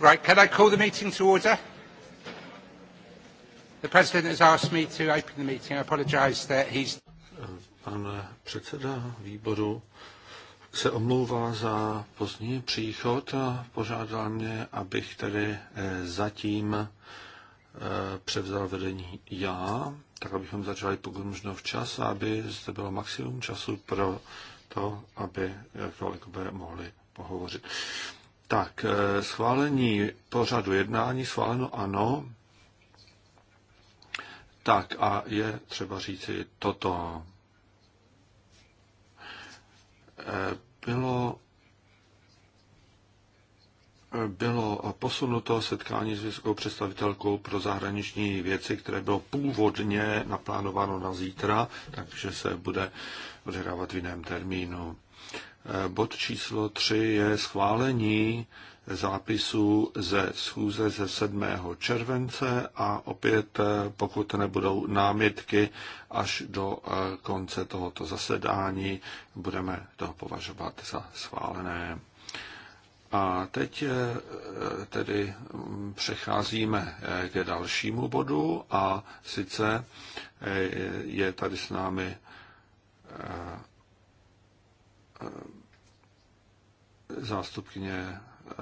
Right, can I call the meeting to order? The President has asked me to open the meeting. I apologize that he's... Pan předseda výboru se omlouvá za pozdní příchod a požádal mě, abych tedy eh, zatím eh, převzal vedení já, tak abychom začali pokud možno včas a aby zde bylo maximum času pro to, aby eh, kolegové mohli pohovořit. Tak, eh, schválení pořadu jednání, schváleno ano. Tak a je třeba říci toto. Eh, bylo bylo posunuto setkání s vysokou představitelkou pro zahraniční věci, které bylo původně naplánováno na zítra, takže se bude odehrávat v jiném termínu. Bod číslo 3 je schválení zápisu ze schůze ze 7. července a opět, eh, pokud nebudou námitky až do eh, konce tohoto zasedání, budeme to považovat za schválené. A teď eh, tedy mm, přecházíme k dalšímu bodu a sice je tady s námi zástupkyně eh,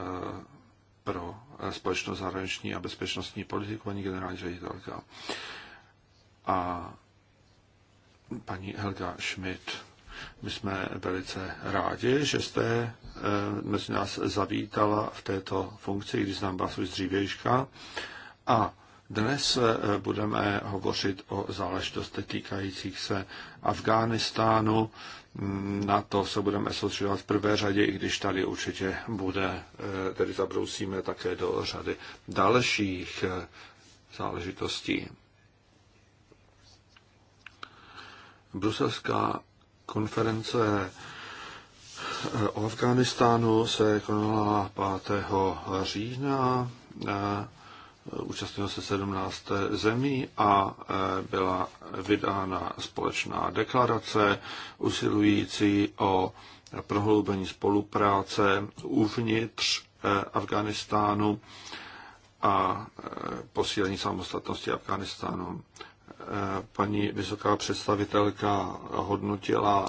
pro eh, společnost zahraniční a bezpečnostní politiku, paní generální ředitelka. A paní Helga Schmidt. My jsme velice rádi, že jste eh, mezi nás zavítala v této funkci, když znám vás už dřívějška. A dnes budeme hovořit o záležitostech týkajících se Afghánistánu Mm, na to se budeme soustředovat v prvé řadě, i když tady určitě bude, eh, tedy zabrousíme také do řady dalších eh, záležitostí. Bruselská konference eh, o Afganistánu se konala 5. října účastnilo se 17 zemí a e, byla vydána společná deklarace usilující o prohloubení spolupráce uvnitř e, Afganistánu a e, posílení samostatnosti Afganistánu. Paní vysoká představitelka hodnotila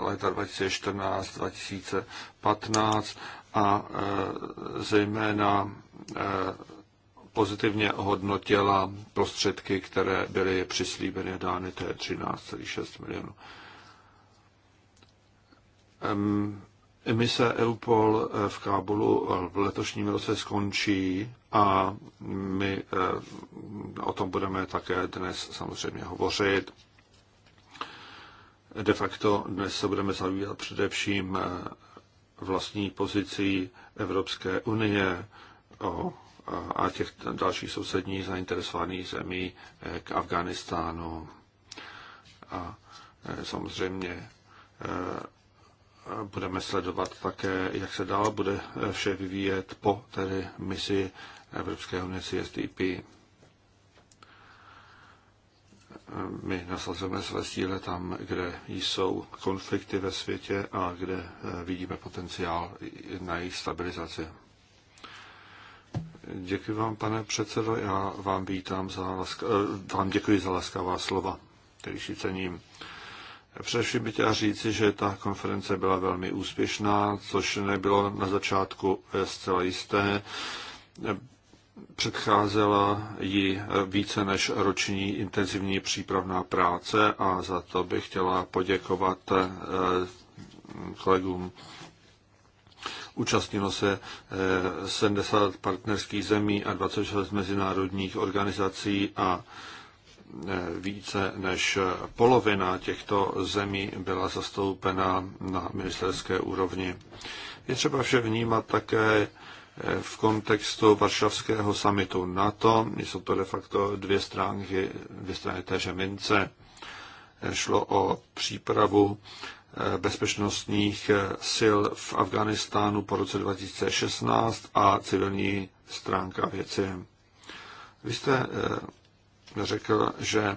léta 2014-2015 a zejména pozitivně hodnotila prostředky, které byly přislíbeny dány, to je 13,6 milionů. Emise EUPOL eh, v Kábulu v letošním roce skončí a my eh, o tom budeme také dnes samozřejmě hovořit. De facto dnes se budeme zabývat především eh, vlastní pozicí Evropské unie o a těch dalších sousedních zainteresovaných zemí eh, k Afganistánu. A eh, samozřejmě eh, budeme sledovat také, jak se dál bude vše vyvíjet po tedy misi Evropské unie CSTP. My nasazujeme své síle tam, kde jsou konflikty ve světě a kde vidíme potenciál na jejich stabilizaci. Děkuji vám, pane předsedo. Já vám vítám za laska, eh, vám děkuji za laskavá slova, který si cením. Především bych chtěl říci, že ta konference byla velmi úspěšná, což nebylo na začátku eh, zcela jisté. Předcházela ji eh, více než roční intenzivní přípravná práce a za to bych chtěla poděkovat kolegům Účastnilo se 70 eh, partnerských zemí a 26 mezinárodních organizací a eh, více než polovina těchto zemí byla zastoupena na ministerské úrovni. Je třeba vše vnímat také eh, v kontextu varšavského samitu NATO. Jsou to de facto dvě stránky, dvě strany téže mince. Šlo o přípravu bezpečnostních sil v Afganistánu po roce 2016 a civilní stránka věci. Vy jste eh, řekl, že eh,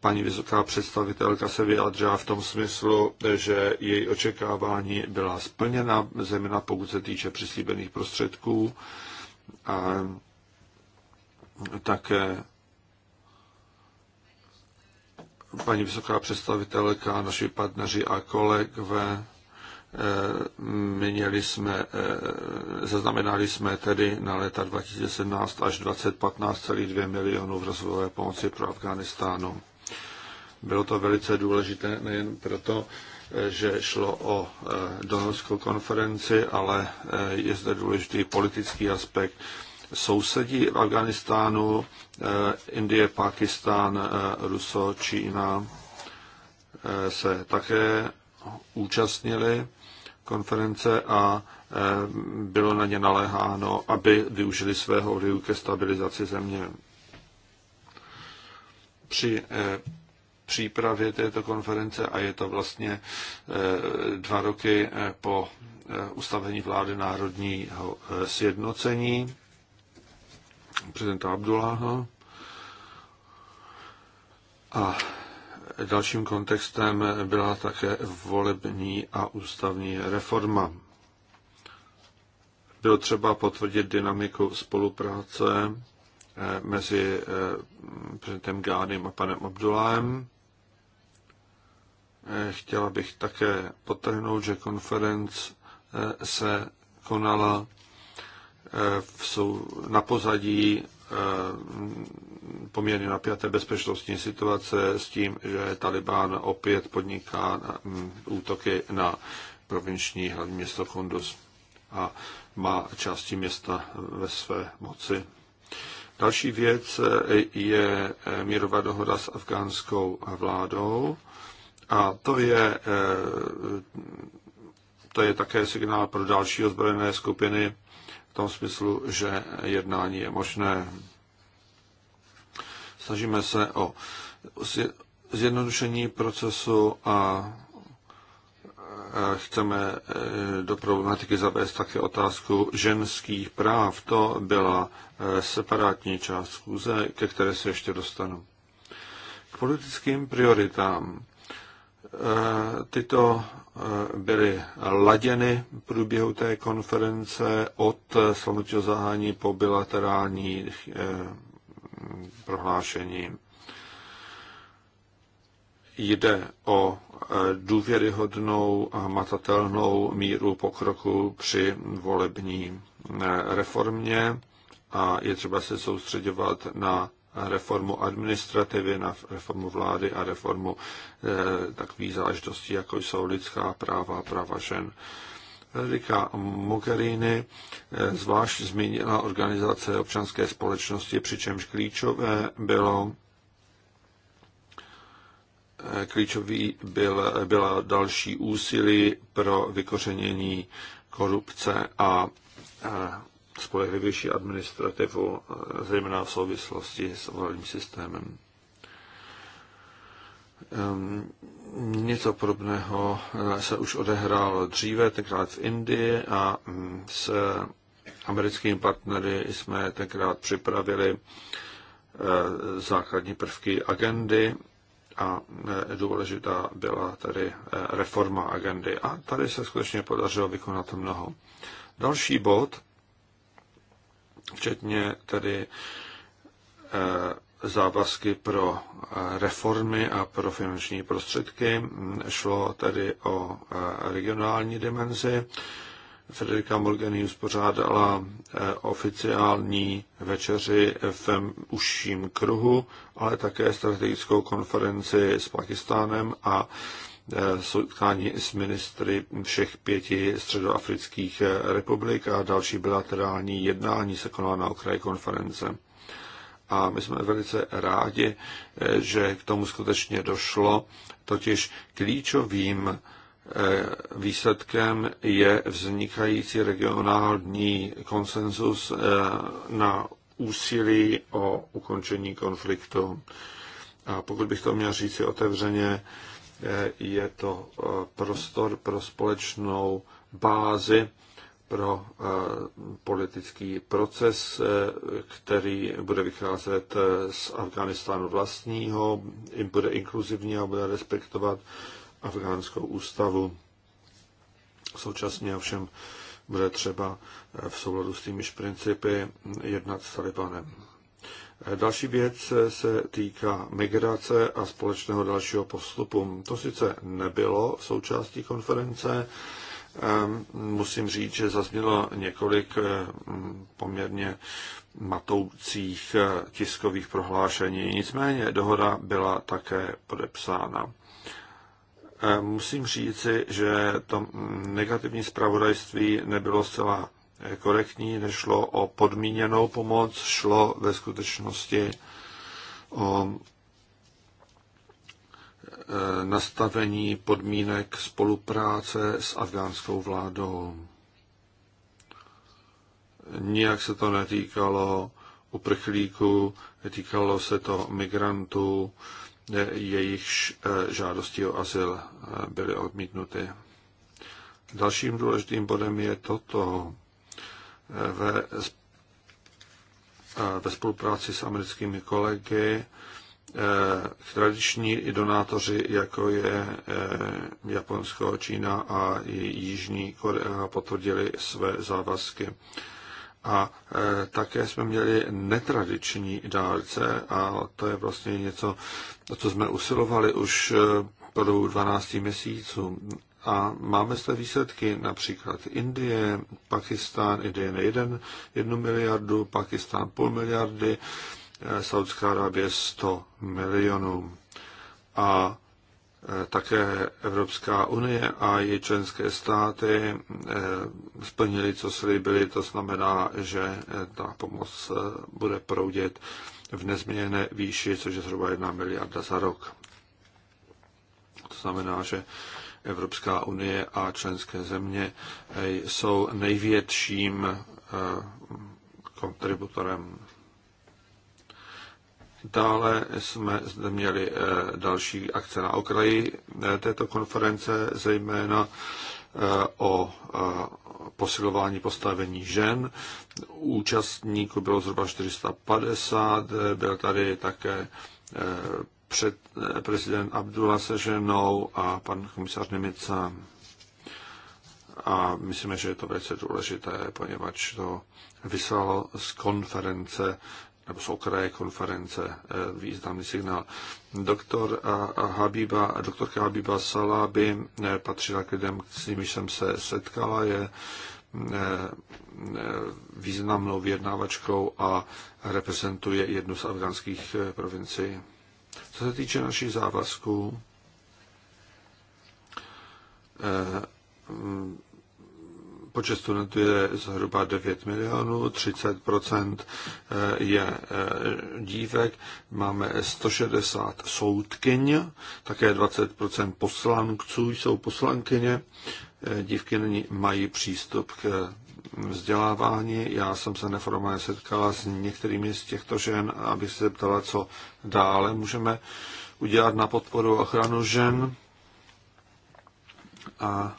paní vysoká představitelka se vyjádřila v tom smyslu, že její očekávání byla splněna, zejména pokud se týče přislíbených prostředků. A také paní vysoká představitelka, naši partneři a kolegové, eh, měli jsme, eh, zaznamenali jsme tedy na léta 2017 až 2015 celých milionů v rozvojové pomoci pro Afganistánu. Bylo to velice důležité nejen proto, eh, že šlo o donorskou konferenci, ale je zde důležitý politický aspekt sousedí v Afganistánu, eh, Indie, Pakistán, eh, Ruso, Čína eh, se také účastnili konference a bylo na ně naléháno, aby využili svého vlivu ke stabilizaci země. Při přípravě této konference a je to vlastně dva roky po ustavení vlády národního sjednocení prezidenta Abdulláha. A dalším kontextem byla také volební a ústavní reforma. Bylo třeba potvrdit dynamiku spolupráce eh, mezi eh, prezidentem Gádym a panem Abdulájem. Eh, chtěla bych také potrhnout, že konference se konala jsou na pozadí eh, poměrně napjaté bezpečnostní situace s tím, že Taliban opět podniká hm, útoky na provinční hlavní město Kunduz a má části města ve své moci. Další věc eh, je eh, mírová dohoda s afgánskou vládou a to je, to je také signál pro další ozbrojené skupiny v tom smyslu, že jednání je možné. Snažíme se o zjednodušení procesu a chceme e, do problematiky zavést také otázku ženských práv. To byla e, separátní část schůze, ke které se ještě dostanu. K politickým prioritám. Eh, tyto eh, byly laděny v průběhu té konference od eh, slavnutního zahání po bilaterální prohlášení. Jde o důvěryhodnou a matatelnou míru pokroku při volební reformě a je třeba se soustředovat na reformu administrativy, na reformu vlády a reformu eh, takových záležitostí, jako jsou lidská práva a práva žen. Erika Mogherini eh, zvlášť zmínila organizace občanské společnosti, přičemž klíčové bylo eh, klíčový byl, byla další úsilí pro vykořenění korupce a spolehlivější administrativu, eh, zejména v souvislosti s volebním systémem. Ehm, něco podobného eh, se už odehrálo dříve, tenkrát v Indii a mm, s americkými partnery jsme tenkrát připravili eh, základní prvky agendy a důležitá byla tady reforma agendy. A tady se skutečně podařilo vykonat mnoho. Další bod včetně tedy eh, závazky pro eh, reformy a pro finanční prostředky. Šlo tedy o eh, regionální dimenzi. Frederika Morgany uspořádala oficiální večeři v užším kruhu, ale také strategickou konferenci s Pakistánem a Eh, setkání s ministry všech pěti středoafrických eh, republik a další bilaterální jednání se konala na okraji konference. A my jsme velice rádi, eh, že k tomu skutečně došlo, totiž klíčovým výsledkem je vznikající regionální konsenzus na úsilí o ukončení konfliktu. A pokud bych to měl říci otevřeně, je to eh, prostor pro společnou bázi pro eh, politický proces, eh, který bude vycházet z Afganistánu vlastního, bude inkluzivní a bude respektovat afgánskou ústavu. Současně ovšem bude třeba v souladu s týmiž principy jednat s Talibanem. Další věc se týká migrace a společného dalšího postupu. To sice nebylo součástí konference, ehm, musím říct, že zaznělo několik ehm, poměrně matoucích eh, tiskových prohlášení. Nicméně dohoda byla také podepsána. Ehm, musím říci, že to negativní zpravodajství nebylo zcela korektní, nešlo o podmíněnou pomoc, šlo ve skutečnosti o e, nastavení podmínek spolupráce s afgánskou vládou. Nijak se to netýkalo uprchlíků, netýkalo se to migrantů, e, jejichž e, žádosti o azyl byly odmítnuty. Dalším důležitým bodem je toto ve, ve spolupráci s americkými kolegy e, tradiční i donátoři, jako je e, Japonsko, Čína a Jižní Korea, potvrdili své závazky. A e, také jsme měli netradiční dárce a to je vlastně něco, o co jsme usilovali už po dobu 12 měsíců. A máme zde výsledky například Indie, Pakistán, Indie na jeden, jednu miliardu, Pakistán půl miliardy, eh, Saudská Arábie 100 milionů. A eh, také Evropská unie a její členské státy eh, splnili, co slíbili, to znamená, že ta pomoc bude proudit v nezměněné výši, což je zhruba jedna miliarda za rok. To znamená, že Evropská unie a členské země eh, jsou největším eh, kontributorem. Dále jsme zde měli eh, další akce na okraji této konference, zejména o posilování postavení žen. Účastníků bylo zhruba 450, byl tady také před eh, prezident Abdullah se ženou a pan komisař Nemica. A myslíme, že je to velice důležité, poněvadž to vyslalo z konference nebo z okraje konference eh, významný signál. Doktor Habiba, doktorka Habiba Salaby eh, patřila k lidem, s nimiž jsem se setkala, je významnou vyjednávačkou a reprezentuje jednu z afgánských provincií. Co se týče našich závazků, eh, počet studentů je zhruba 9 milionů, 30 eh, je eh, dívek, máme 160 soudkyň, také 20 poslanců jsou poslankyně. Dívky mají přístup k vzdělávání. Já jsem se neformálně setkala s některými z těchto žen, abych se zeptala, co dále můžeme udělat na podporu ochranu žen. A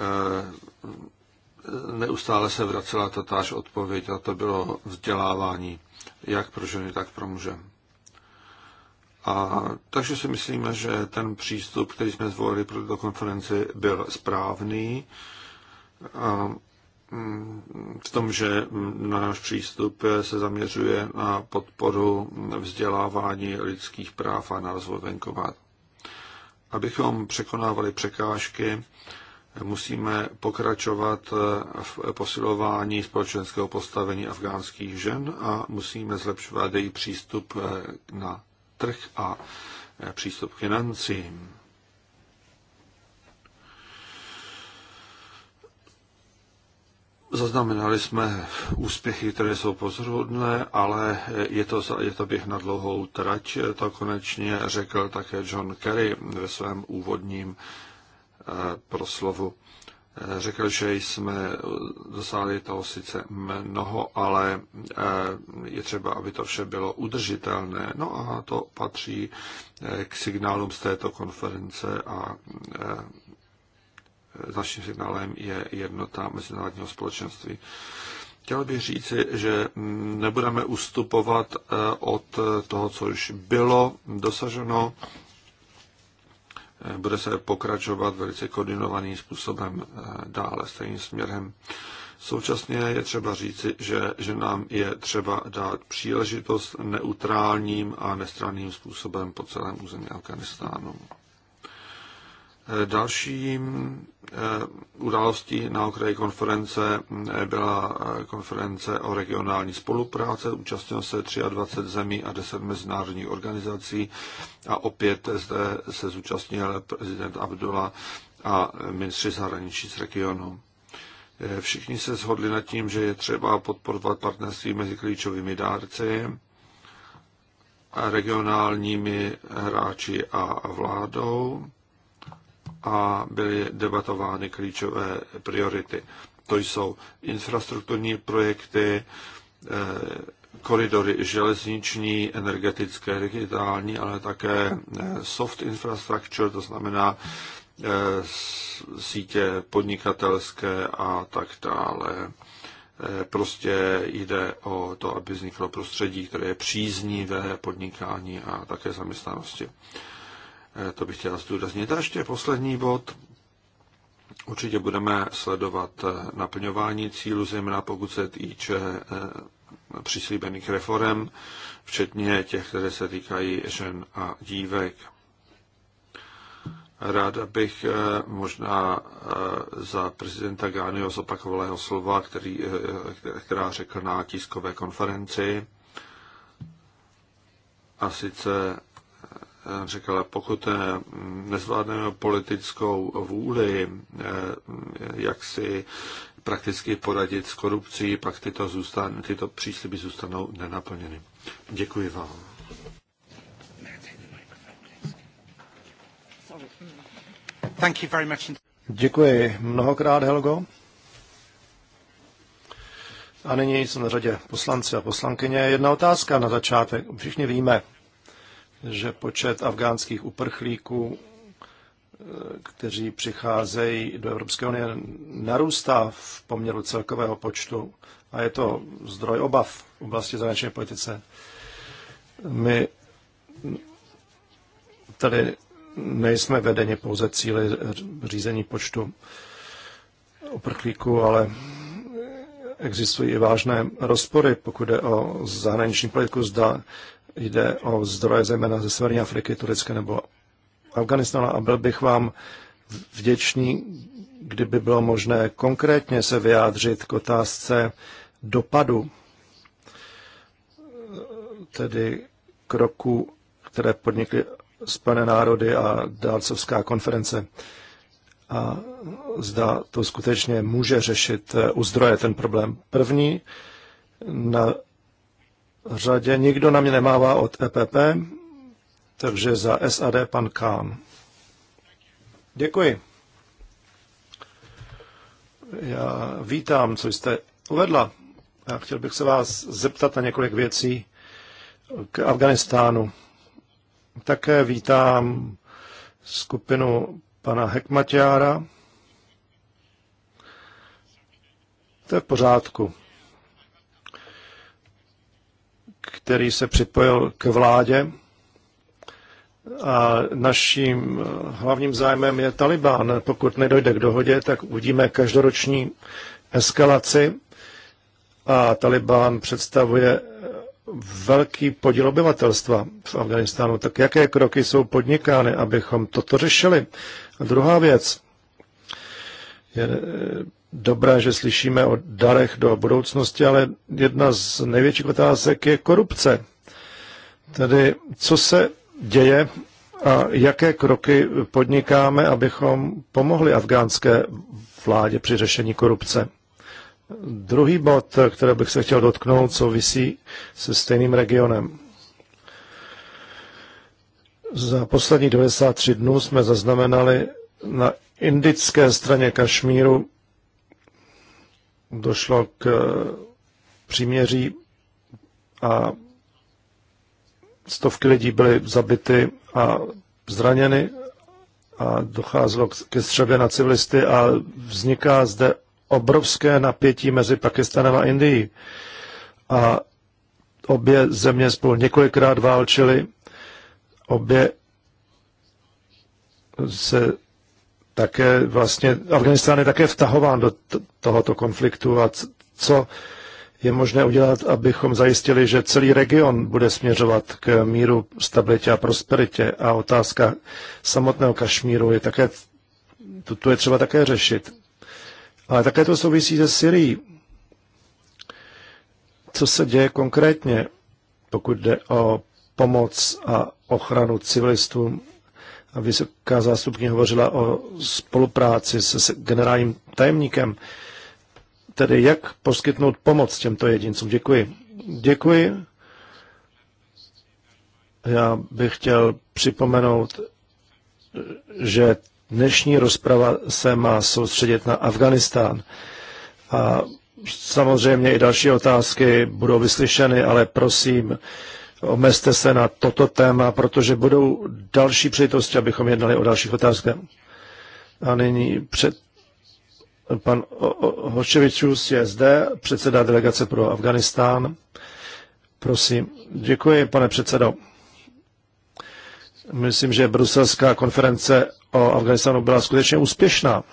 e, neustále se vracela tatáž odpověď a to bylo vzdělávání, jak pro ženy, tak pro muže. A, takže si myslíme, že ten přístup, který jsme zvolili pro tuto konferenci, byl správný. A v tom, že náš přístup se zaměřuje na podporu vzdělávání lidských práv a na rozvoj venkova. Abychom překonávali překážky, musíme pokračovat v posilování společenského postavení afgánských žen a musíme zlepšovat její přístup na trh a přístup k financím. Zaznamenali jsme úspěchy, které jsou pozoruhodné, ale je to, je to běh na dlouhou trať. To konečně řekl také John Kerry ve svém úvodním eh, proslovu. Eh, řekl, že jsme eh, dosáhli toho sice mnoho, ale je třeba, aby to vše bylo udržitelné. No a to patří k signálům z této konference a naším signálem je jednota mezinárodního společenství. Chtěl bych říci, že nebudeme ustupovat eh, od toho, co už bylo dosaženo. Eh, bude se pokračovat velice koordinovaným způsobem eh, dále stejným směrem. Současně je třeba říci, že, že nám je třeba dát příležitost neutrálním a nestranným způsobem po celém území Afganistánu. Další eh, událostí na okraji konference eh, byla eh, konference o regionální spolupráce. Účastnilo se 23 zemí a 10 mezinárodních organizací a opět zde se zúčastnil prezident Abdullah a ministři zahraničí z regionu. Všichni se shodli nad tím, že je třeba podporovat partnerství mezi klíčovými dárci, regionálními hráči a vládou a byly debatovány klíčové priority. To jsou infrastrukturní projekty, eh, koridory železniční, energetické, digitální, ale také eh, soft infrastructure, to znamená eh, sítě podnikatelské a tak dále. Prostě jde o to, aby vzniklo prostředí, které je příznivé podnikání a také zaměstnanosti. Eh, to bych chtěl zdůraznit. A ještě poslední bod. Určitě budeme sledovat eh, naplňování cílu, zejména pokud se týče eh, přislíbených reform, včetně těch, které se týkají žen a dívek. Rád bych možná za prezidenta Gányho zopakoval jeho slova, který, která řekl na tiskové konferenci. A sice řekl, pokud eh, nezvládneme politickou vůli, eh, jak si prakticky poradit s korupcí, pak tyto, zůstan, tyto přísliby zůstanou nenaplněny. Děkuji vám. Thank you very much. Děkuji mnohokrát, Helgo. A nyní jsem na řadě poslanci a poslankyně. Jedna otázka na začátek. Všichni víme, že počet afgánských uprchlíků, eh, kteří přicházejí do Evropské unie, narůstá v poměru celkového počtu a je to zdroj obav v oblasti zahraniční politice. My tady nejsme vedeni pouze cíly řízení počtu uprchlíků, ale existují i vážné rozpory, pokud je o zahraniční politiku, zda jde o zdroje zejména ze Severní Afriky, Turecka nebo Afganistana a byl bych vám vděčný, kdyby bylo možné konkrétně se vyjádřit k otázce dopadu, tedy kroku, které podnikly Spojené národy a dálcovská konference. A zda to skutečně může řešit u zdroje ten problém. První na řadě. Nikdo na mě nemává od EPP, takže za SAD pan Kán. Děkuji. Já vítám, co jste uvedla. Já chtěl bych se vás zeptat na několik věcí k Afganistánu. Také vítám skupinu pana Hekmatiára. To je v pořádku který se připojil k vládě. A naším eh, hlavním zájmem je Taliban. Pokud nedojde k dohodě, tak uvidíme každoroční eskalaci. A Taliban představuje eh, velký podíl obyvatelstva v Afganistánu. Tak jaké kroky jsou podnikány, abychom toto řešili? A druhá věc je eh, dobré, že slyšíme o darech do budoucnosti, ale jedna z největších otázek je korupce. Tedy co se děje a jaké kroky podnikáme, abychom pomohli afgánské vládě při řešení korupce? Druhý bod, který bych se chtěl dotknout, souvisí se stejným regionem. Za poslední 93 dnů jsme zaznamenali na indické straně Kašmíru došlo k eh, příměří a stovky lidí byly zabity a zraněny a docházelo ke střebě na civilisty a vzniká zde obrovské napětí mezi Pakistanem a Indií. A obě země spolu několikrát válčily, obě se také vlastně, Afganistán je také vtahován do tohoto konfliktu a co je možné udělat, abychom zajistili, že celý region bude směřovat k míru, stabilitě a prosperitě. A otázka samotného Kašmíru je také, tu, tu je třeba také řešit. Ale také to souvisí se Syrií. Co se děje konkrétně, pokud jde o pomoc a ochranu civilistům vysoká zástupně hovořila o spolupráci se, s generálním tajemníkem, tedy jak poskytnout pomoc těmto jedincům. Děkuji. Děkuji. Já bych chtěl připomenout, že dnešní rozprava se má soustředit na Afganistán. A samozřejmě i další otázky budou vyslyšeny, ale prosím, omezte se na toto téma, protože budou další přejitosti, abychom jednali o dalších otázkách. A nyní před pan Hočevičus je zde, předseda delegace pro Afganistán. Prosím. Děkuji, pane předsedo. Myslím, že bruselská konference o Afganistánu byla skutečně úspěšná.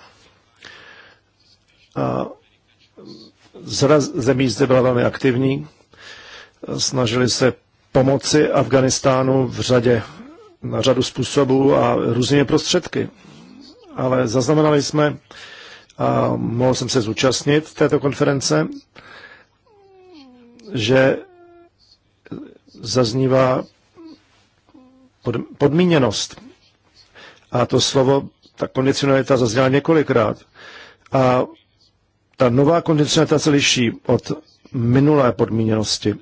A zemí zde byla velmi aktivní. Snažili se pomoci Afganistánu v řadě, na řadu způsobů a různými prostředky. Ale zaznamenali jsme, a mohl jsem se zúčastnit této konference, že zaznívá podmíněnost. A to slovo, ta kondicionalita zazněla několikrát. A ta nová kondicionalita se liší od minulé podmíněnosti.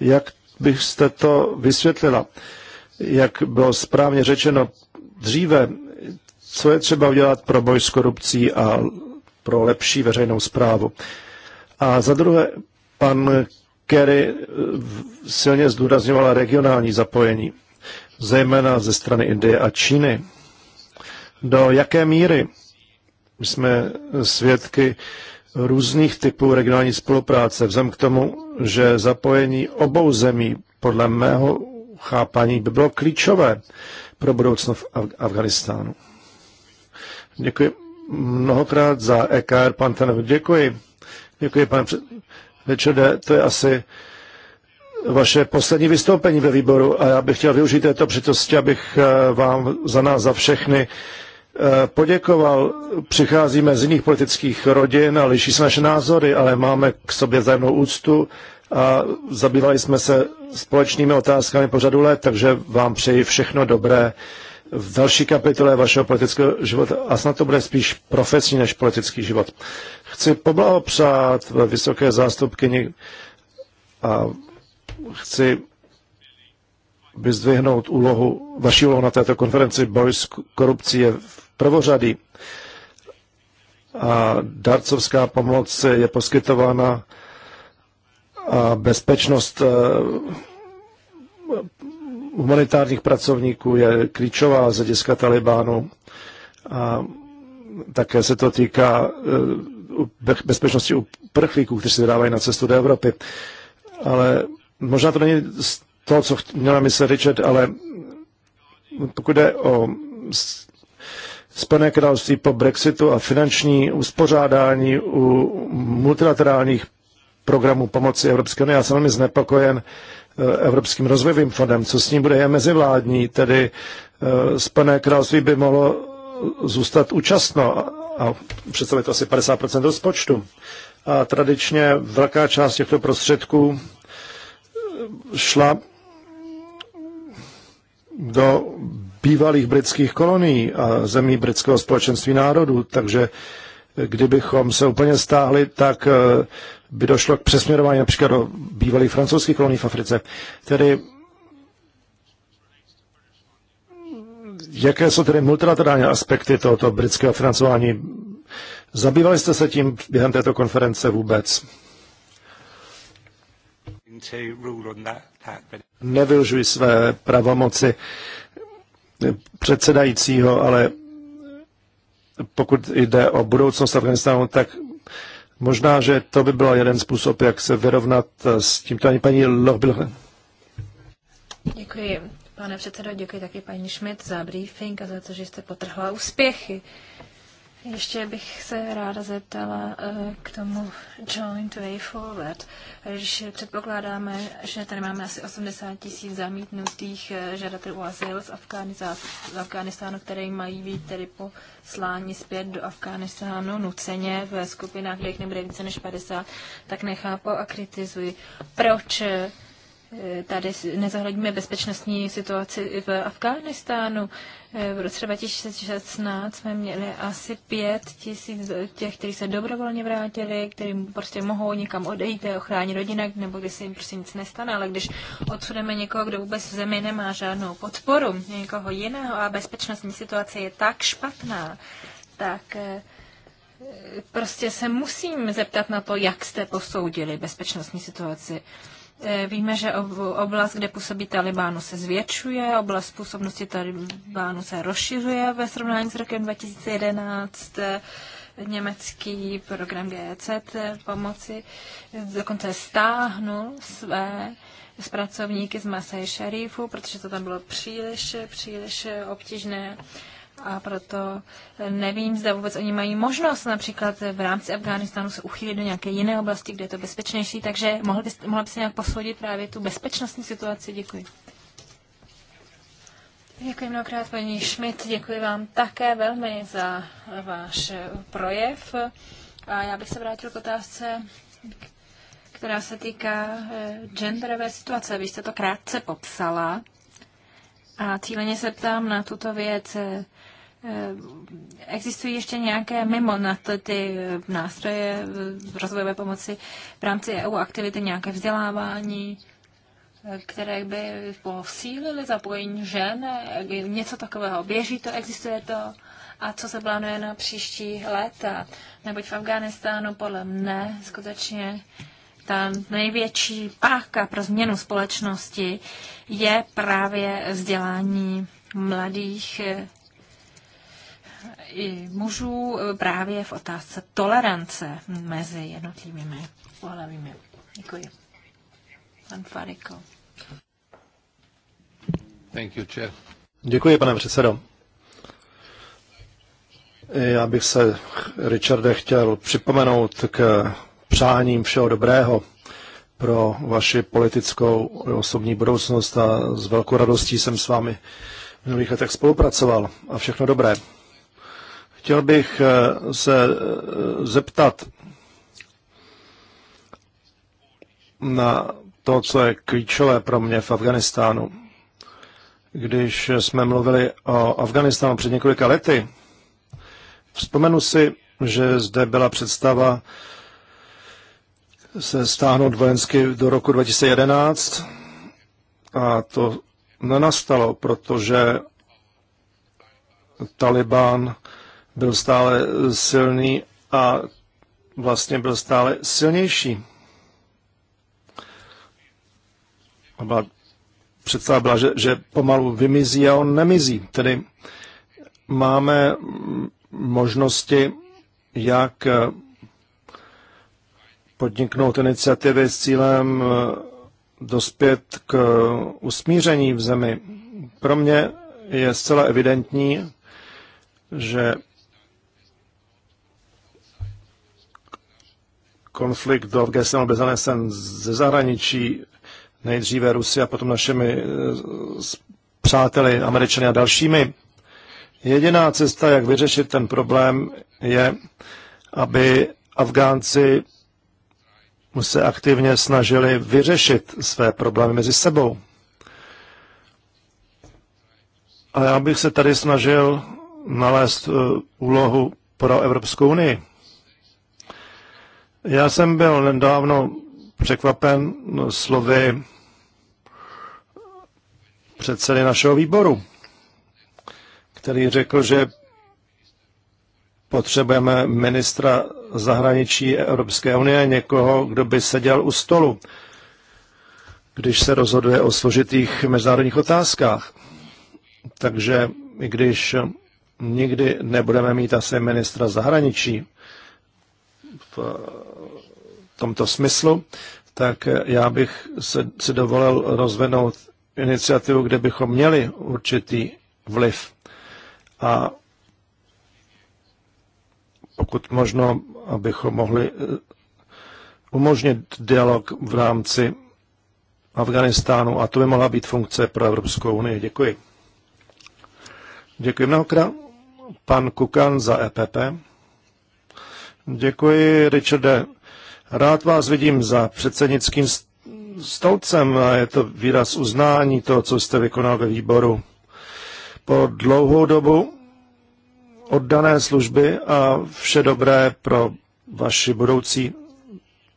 Jak byste to vysvětlila? Jak bylo správně řečeno dříve, co je třeba udělat pro boj s korupcí a pro lepší veřejnou zprávu? A za druhé, pan Kerry silně zdůrazňovala regionální zapojení, zejména ze strany Indie a Číny. Do jaké míry jsme svědky různých typů regionální spolupráce, vzhledem k tomu, že zapojení obou zemí podle mého chápaní by bylo klíčové pro budoucnost Af- Afganistánu. Děkuji mnohokrát za EKR, pan Tenev. Děkuji. Děkuji, pane před... Richarde, to je asi vaše poslední vystoupení ve výboru a já bych chtěl využít této přitosti, abych eh, vám za nás, za všechny Eh, poděkoval. Přicházíme z jiných politických rodin a liší se naše názory, ale máme k sobě vzájemnou úctu a zabývali jsme se společnými otázkami po řadu let, takže vám přeji všechno dobré v další kapitole vašeho politického života a snad to bude spíš profesní než politický život. Chci poblahopřát vysoké zástupkyni a chci vyzdvihnout úlohu, vaši úlohu na této konferenci. Boj s korupcí je v prvořady. A darcovská pomoc je poskytována a bezpečnost eh, humanitárních pracovníků je klíčová z hlediska Talibánu. A také se to týká eh, bezpečnosti uprchlíků, kteří se vydávají na cestu do Evropy. Ale možná to není to, co měla myslet Richard, ale pokud jde o Spojené království po Brexitu a finanční uspořádání u multilaterálních programů pomoci Evropské unie. Já jsem velmi znepokojen eh, Evropským rozvojovým fondem, co s ním bude, je mezivládní, tedy eh, Spojené království by mohlo zůstat účastno a představit asi 50% rozpočtu. A tradičně velká část těchto prostředků eh, šla do bývalých britských kolonií a zemí britského společenství národů, takže eh, kdybychom se úplně stáhli, tak eh, by došlo k přesměrování například do bývalých francouzských kolonií v Africe. Tedy jaké jsou tedy multilaterální aspekty tohoto britského financování? Zabývali jste se tím během této konference vůbec? Nevylžuji své pravomoci předsedajícího, ale pokud jde o budoucnost Afganistánu, tak možná, že to by byl jeden způsob, jak se vyrovnat s tímto ani paní Lohbilchen. Děkuji, pane předsedo, děkuji taky paní Schmidt za briefing a za to, že jste potrhla úspěchy. Ještě bych se ráda zeptala eh, k tomu Joint Way Forward. Když předpokládáme, že tady máme asi 80 tisíc zamítnutých eh, žadatelů azyl z, Afghánistánu, Afganistánu, které mají být tedy po slání zpět do Afganistánu nuceně v skupinách, kde jich nebude více než 50, tak nechápu a kritizuji. Proč eh, tady nezohledníme bezpečnostní situaci v Afghánistánu. V roce 2016 jsme měli asi pět tisíc těch, kteří se dobrovolně vrátili, kteří prostě mohou někam odejít, ochránit rodinek, nebo když se jim prostě nic nestane, ale když odsudeme někoho, kdo vůbec v zemi nemá žádnou podporu někoho jiného a bezpečnostní situace je tak špatná, tak eh, prostě se musím zeptat na to, jak jste posoudili bezpečnostní situaci Eh, víme, že oblast, kde působí Talibánu, se zvětšuje, oblast působnosti Talibánu se rozšiřuje ve srovnání s rokem 2011 eh, německý program GEC pomoci dokonce stáhnul své s pracovníky z Masai Šerifu, protože to tam bylo příliš, příliš obtížné a proto nevím, zda vůbec oni mají možnost například v rámci Afghánistánu se uchýlit do nějaké jiné oblasti, kde je to bezpečnější, takže mohla byste, mohla se nějak posoudit právě tu bezpečnostní situaci. Děkuji. Děkuji mnohokrát, paní Schmidt. Děkuji vám také velmi za váš projev. A já bych se vrátil k otázce, která se týká eh, genderové situace. Vy jste to krátce popsala. A cíleně se ptám na tuto věc. Eh, existují ještě nějaké mimo na to ty eh, nástroje eh, rozvojové pomoci v rámci EU aktivity, nějaké vzdělávání, které by posílily zapojení žen? Něco takového běží to, existuje to? a co se plánuje na příští léta. Neboť v Afganistánu podle mne skutečně ta největší páka pro změnu společnosti je právě vzdělání mladých i mužů e, právě v otázce tolerance mezi jednotlivými pohlavími. Děkuji. Pan Fariko. Thank you, chair. Děkuji, pane předsedo. Já bych se, Richarde, chtěl připomenout k přáním všeho dobrého pro vaši politickou osobní budoucnost a s velkou radostí jsem s vámi v minulých letech spolupracoval a všechno dobré. Chtěl bych eh, se eh, zeptat na to, co je klíčové pro mě v Afganistánu. Když jsme mluvili o Afganistánu před několika lety, vzpomenu si, že zde byla představa se stáhnout vojensky do roku 2011 a to nenastalo, protože Taliban byl stále silný a vlastně byl stále silnější. A byla, představa byla, že, že pomalu vymizí a on nemizí. Tedy máme možnosti, jak podniknout iniciativy s cílem eh, dospět k usmíření v zemi. Pro mě je zcela evidentní, že konflikt do Afganistánu byl zanesen ze zahraničí, nejdříve Rusy a potom našimi eh, přáteli, Američany a dalšími. Jediná cesta, jak vyřešit ten problém, je, aby Afgánci se aktivně snažili vyřešit své problémy mezi sebou. A já bych se tady snažil nalézt eh, úlohu pro Evropskou unii. Já jsem byl nedávno překvapen slovy předsedy našeho výboru, který řekl, že potřebujeme ministra zahraničí Evropské unie, někoho, kdo by seděl u stolu, když se rozhoduje o složitých mezinárodních otázkách. Takže i když nikdy nebudeme mít asi ministra zahraničí v tomto smyslu, tak já bych se, si dovolil rozvinout iniciativu, kde bychom měli určitý vliv. A pokud možno, abychom mohli eh, umožnit dialog v rámci Afganistánu a to by mohla být funkce pro Evropskou unii. Děkuji. Děkuji mnohokrát. Pan Kukan za EPP. Děkuji, Richarde. Rád vás vidím za předsednickým stolcem a je to výraz uznání toho, co jste vykonal ve výboru. Po dlouhou dobu oddané služby a vše dobré pro vaši budoucí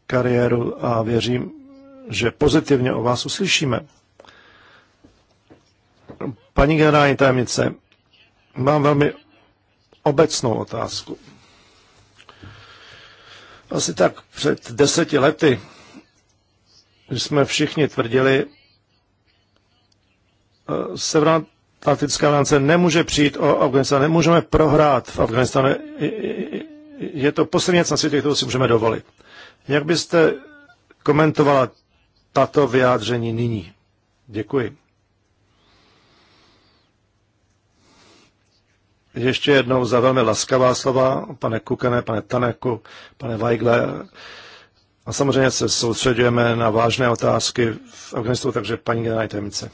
kariéru a věřím, že pozitivně o vás uslyšíme. Paní generální tajemnice, mám velmi obecnou otázku. Asi tak před deseti lety jsme všichni tvrdili, eh, Severoatlantická Atlantická aliance nemůže přijít o Afganistán, nemůžeme prohrát v Afganistánu. Je to poslední věc na světě, kterou si můžeme dovolit. Jak byste komentovala tato vyjádření nyní? Děkuji. ještě jednou za velmi laskavá slova, pane Kukané, pane Taneku, pane Weigle. A samozřejmě se soustředujeme na vážné otázky v Afganistánu, takže paní generální tajemnice.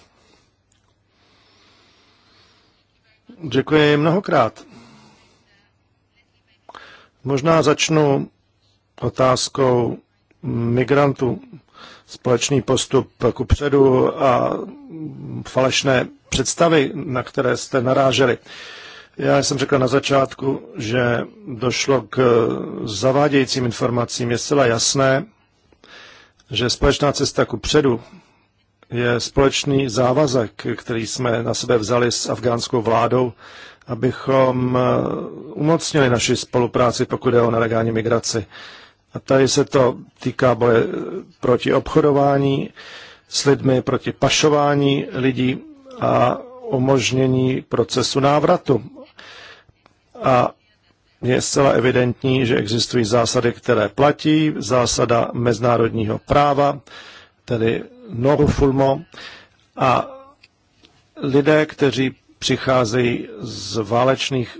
Děkuji mnohokrát. Možná začnu otázkou migrantů. Společný postup ku předu a falešné představy, na které jste naráželi. Uh, já jsem řekl na začátku, že došlo k eh, zavádějícím informacím. Je zcela jasné, že společná cesta ku předu je společný závazek, který jsme na sebe vzali s afgánskou vládou, abychom eh, umocnili naši spolupráci, pokud je o nelegální migraci. A tady se to týká boje eh, proti obchodování s lidmi, proti pašování lidí a umožnění procesu návratu a je zcela evidentní, že existují zásady, které platí, zásada mezinárodního práva, tedy Norufulmo, a lidé, kteří přicházejí z válečných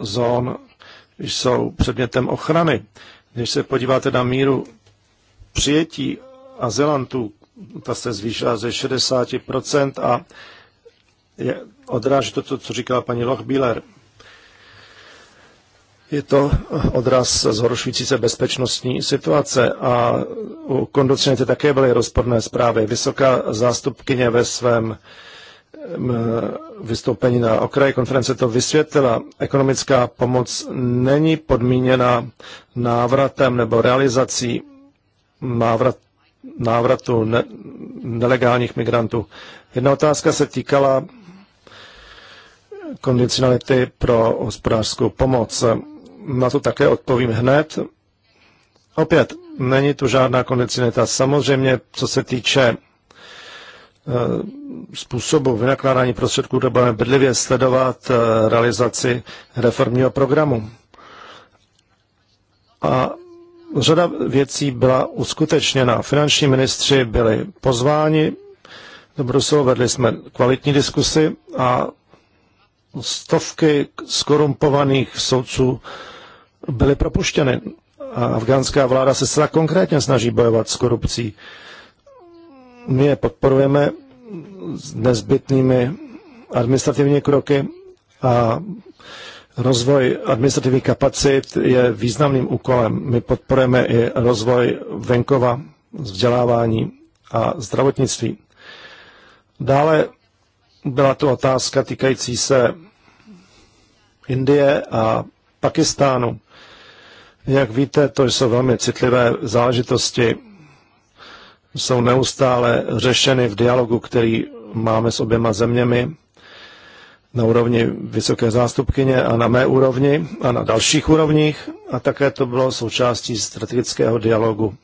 zón, jsou předmětem ochrany. Když se podíváte na míru přijetí azylantů, ta se zvýšila ze 60% a je, odráží to, co, co říkala paní Lochbíler je to odraz zhoršující se bezpečnostní situace a u kondocinity také byly rozporné zprávy. Vysoká zástupkyně ve svém vystoupení na okraji konference to vysvětlila. Ekonomická pomoc není podmíněna návratem nebo realizací návrat, návratu ne, nelegálních migrantů. Jedna otázka se týkala kondicionality pro hospodářskou pomoc na to také odpovím hned. Opět, není tu žádná kondicionita. Samozřejmě, co se týče e, způsobu vynakládání prostředků, to budeme bedlivě sledovat e, realizaci reformního programu. A řada věcí byla uskutečněna. Finanční ministři byli pozváni do Bruselu, vedli jsme kvalitní diskusy a stovky skorumpovaných soudců byly propuštěny. A afgánská vláda se zcela konkrétně snaží bojovat s korupcí. My je podporujeme s nezbytnými administrativní kroky a rozvoj administrativních kapacit je významným úkolem. My podporujeme i rozvoj venkova, vzdělávání a zdravotnictví. Dále byla to otázka týkající se Indie a Pakistánu. Jak víte, to jsou velmi citlivé záležitosti, jsou neustále řešeny v dialogu, který máme s oběma zeměmi na úrovni vysoké zástupkyně a na mé úrovni a na dalších úrovních. A také to bylo součástí strategického dialogu,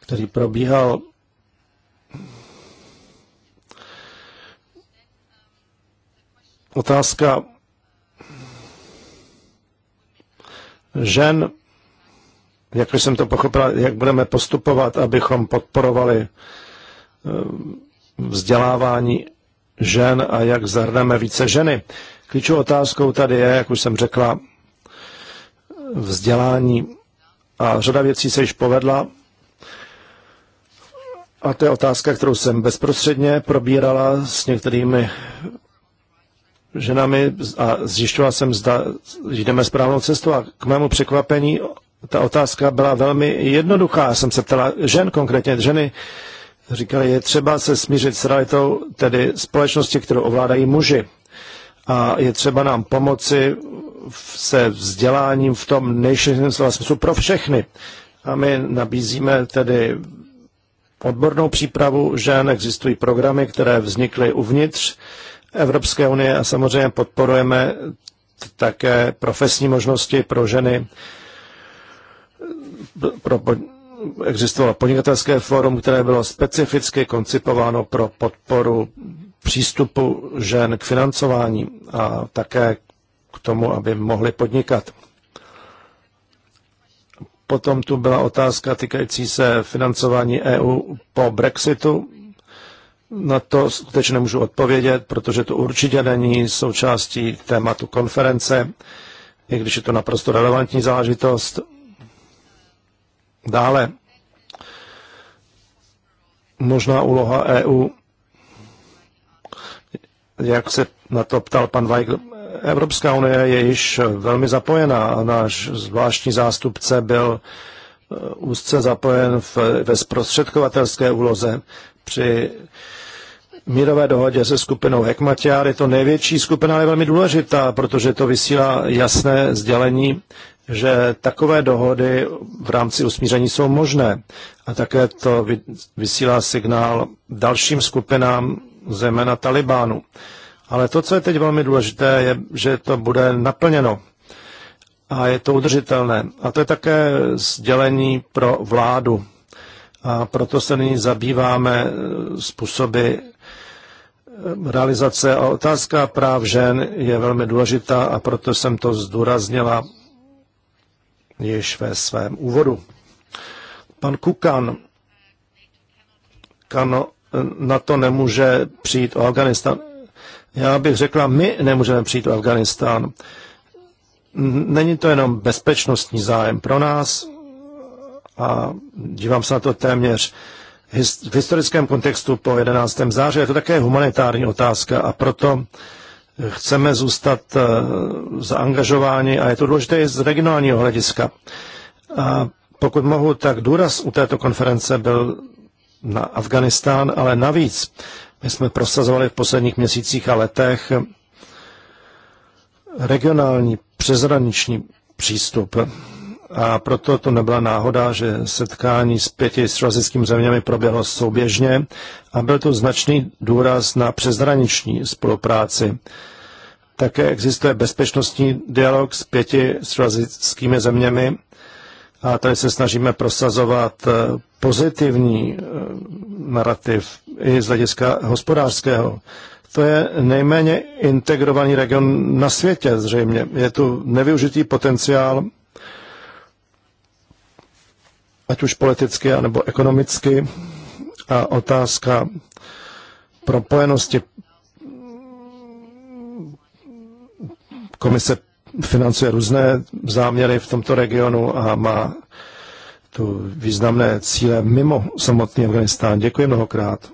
který probíhal Otázka žen jak jsem to pochopila, jak budeme postupovat, abychom podporovali eh, vzdělávání žen a jak zahrneme více ženy. Klíčovou otázkou tady je, jak už jsem řekla, vzdělání a řada věcí se již povedla. A to je otázka, kterou jsem bezprostředně probírala s některými ženami a zjišťovala jsem, zda jdeme správnou cestou a k mému překvapení ta otázka byla velmi jednoduchá. Já jsem se ptala žen konkrétně, ženy říkali, je třeba se smířit s realitou, tedy společnosti, kterou ovládají muži. A je třeba nám pomoci se vzděláním v tom nejširším slova smyslu pro všechny. A my nabízíme tedy odbornou přípravu žen, existují programy, které vznikly uvnitř Evropské unie a samozřejmě podporujeme také profesní možnosti pro ženy pro, existovalo podnikatelské fórum, které bylo specificky koncipováno pro podporu přístupu žen k financování a také k tomu, aby mohly podnikat. Potom tu byla otázka týkající se financování EU po Brexitu. Na to skutečně nemůžu odpovědět, protože to určitě není součástí tématu konference, i když je to naprosto relevantní záležitost. Dále možná úloha EU, jak se na to ptal pan Weigl, Evropská unie je již velmi zapojená a náš zvláštní zástupce byl eh, úzce zapojen v, ve zprostředkovatelské úloze při mírové dohodě se skupinou Hekmatiar. Je to největší skupina, ale je velmi důležitá, protože to vysílá jasné sdělení, že takové dohody v rámci usmíření jsou možné. A také to vysílá signál dalším skupinám, zejména Talibánu. Ale to, co je teď velmi důležité, je, že to bude naplněno a je to udržitelné. A to je také sdělení pro vládu. A proto se nyní zabýváme e, způsoby, realizace a otázka práv žen je velmi důležitá a proto jsem to zdůraznila již ve svém úvodu. Pan Kukan Kano, na to nemůže přijít o Afganistán. Já bych řekla, my nemůžeme přijít o Afganistán. Není to jenom bezpečnostní zájem pro nás a dívám se na to téměř v historickém kontextu po 11. září. Je to také humanitární otázka a proto eh, chceme zůstat eh, zaangažováni a je to důležité i z regionálního hlediska. A pokud mohu, tak důraz u této konference byl na Afganistán, ale navíc my jsme prosazovali v posledních měsících a letech regionální přezraniční přístup. A proto to nebyla náhoda, že setkání s pěti srazickými zeměmi proběhlo souběžně a byl to značný důraz na přezraniční spolupráci. Také existuje bezpečnostní dialog s pěti srazickými zeměmi a tady se snažíme prosazovat eh, pozitivní eh, narrativ i z hlediska hospodářského. To je nejméně integrovaný region na světě zřejmě. Je tu nevyužitý potenciál ať už politicky, anebo ekonomicky. A otázka propojenosti komise financuje různé záměry v tomto regionu a má tu významné cíle mimo samotný Afganistán. Děkuji mnohokrát.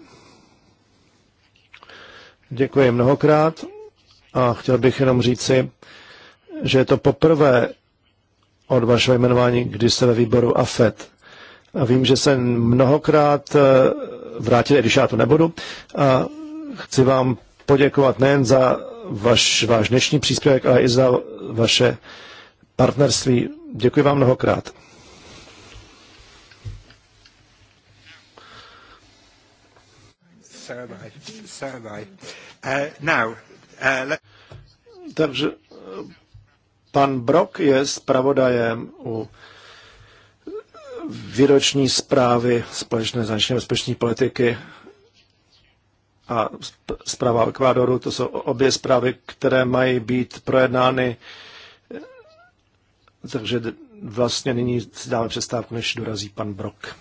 Děkuji mnohokrát a chtěl bych jenom říci, že je to poprvé od vašeho jmenování, kdy jste ve výboru AFET. Vím, že jsem mnohokrát eh, vrátil, když já to nebudu. A chci vám poděkovat nejen za vaš, váš dnešní příspěvek, ale i za vaše partnerství. Děkuji vám mnohokrát. Eh, eh, Takže pan Brok je zpravodajem u výroční zprávy společné zahraniční bezpečné politiky a zpráva o Ekvádoru, to jsou obě zprávy, které mají být projednány. Takže vlastně nyní si dáme přestávku, než dorazí pan Brok.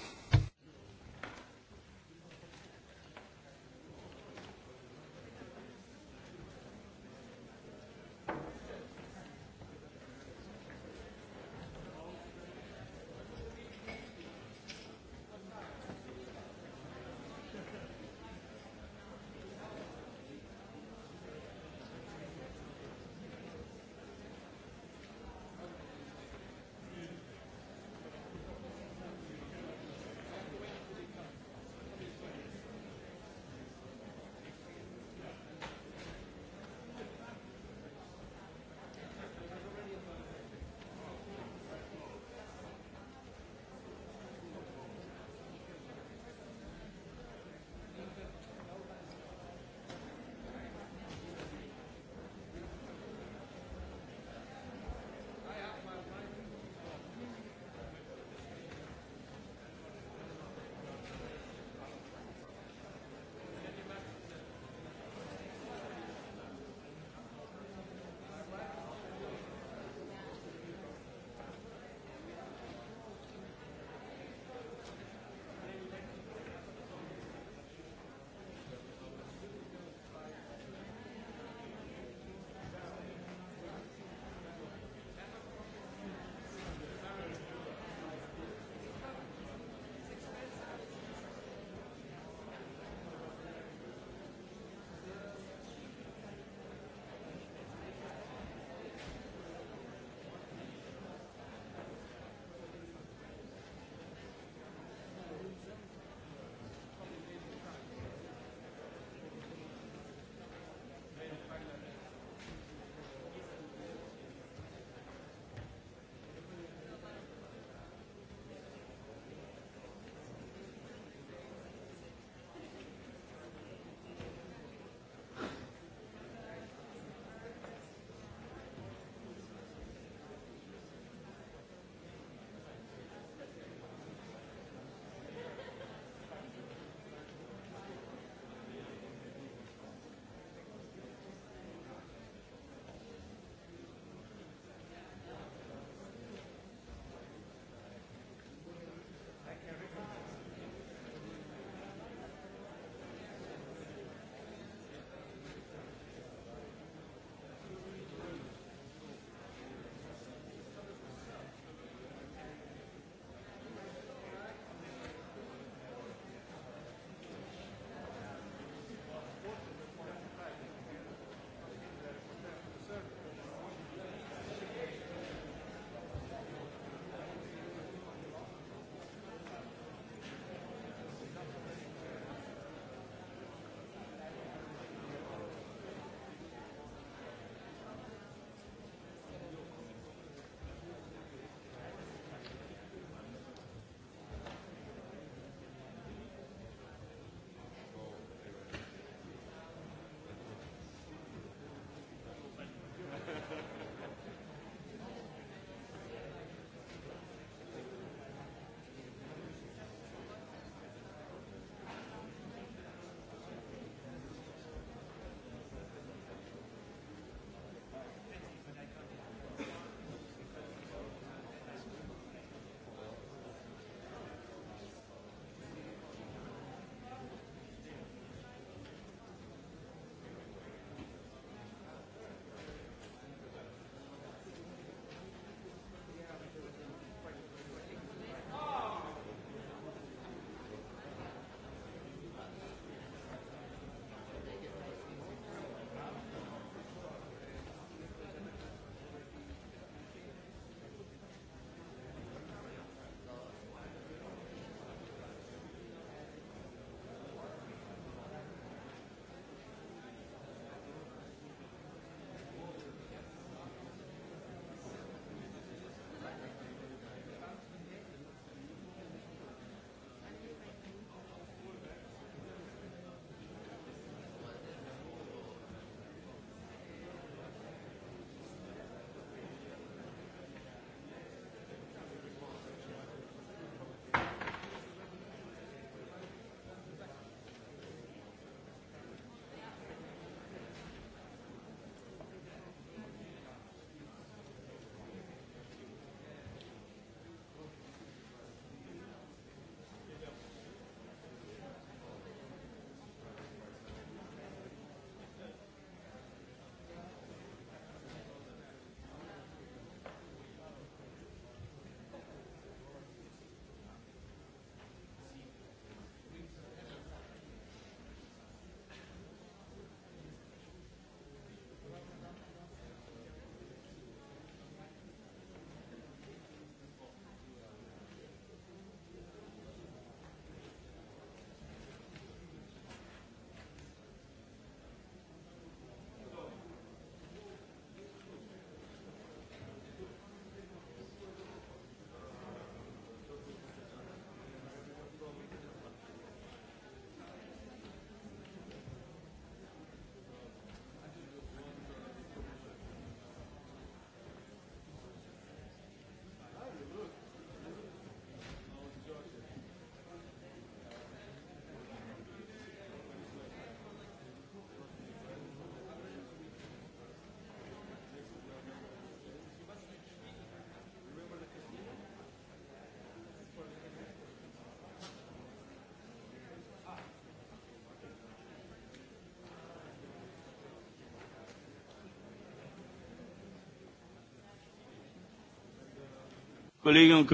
Kolleginnen und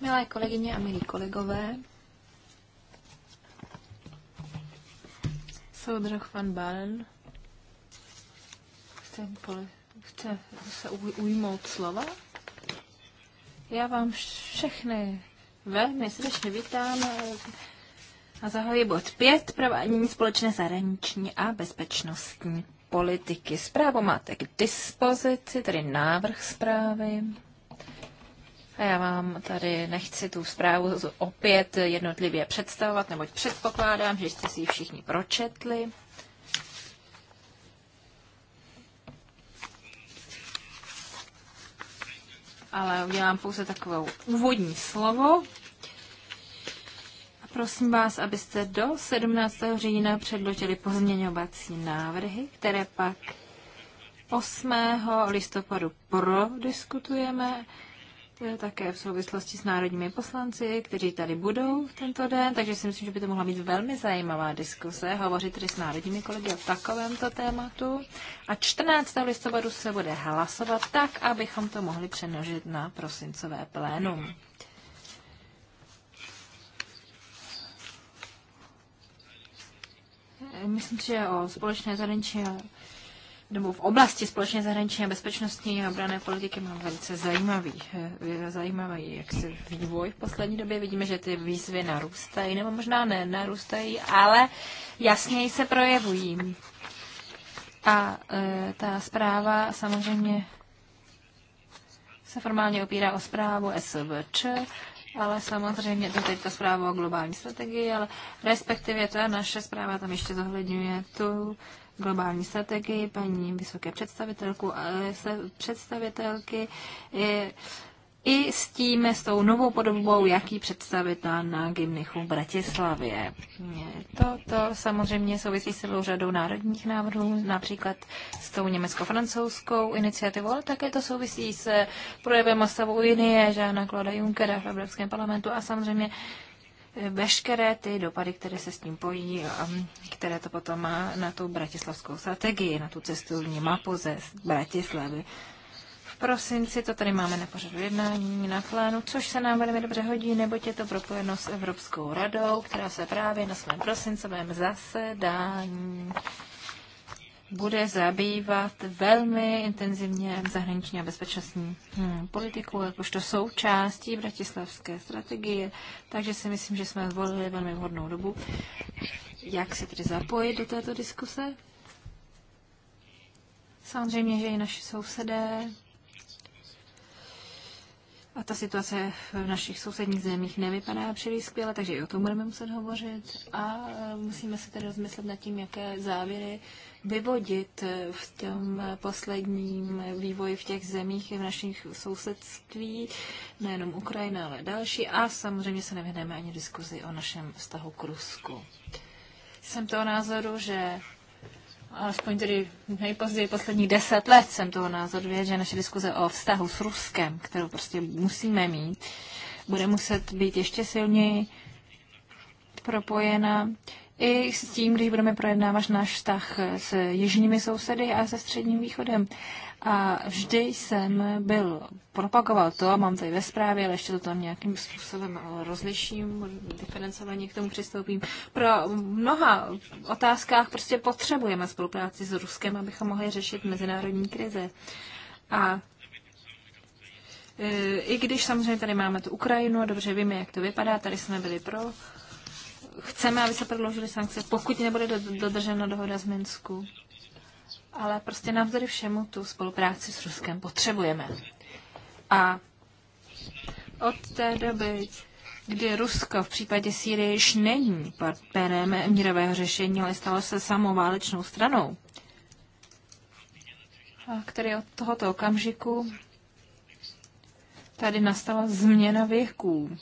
Milé kolegyně a milí kolegové, soudruh van Balen chce, chce se ujmout slova. Já vám všechny velmi srdečně vítám a zahajuji bod 5, provádění společné zahraniční a bezpečnostní politiky. Zprávu máte k dispozici, tedy návrh zprávy. A já vám tady nechci tu zprávu opět jednotlivě představovat, neboť předpokládám, že jste si ji všichni pročetli. Ale udělám pouze takovou úvodní slovo. A prosím vás, abyste do 17. října předložili pozměňovací návrhy, které pak 8. listopadu prodiskutujeme také v souvislosti s národními poslanci, kteří tady budou tento den, takže si myslím, že by to mohla být velmi zajímavá diskuse, hovořit tedy s národními kolegy o takovémto tématu. A 14. listopadu se bude hlasovat tak, abychom to mohli přenožit na prosincové plénum. Myslím, že o společné zahraniční nebo v oblasti společně zahraniční a bezpečnostní a obrané politiky mám velice zajímavý, eh, zajímavý jak se vývoj v poslední době. Vidíme, že ty výzvy narůstají, nebo možná ne narůstají, ale jasněji se projevují. A e, ta zpráva samozřejmě se formálně opírá o zprávu SVČ, ale samozřejmě to teď ta zpráva o globální strategii, ale respektive ta naše zpráva tam ještě zohledňuje tu globální strategii, paní vysoké představitelku, eh, se představitelky i, eh, i s tím, s tou novou podobou, jaký představitel na gymnichu v Bratislavě. to samozřejmě souvisí s celou řadou národních návrhů, například s tou německo-francouzskou iniciativou, ale také to souvisí s projevem o stavu Unie, Žána Kloda Junckera v Evropském parlamentu a samozřejmě veškeré ty dopady, které se s tím pojí a které to potom má na tu bratislavskou strategii, na tu cestovní mapu ze Bratislavy. V prosinci to tady máme na pořadu jednání na plánu, což se nám velmi dobře hodí, neboť je to propojeno s Evropskou radou, která se právě na svém prosincovém zasedání bude zabývat velmi intenzivně zahraniční a bezpečnostní hmm, politikou, jakožto součástí bratislavské strategie, takže si myslím, že jsme zvolili velmi vhodnou dobu. Jak se tedy zapojit do této diskuse? Samozřejmě, že i naši sousedé a ta situace v našich sousedních zemích nevypadá příliš skvěle, takže i o tom budeme muset hovořit. A e, musíme se tedy rozmyslet nad tím, jaké závěry vyvodit v tom posledním vývoji v těch zemích v našich sousedství, nejenom Ukrajina, ale další. A samozřejmě se nevyhneme ani diskuzi o našem vztahu k Rusku. Jsem toho názoru, že alespoň tedy nejpozději posledních deset let jsem toho názoru, že naše diskuze o vztahu s Ruskem, kterou prostě musíme mít, bude muset být ještě silněji propojena i s tím, když budeme projednávat náš vztah s jižními sousedy a se středním východem. A vždy jsem byl, propagoval to, mám tady ve zprávě, ale ještě to tam nějakým způsobem rozliším, diferencovaně k tomu přistoupím. Pro mnoha otázkách prostě potřebujeme spolupráci s Ruskem, abychom mohli řešit mezinárodní krize. A e, i když samozřejmě tady máme tu Ukrajinu a dobře víme, jak to vypadá, tady jsme byli pro, chceme, aby se prodloužily sankce, pokud nebude dodržena dohoda z Minsku. Ale prostě navzdory všemu tu spolupráci s Ruskem potřebujeme. A od té doby, kdy Rusko v případě Sýrie již není partnerem mírového řešení, ale stalo se samou válečnou stranou, a který od tohoto okamžiku tady nastala změna věků.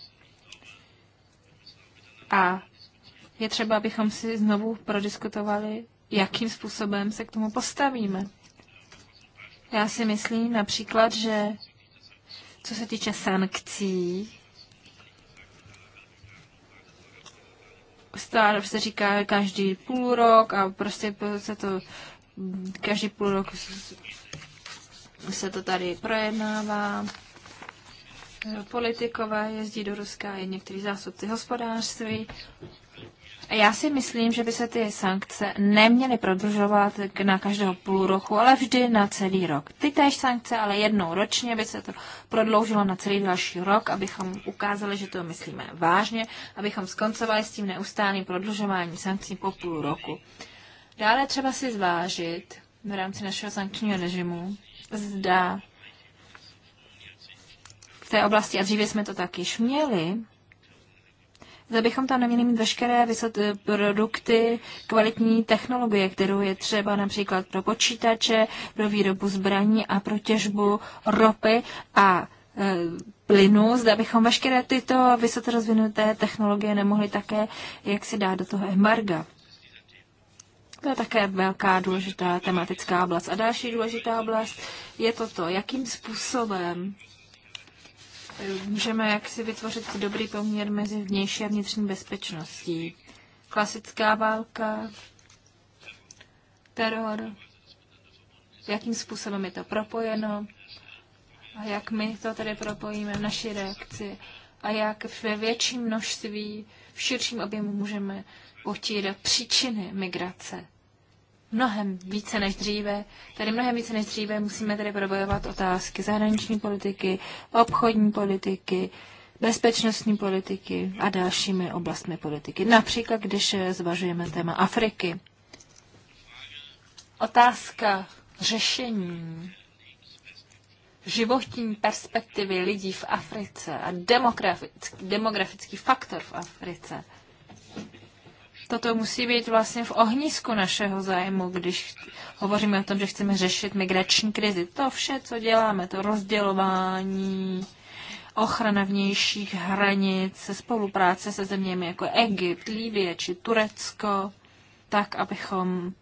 A je třeba, abychom si znovu prodiskutovali, jakým způsobem se k tomu postavíme. Já si myslím například, že co se týče sankcí, stále se říká každý půl rok a prostě se to každý půl rok se to tady projednává. Politikové jezdí do Ruska i někteří zástupci hospodářství já si myslím, že by se ty sankce neměly prodlužovat na každého půl roku, ale vždy na celý rok. Ty též sankce, ale jednou ročně by se to prodloužilo na celý další rok, abychom ukázali, že to myslíme vážně, abychom skoncovali s tím neustálým prodlužováním sankcí po půl roku. Dále třeba si zvážit v rámci našeho sankčního režimu, zda v té oblasti, a dříve jsme to taky měli, zda bychom tam neměli mít veškeré eh, produkty, kvalitní technologie, kterou je třeba například pro počítače, pro výrobu zbraní a pro těžbu ropy a eh, plynu, zda bychom veškeré tyto vysoce rozvinuté technologie nemohli také jak si dát do toho embarga. To je také velká důležitá tematická oblast. A další důležitá oblast je toto, jakým způsobem můžeme jaksi vytvořit dobrý poměr mezi vnější a vnitřní bezpečností. Klasická válka, teror, jakým způsobem je to propojeno a jak my to tedy propojíme v naší reakci a jak ve větším množství, v širším objemu můžeme potírat příčiny migrace mnohem více než dříve, Tady mnohem více než dříve musíme tedy probojovat otázky zahraniční politiky, obchodní politiky, bezpečnostní politiky a dalšími oblastmi politiky. Například, když zvažujeme téma Afriky. Otázka řešení životní perspektivy lidí v Africe a demografický, demografický faktor v Africe Toto musí být vlastně v ohnízku našeho zájmu, když hovoříme o tom, že chceme řešit migrační krizi. To vše, co děláme, to rozdělování, ochrana vnějších hranic, spolupráce se zeměmi jako Egypt, Líbie či Turecko, tak, abychom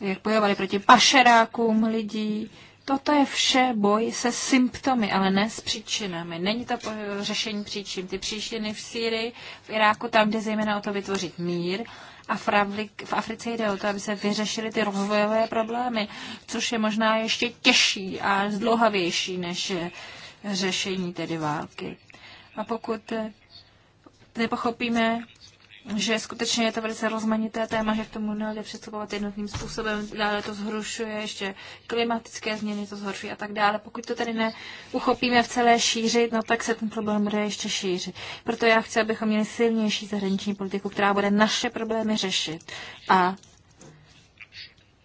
jak bojovali proti pašerákům lidí, Toto je vše boj se symptomy, ale ne s příčinami. Není to řešení příčin. Ty příčiny v Sýrii, v Iráku, tam jde zejména o to vytvořit mír, a v, Africe jde o to, aby se vyřešily ty rozvojové problémy, což je možná ještě těžší a zdlouhavější než řešení tedy války. A pokud nepochopíme že skutečně je to velice rozmanité téma, že k tomu nelze přistupovat jednotným způsobem, dále to zhoršuje, ještě klimatické změny to zhoršuje a tak dále. Pokud to tedy neuchopíme v celé šíři, no tak se ten problém bude ještě šířit. Proto já chci, abychom měli silnější zahraniční politiku, která bude naše problémy řešit. A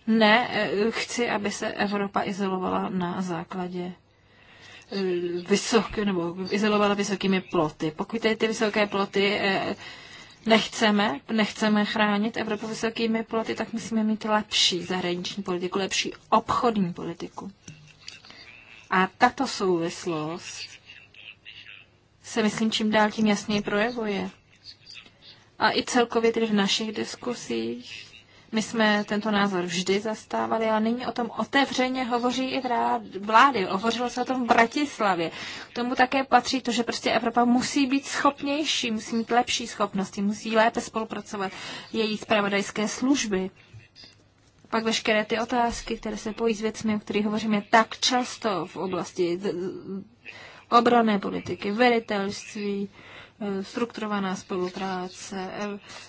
ne, eh, chci, aby se Evropa izolovala na základě eh, vysoké, nebo izolovala vysokými ploty. Pokud tady ty vysoké ploty eh, nechceme, nechceme chránit Evropu vysokými ploty, tak musíme mít lepší zahraniční politiku, lepší obchodní politiku. A tato souvislost se, myslím, čím dál tím jasněji projevuje. A i celkově tedy v našich diskusích my jsme tento názor vždy zastávali, ale nyní o tom otevřeně hovoří i vlády. Hovořilo se o tom v Bratislavě. K tomu také patří to, že prostě Evropa musí být schopnější, musí mít lepší schopnosti, musí lépe spolupracovat její zpravodajské služby. Pak veškeré ty otázky, které se pojí s věcmi, o kterých hovoříme tak často v oblasti obrané politiky, velitelství, Eh, strukturovaná spolupráce,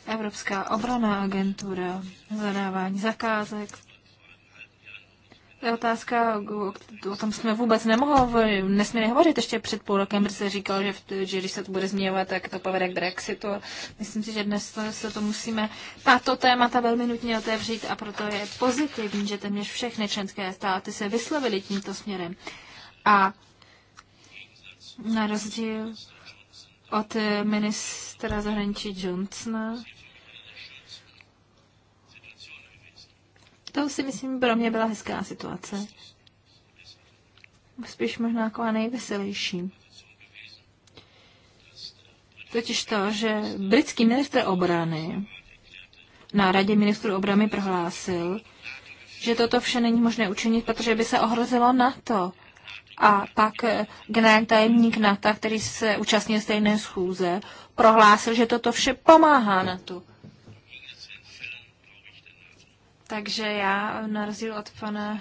Evropská obraná agentura, zadávání zakázek. To je otázka, o tom jsme vůbec nemohli, nesměli hovořit ještě před půl rokem, když se říkal, že, že když se to bude změňovat, tak to povede k Brexitu. Myslím si, že dnes to, se to musíme tato témata velmi nutně otevřít a proto je pozitivní, že téměř všechny členské státy se vyslovily tímto směrem. A na rozdíl od ministra zahraničí Johnsona. To si myslím, pro mě byla hezká situace. Spíš možná taková nejveselější. Totiž to, že britský ministr obrany na radě ministru obrany prohlásil, že toto vše není možné učinit, protože by se ohrozilo NATO a pak eh, generální tajemník NATO, který se účastnil stejné schůze, prohlásil, že toto vše pomáhá na to. Takže já, na rozdíl od pana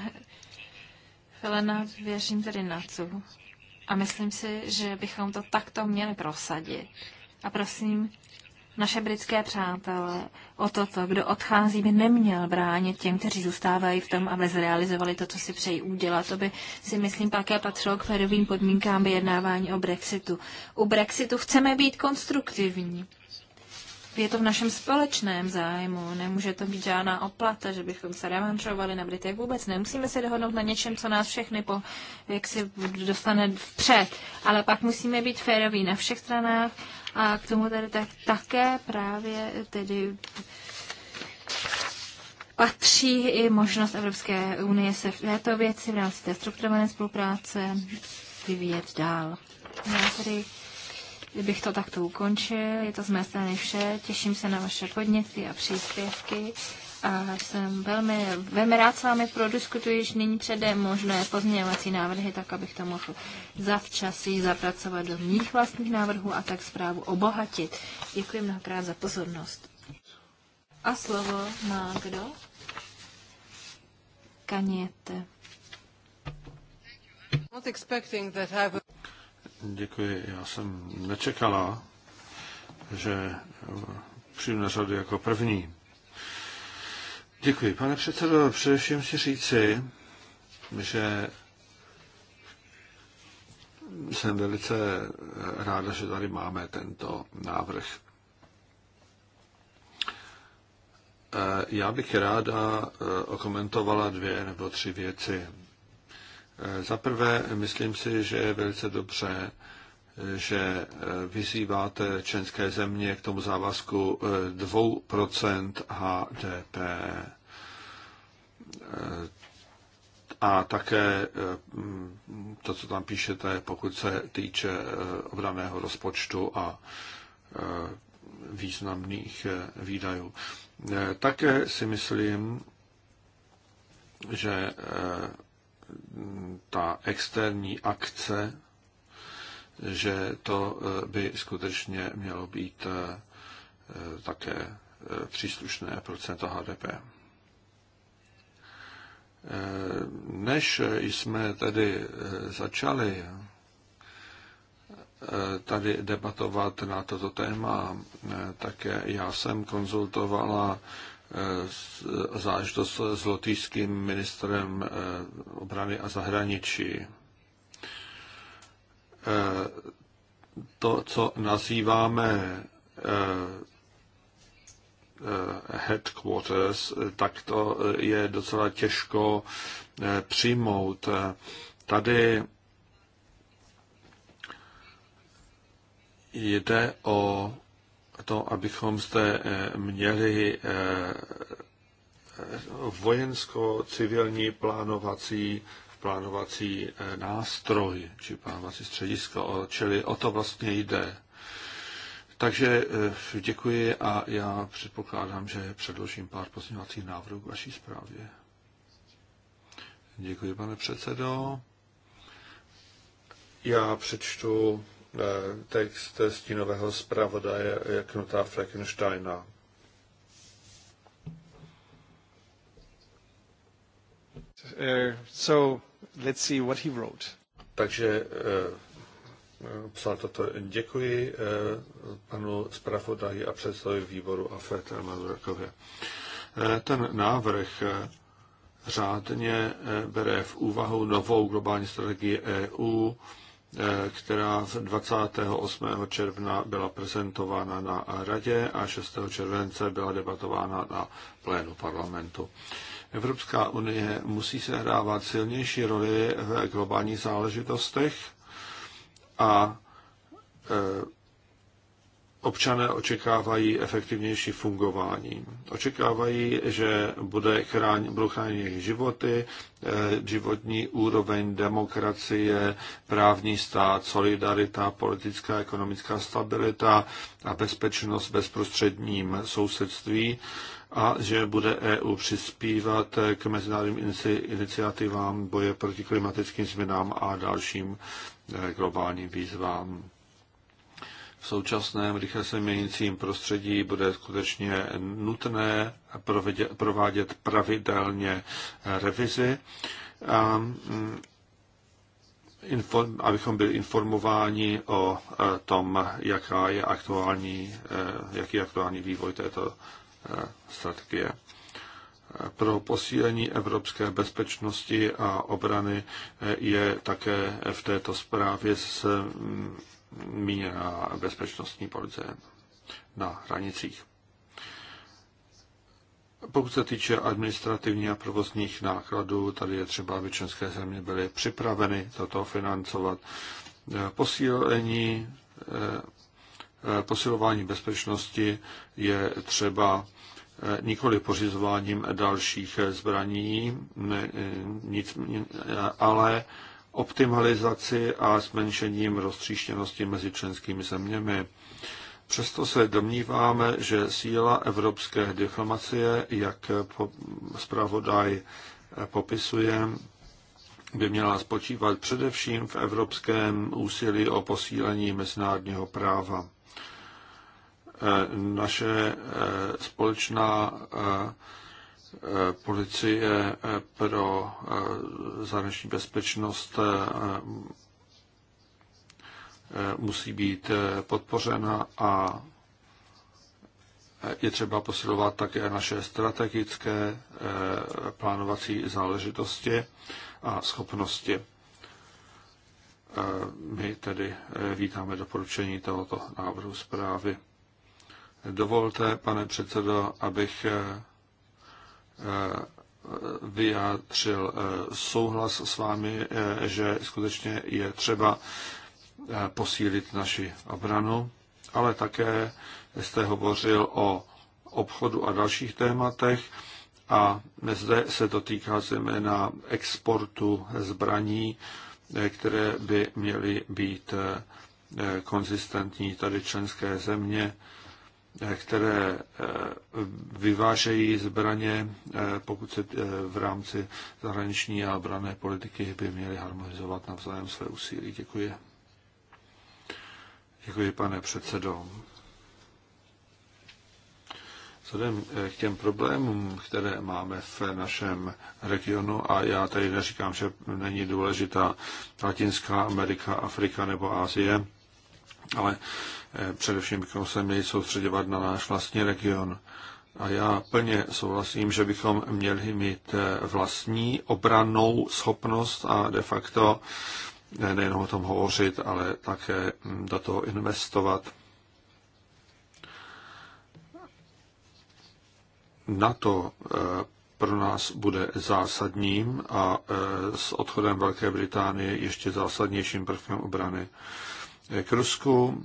Felena, věřím tedy na to, A myslím si, že bychom to takto měli prosadit. A prosím, naše britské přátelé o toto, kdo odchází, by neměl bránit těm, kteří zůstávají v tom, aby zrealizovali to, co si přejí udělat. To by si myslím také patřilo k férovým podmínkám vyjednávání o Brexitu. U Brexitu chceme být konstruktivní. Je to v našem společném zájmu, nemůže to být žádná oplata, že bychom se revanšovali na Brity. vůbec. Nemusíme se dohodnout na něčem, co nás všechny po, jak si dostane vpřed, ale pak musíme být féroví na všech stranách a k tomu tady tak, také právě tedy patří i možnost Evropské unie se v této věci v rámci té strukturované spolupráce vyvíjet dál. Já tedy kdybych to takto ukončil. Je to z mé strany vše. Těším se na vaše podněty a příspěvky a jsem velmi, velmi rád s vámi prodiskutuji již nyní předem možné pozměňovací návrhy, tak abych to mohl zavčas zapracovat do mých vlastních návrhů a tak zprávu obohatit. Děkuji mnohokrát za pozornost. A slovo má kdo? Kaněte. Děkuji. Já jsem nečekala, že přijdu na řadu jako první. Děkuji, pane předsedo. Především si říci, že jsem velice ráda, že tady máme tento návrh. Eh, já bych ráda eh, okomentovala dvě nebo tři věci. Eh, za prvé, myslím si, že je velice dobře, že eh, vyzýváte členské země k tomu závazku 2% eh, HDP eh, a také to, co tam píšete, pokud se týče obraného rozpočtu a významných výdajů. Také si myslím, že ta externí akce že to eh, by skutečně mělo být eh, také eh, příslušné procento HDP. Než jsme tedy začali tady debatovat na toto téma, také já jsem konzultovala záležitost s lotýským ministrem obrany a zahraničí. Eh, to, co nazýváme eh, eh, headquarters, tak to je docela těžko přijmout. Tady jde o to, abychom zde měli vojensko-civilní plánovací plánovací eh, nástroj či plánovací středisko, čili o to vlastně jde. Takže eh, děkuji a já předpokládám, že předložím pár pozměňovacích návrhů k vaší zprávě. Děkuji, pane předsedo. Já přečtu eh, text stínového zpravodaje Knuta Frankensteina. so let's see what he wrote. Takže eh, psal toto. Děkuji eh, panu zpravodaji a předsedovi výboru AFET Uh, eh, Ten návrh řádně bere v úvahu novou globální strategii EU, která 28. června byla prezentována na radě a 6. července byla debatována na plénu parlamentu. Evropská unie musí sehrávat silnější roli v globálních záležitostech a e, občané očekávají efektivnější fungování. Očekávají, že bude chrán, budou chráněny jejich životy, e, životní úroveň, demokracie, právní stát, solidarita, politická, ekonomická stabilita a bezpečnost v bezprostředním sousedství a že bude EU přispívat k mezinárodním iniciativám boje proti klimatickým změnám a dalším eh, globálním výzvám. V současném rychle se měnícím prostředí bude skutečně nutné provádět pravidelně eh, revizi, a, mm, inform, abychom byli informováni o eh, tom, jaká je aktuální, jaký je aktuální vývoj této strategie. Pro posílení evropské bezpečnosti a obrany je také v této zprávě zmíněna mm, bezpečnostní policie na hranicích. Pokud se týče administrativní a provozních nákladů, tady je třeba, aby české země byly připraveny toto financovat. Posílení eh, posilování bezpečnosti je třeba eh, nikoli pořizováním dalších eh, zbraní, eh, nic, ale optimalizaci a zmenšením roztříštěnosti mezi členskými zeměmi. Přesto se domníváme, že síla evropské diplomacie, jak zpravodaj popisuje, by měla spočívat především v evropském úsilí o posílení mezinárodního práva naše eh, společná eh, policie eh, pro zahraniční bezpečnost musí být podpořena a je třeba posilovat také naše strategické plánovací záležitosti a schopnosti. My tedy vítáme doporučení tohoto návrhu zprávy. Dovolte, pane předsedo, abych eh, eh, vyjádřil eh, souhlas s vámi, že skutečně je třeba posílit naši obranu, ale také jste hovořil o obchodu a dalších tématech a zde se to týká zejména exportu zbraní, které by měly být konzistentní tady členské země které eh, vyvážejí zbraně, eh, pokud se eh, v rámci zahraniční a obrané politiky by měly harmonizovat navzájem své úsilí. Děkuji. Děkuji, pane předsedo. Vzhledem k těm problémům, které máme v našem regionu, a já tady neříkám, že není důležitá Latinská Amerika, Afrika nebo Asie, ale Eh, především bychom se měli soustředovat na náš vlastní region. A já plně souhlasím, že bychom měli mít eh, vlastní obranou schopnost a de facto eh, nejenom o tom hovořit, ale také hm, do toho investovat. Na to pro nás bude zásadním a s odchodem Velké Británie ještě zásadnějším prvkem obrany. K Rusku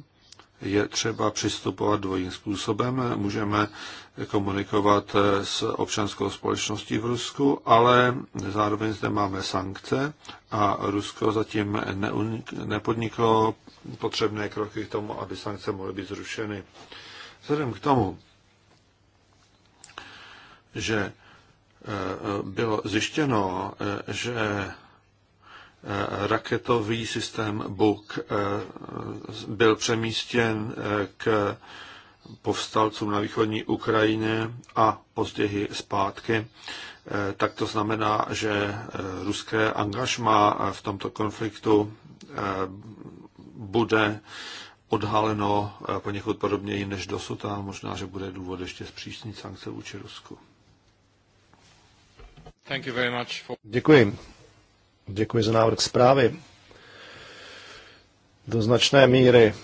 je třeba přistupovat dvojím způsobem. Můžeme komunikovat s občanskou společností v Rusku, ale zároveň zde máme sankce a Rusko zatím nepodniklo potřebné kroky k tomu, aby sankce mohly být zrušeny. Vzhledem k tomu, že eh, bylo zjištěno, eh, že Eh, raketový systém Buk eh, byl přemístěn eh, k povstalcům na východní Ukrajině a později zpátky, tak to znamená, že ruské angažma v tomto konfliktu bude odhaleno poněkud podobněji než dosud a možná, že bude důvod ještě zpřísnit sankce vůči Rusku. Děkuji Děkuji za návrh zprávy. Do značné míry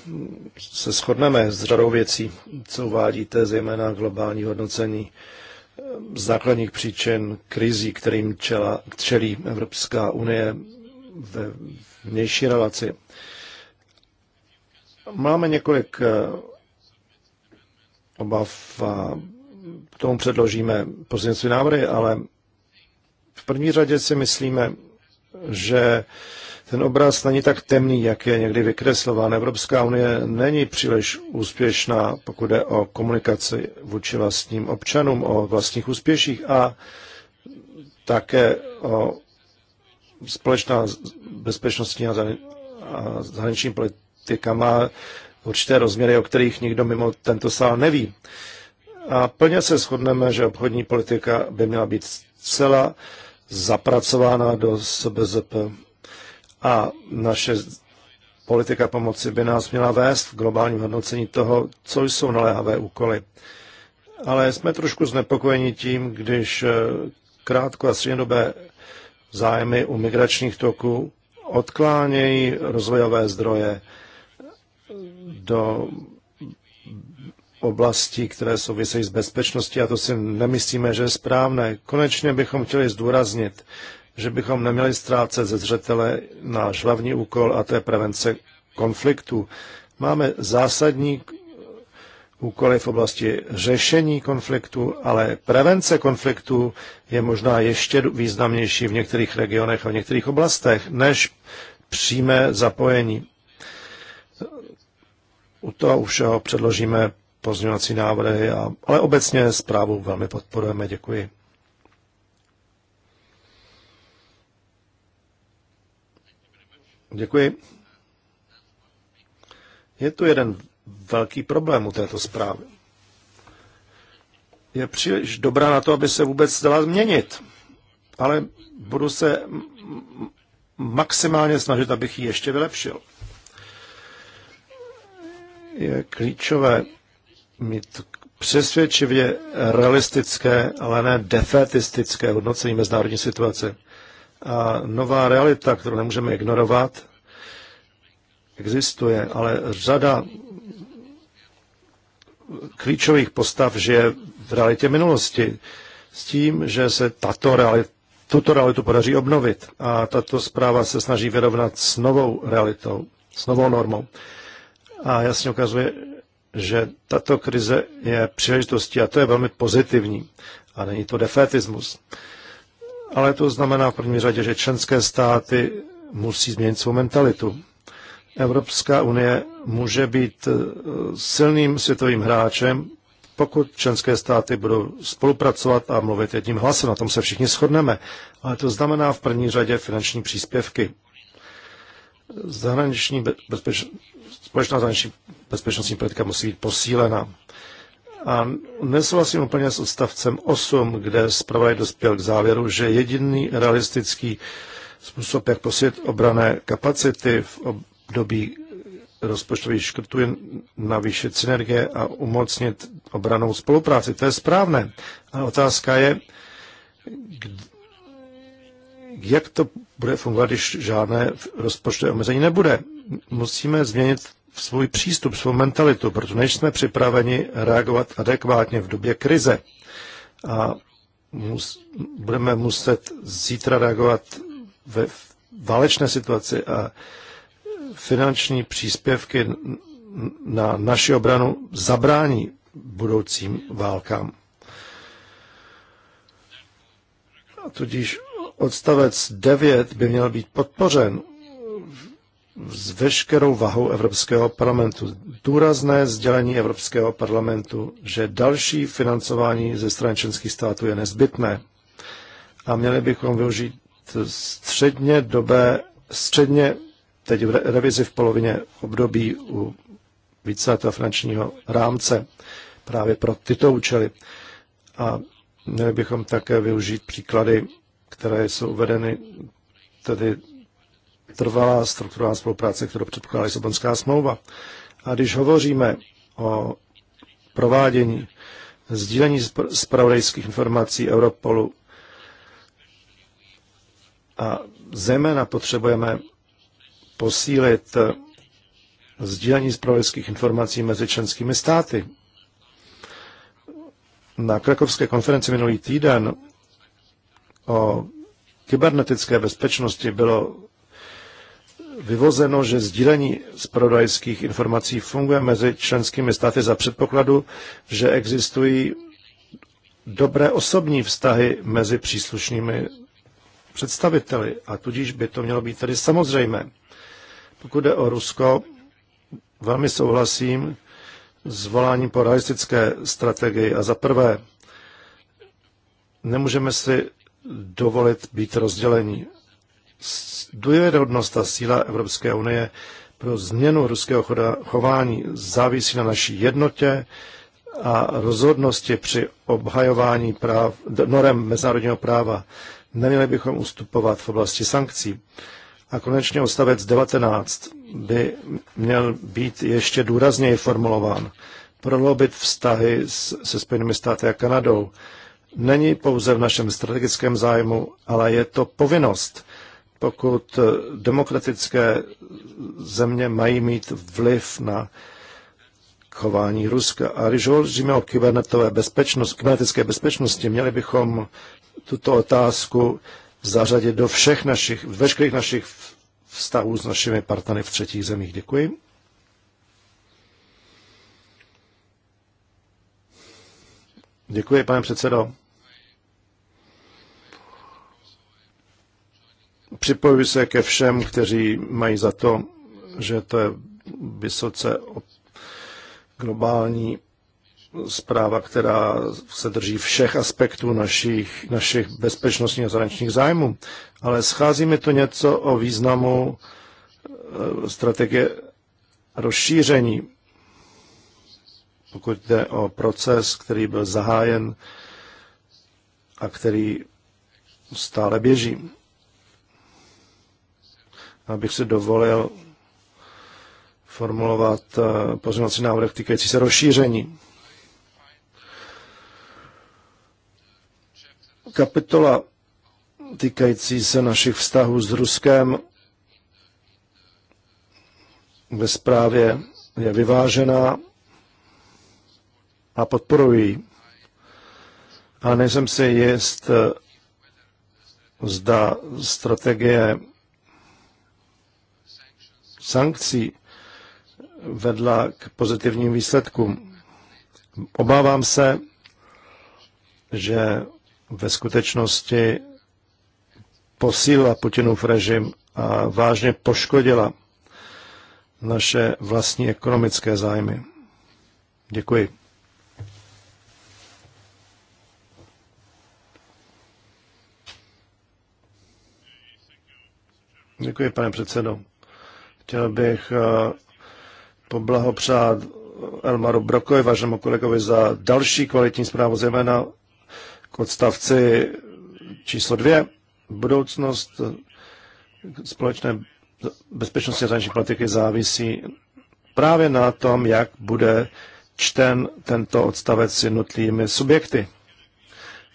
se shodneme s řadou věcí, co uvádíte, zejména globální hodnocení základních příčin krizí, kterým čela, čelí Evropská unie ve vnější relaci. Máme několik eh, obav a k tomu předložíme pozdější návrhy, ale v první řadě si myslíme, že ten obraz není tak temný, jak je někdy vykreslován. Evropská unie není příliš úspěšná, pokud jde o komunikaci vůči vlastním občanům, o vlastních úspěších a také o společná bezpečnostní a zahraniční politika má určité rozměry, o kterých nikdo mimo tento sál neví. A plně se shodneme, že obchodní politika by měla být zcela zapracována do SBZP a naše politika pomoci by nás měla vést v globálním hodnocení toho, co jsou naléhavé úkoly. Ale jsme trošku znepokojeni tím, když eh, krátko a střednědobé zájmy u migračních toků odklánějí rozvojové zdroje do oblastí, které souvisejí s bezpečností a to si nemyslíme, že je správné. Konečně bychom chtěli zdůraznit, že bychom neměli ztrácet ze zřetele náš hlavní úkol a to je prevence konfliktu. Máme zásadní úkoly v oblasti řešení konfliktu, ale prevence konfliktu je možná ještě významnější v některých regionech a v některých oblastech než přímé zapojení. U toho všeho předložíme pozměňovací návrhy, a, ale obecně zprávu velmi podporujeme. Děkuji. Děkuji. Je tu jeden velký problém u této zprávy. Je příliš dobrá na to, aby se vůbec dala změnit, ale budu se maximálně snažit, abych ji ještě vylepšil. Je klíčové, mít přesvědčivě realistické, ale ne defetistické hodnocení mezinárodní situace. A nová realita, kterou nemůžeme ignorovat, existuje, ale řada klíčových postav žije v realitě minulosti s tím, že se tato realita tuto realitu podaří obnovit a tato zpráva se snaží vyrovnat s novou realitou, s novou normou. A jasně ukazuje, že tato krize je příležitostí a to je velmi pozitivní. A není to defetismus, Ale to znamená v první řadě, že členské státy musí změnit svou mentalitu. Evropská unie může být eh, silným světovým hráčem, pokud členské státy budou spolupracovat a mluvit jedním hlasem. Na tom se všichni shodneme. Ale to znamená v první řadě finanční příspěvky. Zahraniční bezpeč společná zahraniční bezpečnostní politika musí být posílena. A nesouhlasím úplně s odstavcem 8, kde zpravodaj dospěl k závěru, že jediný realistický způsob, jak posílit obrané kapacity v období rozpočtových škrtů je navýšit synergie a umocnit obranou spolupráci. To je správné. A otázka je, jak to bude fungovat, když žádné rozpočtové omezení nebude. Musíme změnit svůj přístup, svou mentalitu, protože nejsme připraveni reagovat adekvátně v době krize. A mus, budeme muset zítra reagovat ve válečné situaci a finanční příspěvky na naši obranu zabrání budoucím válkám. A tudíž odstavec 9 by měl být podpořen s veškerou vahou Evropského parlamentu. Důrazné sdělení Evropského parlamentu, že další financování ze strany členských států je nezbytné. A měli bychom využít středně dobé, středně teď v revizi v polovině období u víceletého finančního rámce právě pro tyto účely. A měli bychom také využít příklady, které jsou uvedeny tedy trvalá strukturální spolupráce, kterou předpokládá Lisabonská smlouva. A když hovoříme o provádění sdílení spravodajských informací Europolu a zejména potřebujeme posílit sdílení spravodajských informací mezi členskými státy. Na krakovské konferenci minulý týden o kybernetické bezpečnosti bylo vyvozeno, že sdílení prodajských informací funguje mezi členskými státy za předpokladu, že existují dobré osobní vztahy mezi příslušnými představiteli a tudíž by to mělo být tedy samozřejmé. Pokud jde o Rusko, velmi souhlasím s voláním po realistické strategii a za prvé nemůžeme si dovolit být rozdělení důvěryhodnost a síla Evropské unie pro změnu ruského chování závisí na naší jednotě a rozhodnosti při obhajování práv, norem mezinárodního práva. Neměli bychom ustupovat v oblasti sankcí. A konečně odstavec 19 by měl být ještě důrazněji formulován. Prohloubit vztahy se Spojenými státy a Kanadou není pouze v našem strategickém zájmu, ale je to povinnost pokud demokratické země mají mít vliv na chování Ruska. A když hovoříme o kybernetové bezpečnosti, kybernetické bezpečnosti, měli bychom tuto otázku zařadit do všech našich, veškerých našich vztahů s našimi partnery v třetích zemích. Děkuji. Děkuji, pane předsedo. Připojuji se ke všem, kteří mají za to, že to je vysoce globální zpráva, která se drží všech aspektů našich, našich bezpečnostních a zahraničních zájmů. Ale schází mi to něco o významu eh, strategie rozšíření, pokud jde o proces, který byl zahájen a který stále běží abych se dovolil formulovat eh, pozměňovací návrh týkající se rozšíření. Kapitola týkající se našich vztahů s Ruskem ve zprávě je vyvážená a podporuji. A nejsem si jist, eh, zda strategie sankcí vedla k pozitivním výsledkům. Obávám se, že ve skutečnosti posílila Putinův režim a vážně poškodila naše vlastní ekonomické zájmy. Děkuji. Děkuji, pane předsedo. Chtěl bych eh, poblahopřát Elmaru Brokovi, vašemu kolegovi, za další kvalitní zprávu, zejména k odstavci číslo dvě. Budoucnost společné bezpečnostní zahraniční politiky závisí právě na tom, jak bude čten tento odstavec s jednotlivými subjekty.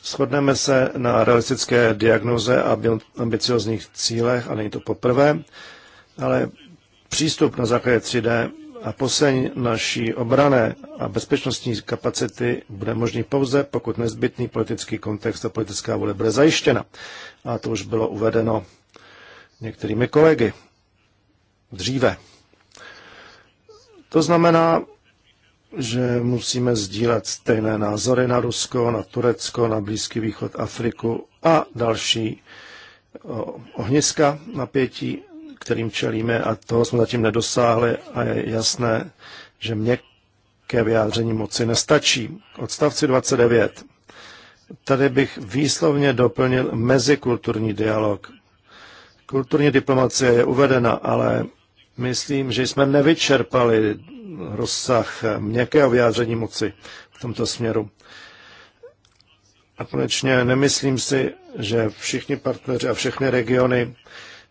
Shodneme se na realistické diagnoze a ambiciozních cílech, a není to poprvé, ale přístup na základě 3D a poseň naší obrané a bezpečnostní kapacity bude možný pouze, pokud nezbytný politický kontext a politická vůle bude zajištěna. A to už bylo uvedeno některými kolegy dříve. To znamená, že musíme sdílet stejné názory na Rusko, na Turecko, na Blízký východ, Afriku a další ohniska napětí kterým čelíme a toho jsme zatím nedosáhli a je jasné, že měkké vyjádření moci nestačí. Odstavci 29. Tady bych výslovně doplnil mezikulturní dialog. Kulturní diplomacie je uvedena, ale myslím, že jsme nevyčerpali rozsah měkkého vyjádření moci v tomto směru. A konečně nemyslím si, že všichni partneři a všechny regiony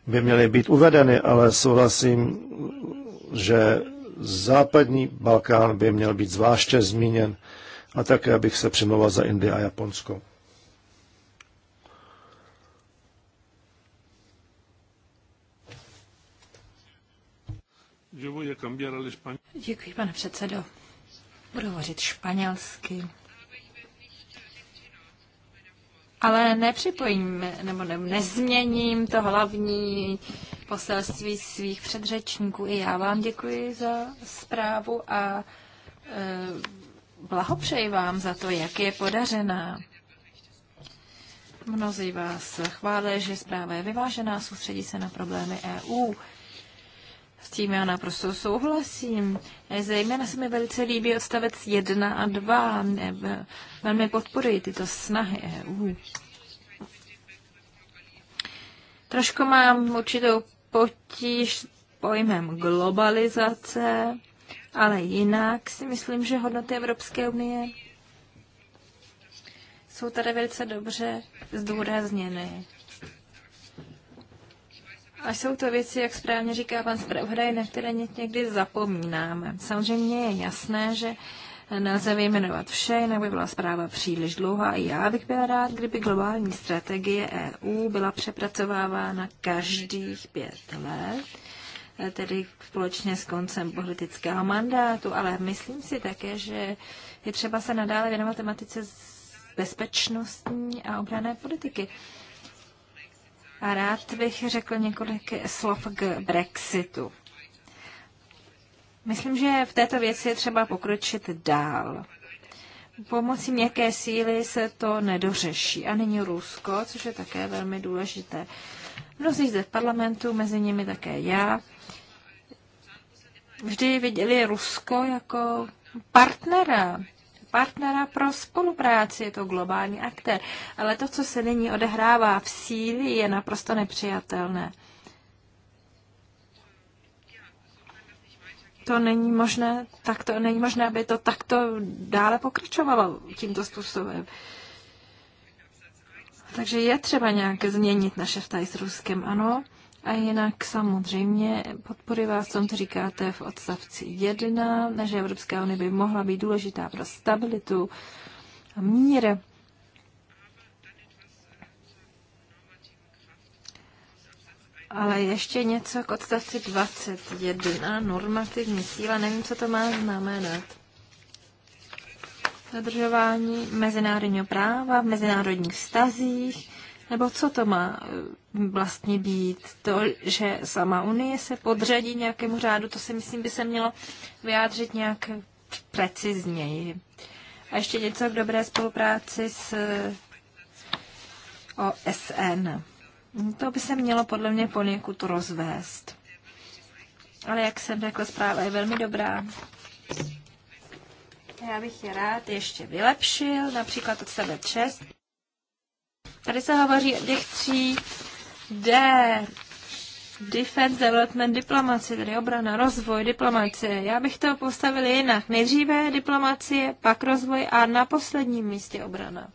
by měly být uvedeny, ale souhlasím, že západní Balkán by měl být zvláště zmíněn a také bych se přimlouval za Indii a Japonsko. Děkuji, pane předsedo. Budu hovořit španělsky ale nepřipojím nebo ne, nezměním to hlavní poselství svých předřečníků. I já vám děkuji za zprávu a e, blahopřeji vám za to, jak je podařená. Mnozí vás chválí, že zpráva je vyvážená, soustředí se na problémy EU. S tím já naprosto souhlasím. Zejména se mi velice líbí odstavec 1 a 2. Velmi podporuji tyto snahy EU. Trošku mám určitou potíž pojmem globalizace, ale jinak si myslím, že hodnoty Evropské unie jsou tady velice dobře zdůrazněny. A jsou to věci, jak správně říká pan zpravodaj, na které někdy zapomínáme. Samozřejmě je jasné, že nelze vyjmenovat vše, jinak by byla zpráva příliš dlouhá. I já bych byla rád, kdyby globální strategie EU byla přepracovávána každých pět let tedy společně s koncem politického mandátu, ale myslím si také, že je třeba se nadále věnovat tematice bezpečnostní a obrané politiky. A rád bych řekl několik slov k Brexitu. Myslím, že v této věci je třeba pokročit dál. Pomocí měkké síly se to nedořeší. A nyní Rusko, což je také velmi důležité. Mnozí zde v parlamentu, mezi nimi také já, vždy viděli Rusko jako partnera partnera pro spolupráci, je to globální aktér. Ale to, co se nyní odehrává v Sýrii, je naprosto nepřijatelné. to není možné, tak to není možné, aby to takto dále pokračovalo tímto způsobem. Takže je třeba nějak změnit naše vztahy s Ruskem, ano. A jinak samozřejmě podpory vás co říkáte v odstavci 1, že Evropská unie by mohla být důležitá pro stabilitu a mír. Ale ještě něco k odstavci 21, normativní síla, nevím, co to má znamenat. Zadržování mezinárodního práva v mezinárodních vztazích, nebo co to má eh, vlastně být? To, že sama Unie se podřadí nějakému řádu, to si myslím, by se mělo vyjádřit nějak precizněji. A ještě něco k dobré spolupráci s eh, OSN. No, to by se mělo podle mě poněkud rozvést. Ale jak jsem řekla, zpráva je velmi dobrá. Já bych je rád ještě vylepšil, například od sebe 6. Tady se hovoří o těch tří D. Defense, development, diplomacie, tedy obrana, rozvoj, diplomacie. Já bych to postavil jinak. Nejdříve diplomacie, pak rozvoj a na posledním místě obrana.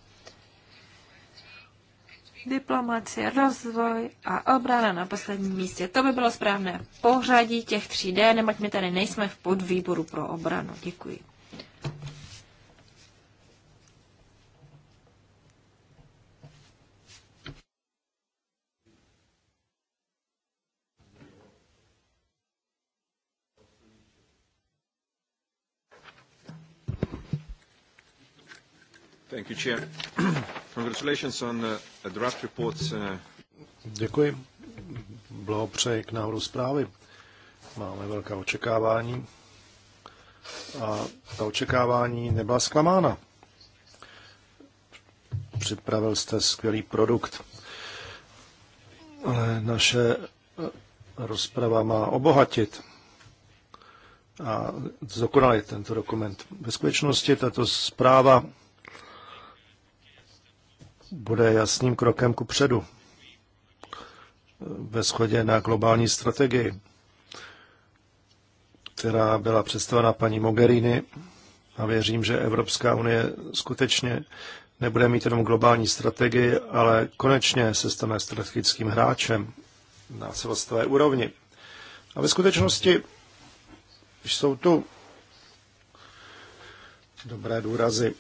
Diplomacie, rozvoj a obrana na posledním místě. To by bylo správné pořadí těch 3D, neboť my tady nejsme v podvýboru pro obranu. Děkuji. Thank you, Chair. Congratulations on uh, a draft report. Uh, Děkuji. Blahopřeji k návrhu zprávy. Máme velká očekávání a ta očekávání nebyla zklamána. Připravil jste skvělý produkt, ale naše eh, rozprava má obohatit a zdokonalit tento dokument. Ve skutečnosti tato zpráva bude jasným krokem ku předu ve shodě na globální strategii, která byla představena paní Mogherini a věřím, že Evropská unie skutečně nebude mít jenom globální strategii, ale konečně se stane strategickým hráčem na celostové úrovni. A ve skutečnosti jsou tu dobré důrazy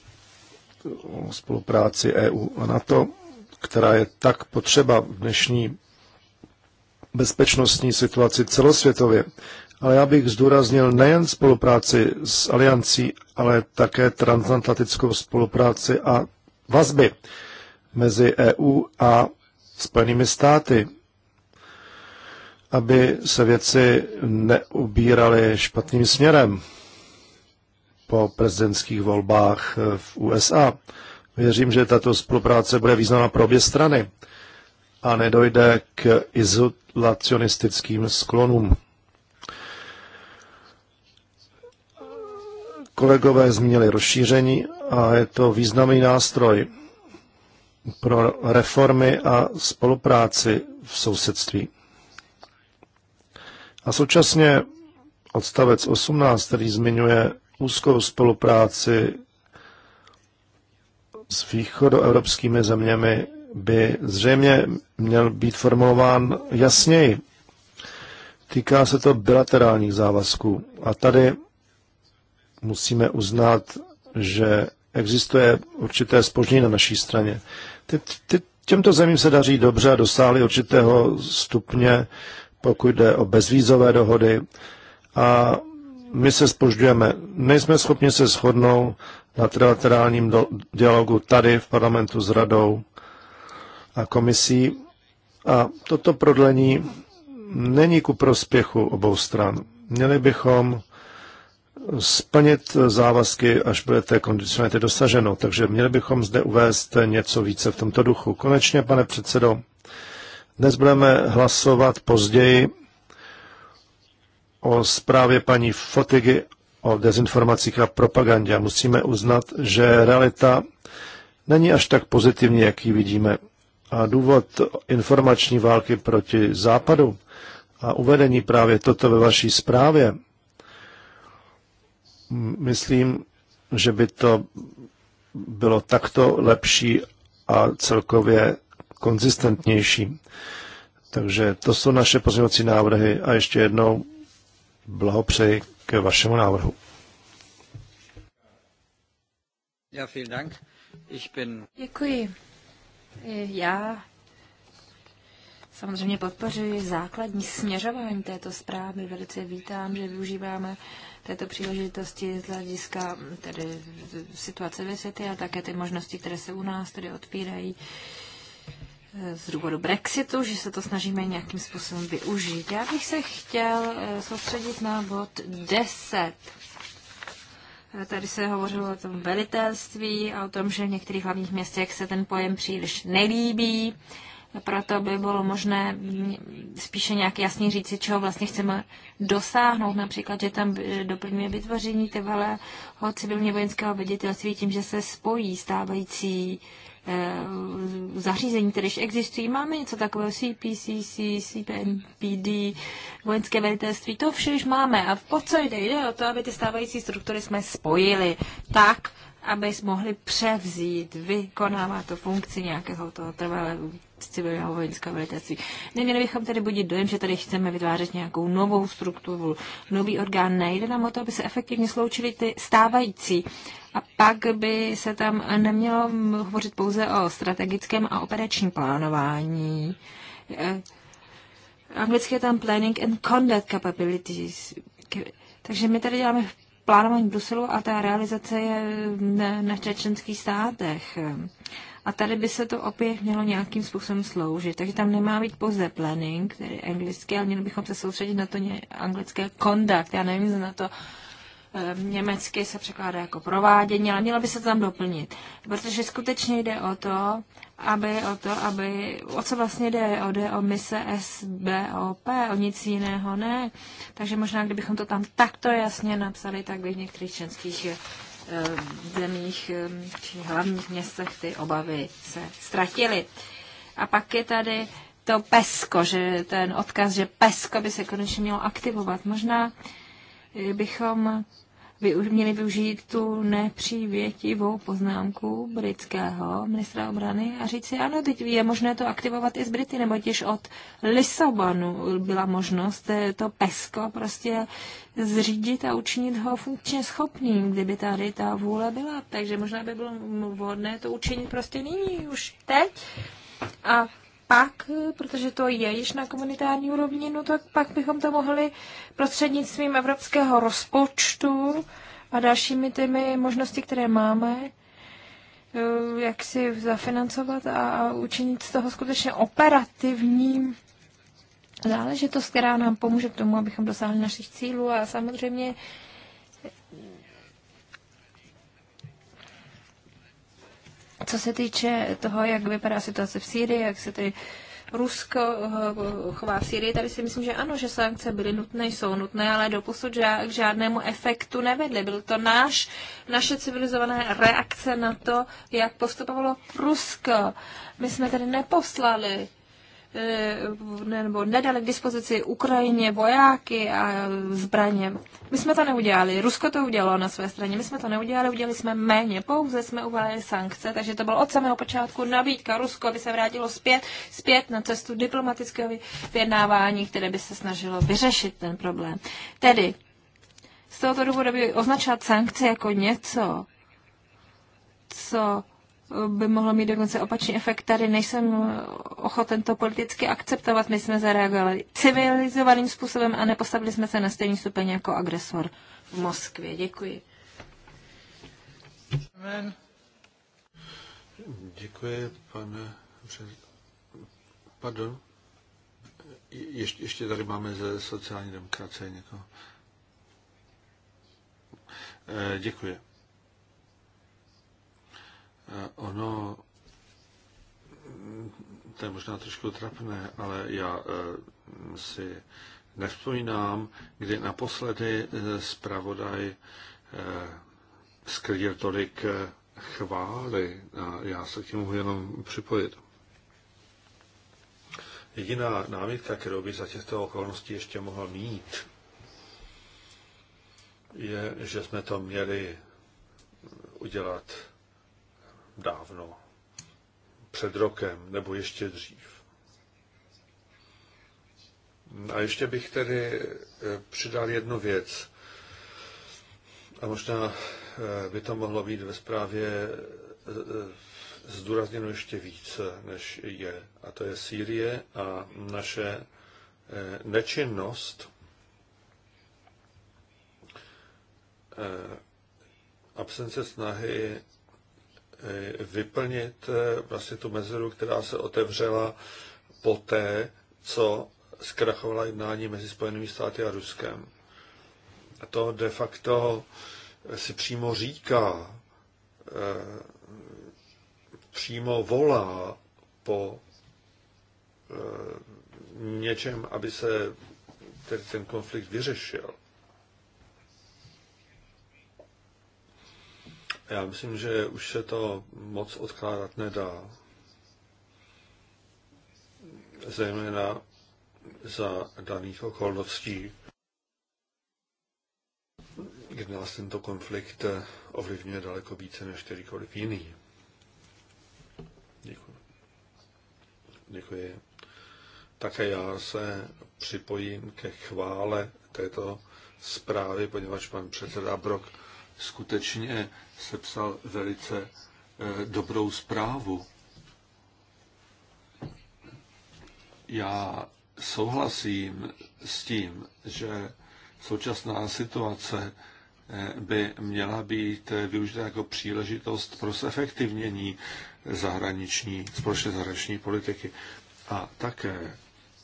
spolupráci EU a NATO, která je tak potřeba v dnešní bezpečnostní situaci celosvětově. Ale já bych zdůraznil nejen spolupráci s aliancí, ale také transatlantickou spolupráci a vazby mezi EU a Spojenými státy, aby se věci neubíraly špatným směrem po prezidentských volbách eh, v USA. Věřím, že tato spolupráce bude významná pro obě strany a nedojde k izolacionistickým sklonům. Kolegové zmínili rozšíření a je to významný nástroj pro reformy a spolupráci v sousedství. A současně odstavec 18, který zmiňuje úzkou spolupráci s východoevropskými zeměmi by zřejmě měl být formulován jasněji. Týká se to bilaterálních závazků. A tady musíme uznat, že existuje určité spožní na naší straně. Ty, ty, těmto zemím se daří dobře a dosáhli určitého stupně, pokud jde o bezvízové dohody. A my se spožďujeme. Nejsme schopni se shodnout na trilaterálním dialogu tady v parlamentu s radou a komisí a toto prodlení není ku prospěchu obou stran. Měli bychom splnit závazky, až bude té kondicionality dosaženo. Takže měli bychom zde uvést něco více v tomto duchu. Konečně, pane předsedo, dnes budeme hlasovat později o zprávě paní Fotigy o dezinformacích a propagandě. Musíme uznat, že realita není až tak pozitivní, jaký vidíme. A důvod informační války proti Západu a uvedení právě toto ve vaší zprávě, myslím, že by to bylo takto lepší a celkově konzistentnější. Takže to jsou naše pozměňovací návrhy a ještě jednou blahopřeji k vašemu návrhu. Děkuji. Já samozřejmě podpořuji základní směřování této zprávy. Velice vítám, že využíváme této příležitosti z hlediska tedy situace ve světě a také ty možnosti, které se u nás tedy otvírají z důvodu Brexitu, že se to snažíme nějakým způsobem využít. Já bych se chtěl eh, soustředit na bod 10. Eh, tady se hovořilo o tom velitelství a o tom, že v některých hlavních městech se ten pojem příliš nelíbí. Proto by bylo možné spíše nějak jasně říct, čeho vlastně chceme dosáhnout. Například, že tam doplňuje vytvoření trvalého civilně vojenského veditelství tím, že se spojí stávající uh, Eh, zařízení, které existují. Máme něco takového CPCC, CPNPD, vojenské velitelství, to vše už máme. A po co jde? Jde o to, aby ty stávající struktury jsme spojili tak, aby mohli převzít, vykonávat tu funkci nějakého toho trvalého civilního vojenského velitelství. Neměli bychom tedy budit dojem, že tady chceme vytvářet nějakou novou strukturu, nový orgán. Nejde nám o to, aby se efektivně sloučily ty stávající. A pak by se tam nemělo hovořit pouze o strategickém a operačním plánování. Eh, anglicky je tam planning and conduct capabilities. Takže my tady děláme plánování Bruselu a ta realizace je na členských státech. A tady by se to opět mělo nějakým způsobem sloužit. Takže tam nemá být pouze planning, který je anglicky, ale měli bychom se soustředit na to anglické conduct. Já nevím, na to Ehm, německy se překládá jako provádění, ale mělo by se tam doplnit. Protože skutečně jde o to, aby o to, aby, o co vlastně jde, o jde o mise SBOP, o nic jiného ne. Takže možná, kdybychom to tam takto jasně napsali, tak by v některých členských ehm, zemích ehm, či hlavních městech ty obavy se ztratily. A pak je tady to PESCO, že ten odkaz, že PESCO by se konečně mělo aktivovat. Možná bychom měli využít tu nepřívětivou poznámku britského ministra obrany a říct si, ano, teď je možné to aktivovat i z Brity, nebo těž od Lisabonu byla možnost eh, to pesko prostě zřídit a učinit ho funkčně schopným, kdyby tady ta vůle byla. Takže možná by bylo vhodné to učinit prostě nyní, už teď. A pak, protože to je již na komunitární úrovni, no tak pak bychom to mohli prostřednictvím evropského rozpočtu a dalšími těmi možnosti, které máme, eh, jak si zafinancovat a učinit z toho skutečně operativní záležitost, která nám pomůže k tomu, abychom dosáhli našich cílů a samozřejmě Co se týče toho, jak vypadá situace v Sýrii, jak se tedy Rusko eh, chová v Syrii, tady si myslím, že ano, že sankce byly nutné, jsou nutné, ale doposud k žádnému efektu nevedly. Byl to náš, naše civilizované reakce na to, jak postupovalo Rusko. My jsme tedy neposlali Eh, nebo nedali k dispozici Ukrajině vojáky a zbraně. My jsme to neudělali. Rusko to udělalo na své straně. My jsme to neudělali, udělali jsme méně. Pouze jsme uvalili sankce, takže to bylo od samého počátku nabídka Rusko, aby se vrátilo zpět, zpět na cestu diplomatického vyjednávání, které by se snažilo vyřešit ten problém. Tedy z tohoto důvodu by označovat sankce jako něco, co by mohlo mít dokonce opačný efekt. Tady nejsem ochoten to politicky akceptovat. My jsme zareagovali civilizovaným způsobem a nepostavili jsme se na stejný stupeň jako agresor v Moskvě. Děkuji. Amen. Děkuji, pane Pardon. Ještě, ještě tady máme ze sociální demokracie někoho. Eh, děkuji. Ono, mm, to je možná trošku trapné, ale já e, si nevzpomínám, kdy naposledy e, zpravodaj e, skrýl tolik chvály a já se k němu jenom připojit. Jediná námitka, kterou bych za těchto okolností ještě mohl mít, je, že jsme to měli udělat dávno, před rokem nebo ještě dřív. A ještě bych tedy eh, přidal jednu věc. A možná eh, by to mohlo být ve zprávě eh, zdůrazněno ještě více, než je. A to je Sýrie a naše nečinnost, absence snahy Eh, vyplnit eh, vlastně tu mezeru, která se otevřela poté, co zkrachovala jednání mezi Spojenými státy a Ruskem. A to de facto si přímo říká, eh, přímo volá po něčem, aby se tedy ten konflikt vyřešil. Já myslím, že už se to moc odkládat nedá. Zejména za daných okolností, kdy nás tento konflikt ovlivňuje daleko více než kterýkoliv jiný. Děkuji. Děkuji. Také já se připojím ke chvále této zprávy, poněvadž pan předseda Brok skutečně sepsal velice eh, dobrou zprávu. Já souhlasím s tím, že současná situace eh, by měla být eh, využita jako příležitost pro sefektivnění zahraniční, společné zahraniční politiky. A také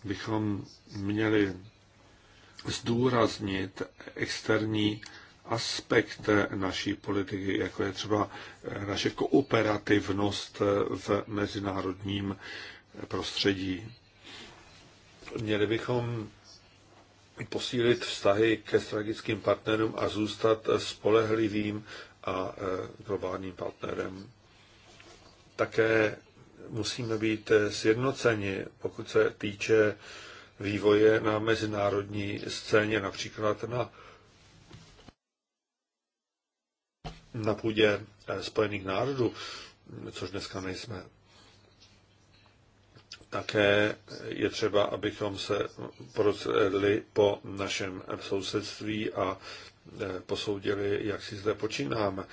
bychom měli zdůraznit externí aspekt naší politiky, jako je třeba eh, naše kooperativnost eh, v mezinárodním eh, prostředí. Měli bychom posílit vztahy ke strategickým partnerům a zůstat spolehlivým a globálním partnerem. Také musíme být sjednoceni, pokud se týče vývoje na mezinárodní scéně, například na na půdě eh, Spojených národů, což dneska nejsme. Také je třeba, abychom se porozhledli po našem sousedství a eh, posoudili, jak si zde počínáme.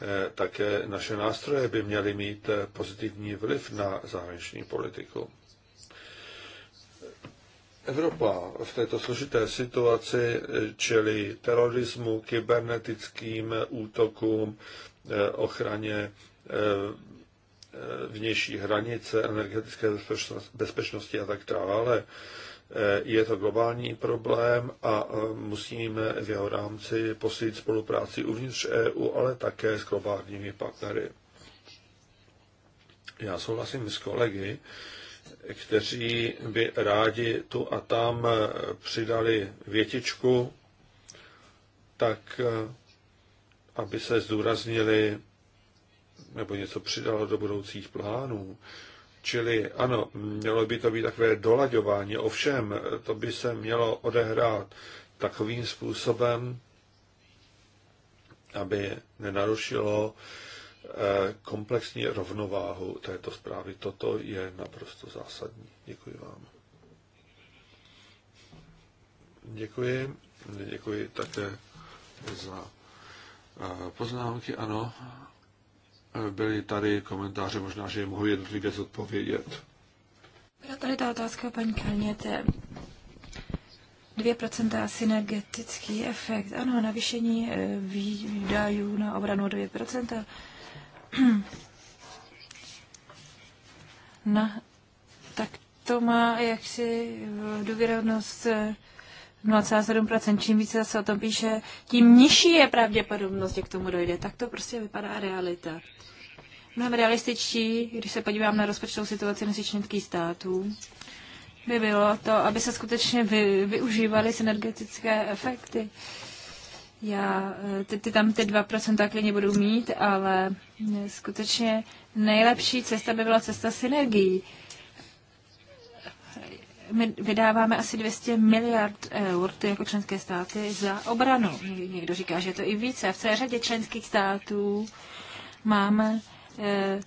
Eh, také naše nástroje by měly mít pozitivní vliv na zahraniční politiku. Evropa v této složité situaci čelí terorismu, kybernetickým útokům, eh, ochraně eh, vnější hranice, energetické bezpečnosti a tak dále. Eh, je to globální problém a musíme v jeho rámci posílit spolupráci uvnitř EU, ale také s globálními partnery. Já souhlasím s kolegy, kteří by rádi tu a tam eh, přidali větičku, tak eh, aby se zdůraznili nebo něco přidalo do budoucích plánů. Čili ano, mělo by to být takové dolaďování, ovšem eh, to by se mělo odehrát takovým způsobem, aby nenarušilo komplexní rovnováhu této zprávy. Toto je naprosto zásadní. Děkuji vám. Děkuji. Děkuji také za poznámky. Ano, byly tady komentáře, možná, že je mohu jednotlivě zodpovědět. Byla tady ta otázka, paní Kalněte. 2% synergetický efekt. Ano, navýšení e, výdajů na obranu 2%. No, tak to má jaksi důvěrohodnost 0,7%. Eh, Čím více se o tom píše, tím nižší je pravděpodobnost, že k tomu dojde. Tak to prostě vypadá realita. Mnohem realističtí, když se podívám na rozpočtovou situaci nesečnických států, by bylo to, aby se skutečně vy, využívaly synergetické efekty. Já eh, ty, ty tam ty 2% klidně budu mít, ale eh, skutečně nejlepší cesta by byla cesta synergií. My vydáváme asi 200 miliard eur ty jako členské státy za obranu. Někdo říká, že je to i více. V celé řadě členských států máme eh,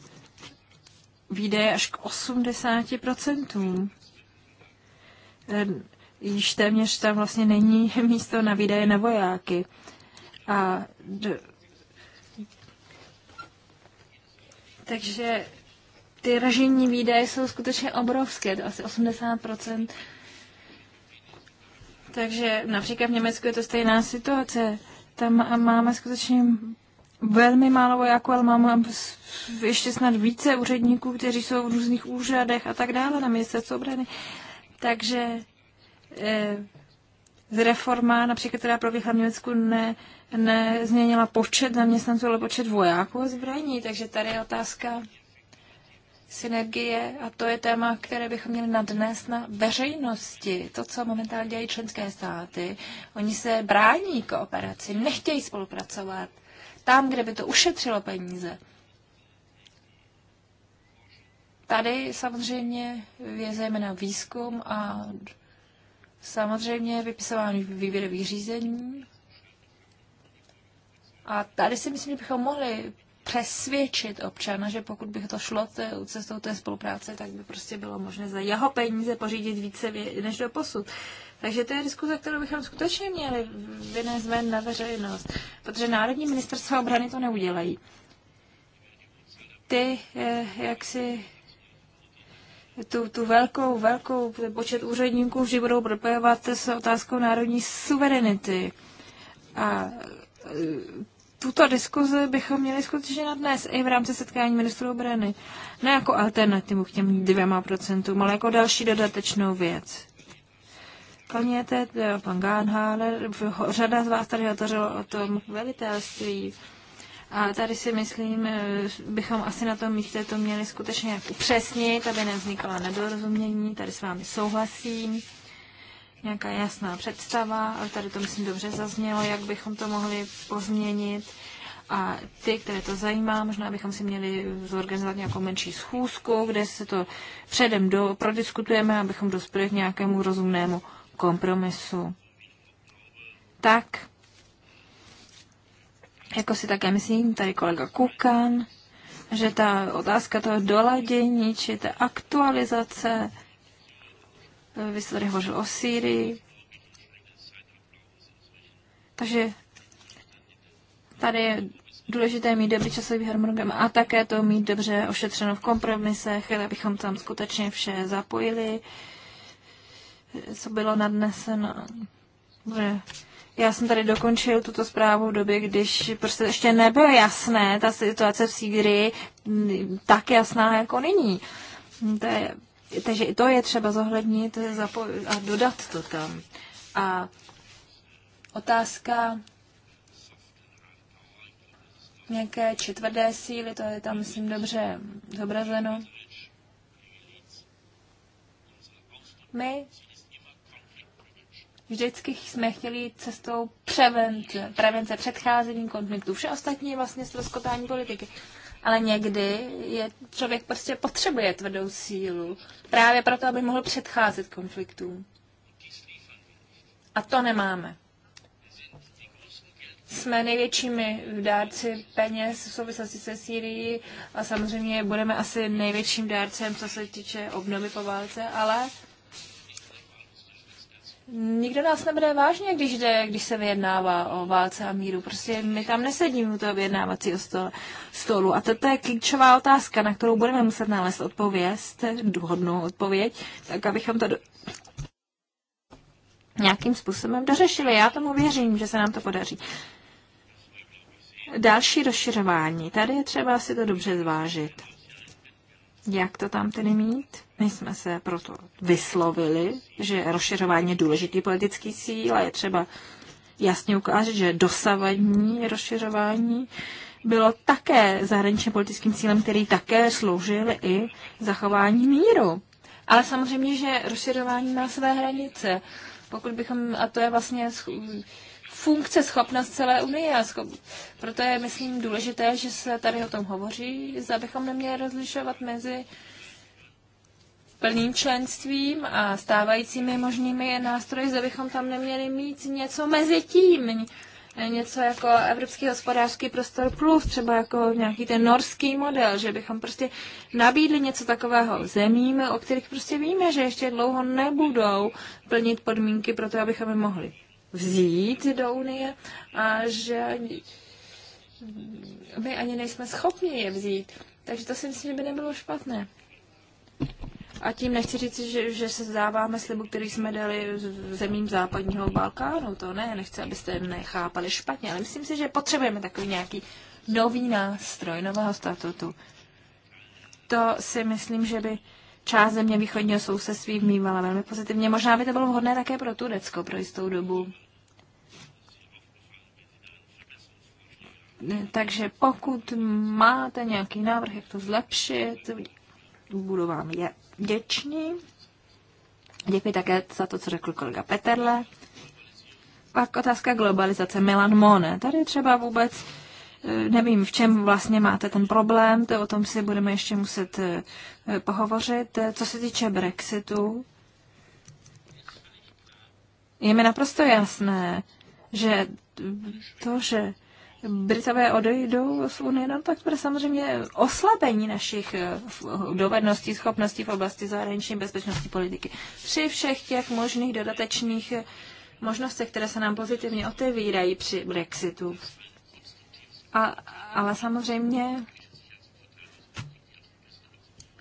výdaje až k 80% již téměř tam vlastně není místo na výdaje na vojáky. A d- takže ty režimní výdaje jsou skutečně obrovské, to asi 80 Takže například v Německu je to stejná situace. Tam máme skutečně velmi málo vojáků, ale máme ještě snad více úředníků, kteří jsou v různých úřadech a tak dále na ministerstvu obrany. Takže Eh, reforma, například která proběhla v Německu, ne, nezměnila počet zaměstnanců, ale počet vojáků a zbraní. Takže tady je otázka synergie a to je téma, které bychom měli nadnést na veřejnosti. To, co momentálně dělají členské státy, oni se brání kooperaci, nechtějí spolupracovat tam, kde by to ušetřilo peníze. Tady samozřejmě vězejme na výzkum a samozřejmě vypisování výběrových řízení. A tady si myslím, že bychom mohli přesvědčit občana, že pokud by to šlo cestou té spolupráce, tak by prostě bylo možné za jeho peníze pořídit více než do posud. Takže to je diskuze, kterou bychom skutečně měli vynést ven na veřejnost, protože Národní ministerstva obrany to neudělají. Ty, eh, jak si tu, tu velkou, velkou počet úředníků vždy budou propojovat s otázkou národní suverenity. A e, tuto diskuzi bychom měli skutečně na dnes i v rámci setkání ministrů obrany. Ne jako alternativu k těm dvěma procentům, ale jako další dodatečnou věc. Kalněte, pan Gánhále, řada z vás tady hovořilo o tom velitelství. A tady si myslím, eh, bychom asi na tom místě to měli skutečně upřesnit, aby nevznikla nedorozumění. Tady s vámi souhlasím. Nějaká jasná představa, ale tady to myslím dobře zaznělo, jak bychom to mohli pozměnit. A ty, které to zajímá, možná bychom si měli zorganizovat nějakou menší schůzku, kde se to předem do, prodiskutujeme, abychom dospěli k nějakému rozumnému kompromisu. Tak, jako si také myslím, tady kolega Kukan, že ta otázka toho doladění či ta aktualizace, vy jste tady hovořil o Sýrii, takže tady je důležité mít dobrý časový harmonogram a také to mít dobře ošetřeno v kompromisech, abychom tam skutečně vše zapojili, co bylo nadneseno. Dobře já jsem tady dokončil tuto zprávu v době, když prostě ještě nebylo jasné ta situace v Sýrii tak jasná jako nyní. To je, takže i to je třeba zohlednit a dodat to tam. A otázka nějaké čtvrté síly, to je tam, myslím, dobře zobrazeno. My Vždycky jsme chtěli jít cestou prevence, prevence předcházení konfliktů. Vše ostatní je vlastně sloskotání politiky. Ale někdy je, člověk prostě potřebuje tvrdou sílu. Právě proto, aby mohl předcházet konfliktům. A to nemáme jsme největšími dárci peněz v souvislosti se Sýrií a samozřejmě budeme asi největším dárcem, co se týče obnovy po válce, ale nikdo nás nebere vážně, když jde, když se vyjednává o válce a míru. Prostě my tam nesedíme u toho vyjednávacího stolu. A to je klíčová otázka, na kterou budeme muset nalézt odpověď, důhodnou odpověď, tak abychom to do... nějakým způsobem dořešili. Já tomu věřím, že se nám to podaří. Další rozšiřování. Tady je třeba si to dobře zvážit. Jak to tam tedy mít? My jsme se proto vyslovili, že rozšiřování je důležitý politický cíl a je třeba jasně ukázat, že dosavadní rozšiřování bylo také zahraničně politickým cílem, který také sloužil i zachování míru. Ale samozřejmě, že rozšiřování má své hranice. Pokud bychom, a to je vlastně funkce, schopnost celé Unie. A schop... Proto je, myslím, důležité, že se tady o tom hovoří, abychom neměli rozlišovat mezi uh, plným členstvím a stávajícími možnými nástroji, zda bychom tam neměli mít něco mezi tím, něco jako Evropský hospodářský prostor plus, třeba jako nějaký ten norský model, že bychom prostě nabídli něco takového zemím, o kterých prostě víme, že ještě dlouho nebudou plnit podmínky pro to, abychom je mohli vzít do Unie a že my ani nejsme schopni je vzít. Takže to si myslím, že by nebylo špatné. A tím nechci říct, že, že se zdáváme slibu, který jsme dali zemím západního Balkánu. To ne, nechci, abyste nechápali špatně, ale myslím si, že potřebujeme takový nějaký nový nástroj nového statutu. To si myslím, že by část země východního sousedství vnímala velmi pozitivně. Možná by to bylo vhodné také pro Turecko pro jistou dobu. Takže pokud máte nějaký návrh, jak to zlepšit, budu vám je vděční. Děkuji také za to, co řekl kolega Peterle. Pak otázka globalizace. Milan Mone. Tady třeba vůbec eh, nevím, v čem vlastně máte ten problém, to o tom si budeme ještě muset eh, pohovořit. Co se týče Brexitu, je mi naprosto jasné, že to, že Britové odejdou z Unie, no, tak bude samozřejmě oslabení našich eh, dovedností, schopností v oblasti zahraniční bezpečnostní politiky. Při všech těch možných dodatečných eh, možnostech, které se nám pozitivně otevírají při Brexitu. A, ale samozřejmě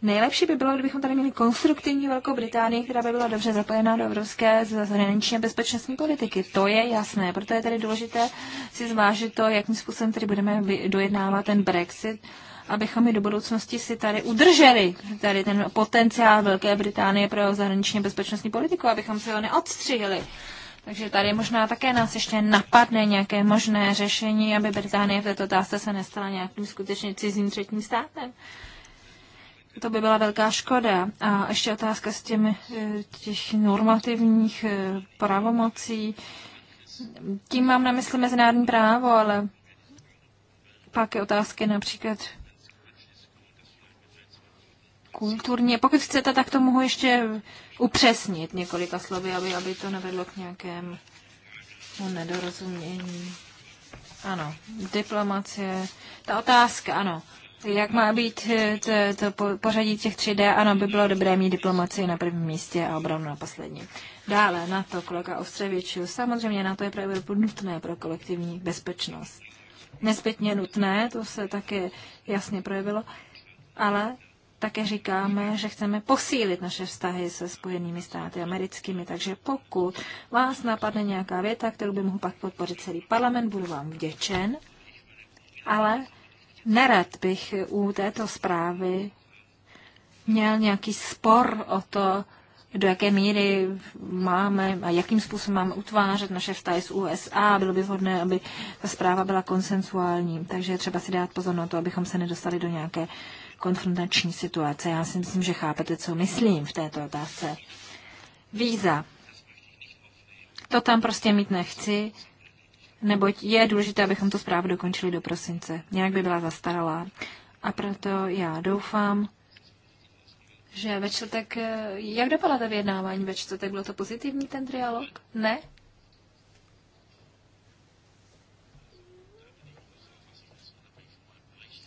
Nejlepší by bylo, kdybychom tady měli konstruktivní Velkou Británii, která by byla dobře zapojená do evropské zahraniční bezpečnostní politiky. To je jasné, proto je tady důležité si zvážit to, jakým způsobem tady budeme dojednávat ten Brexit, abychom i do budoucnosti si tady udrželi tady ten potenciál Velké Británie pro zahraničně bezpečnostní politiku, abychom si ho neodstřihli. Takže tady možná také nás ještě napadne nějaké možné řešení, aby Británie v této otázce se nestala nějakým skutečně cizím třetím státem to by byla velká škoda. A ještě otázka s těmi eh, těch normativních eh, pravomocí. Tím mám na mysli mezinárodní právo, ale pak je otázky například kulturní. Pokud chcete, tak to mohu ještě upřesnit několika slovy, aby, aby to nevedlo k nějakému nedorozumění. Ano, diplomacie. Ta otázka, ano. Jak má být eh, to, to pořadí těch 3D? Ano, by bylo dobré mít diplomaci na prvním místě a obranu na poslední. Dále na to kolega Ostřevičů. Samozřejmě na to je právě nutné pro kolektivní bezpečnost. Nespětně nutné, to se také jasně projevilo, ale také říkáme, že chceme posílit naše vztahy se Spojenými státy americkými, takže pokud vás napadne nějaká věta, kterou by mohl pak podpořit celý parlament, budu vám vděčen, ale nerad bych u této zprávy měl nějaký spor o to, do jaké míry máme a jakým způsobem máme utvářet naše vztahy s USA. Bylo by vhodné, aby ta zpráva byla konsensuální. Takže třeba si dát pozor na to, abychom se nedostali do nějaké konfrontační situace. Já si myslím, že chápete, co myslím v této otázce. Víza. To tam prostě mít nechci neboť je důležité, abychom to zprávu dokončili do prosince. Nějak by byla zastaralá. A proto já doufám, že ve čtvrtek, eh, jak dopadla ta vyjednávání ve čtvrtek? Bylo to pozitivní ten trialog? Ne?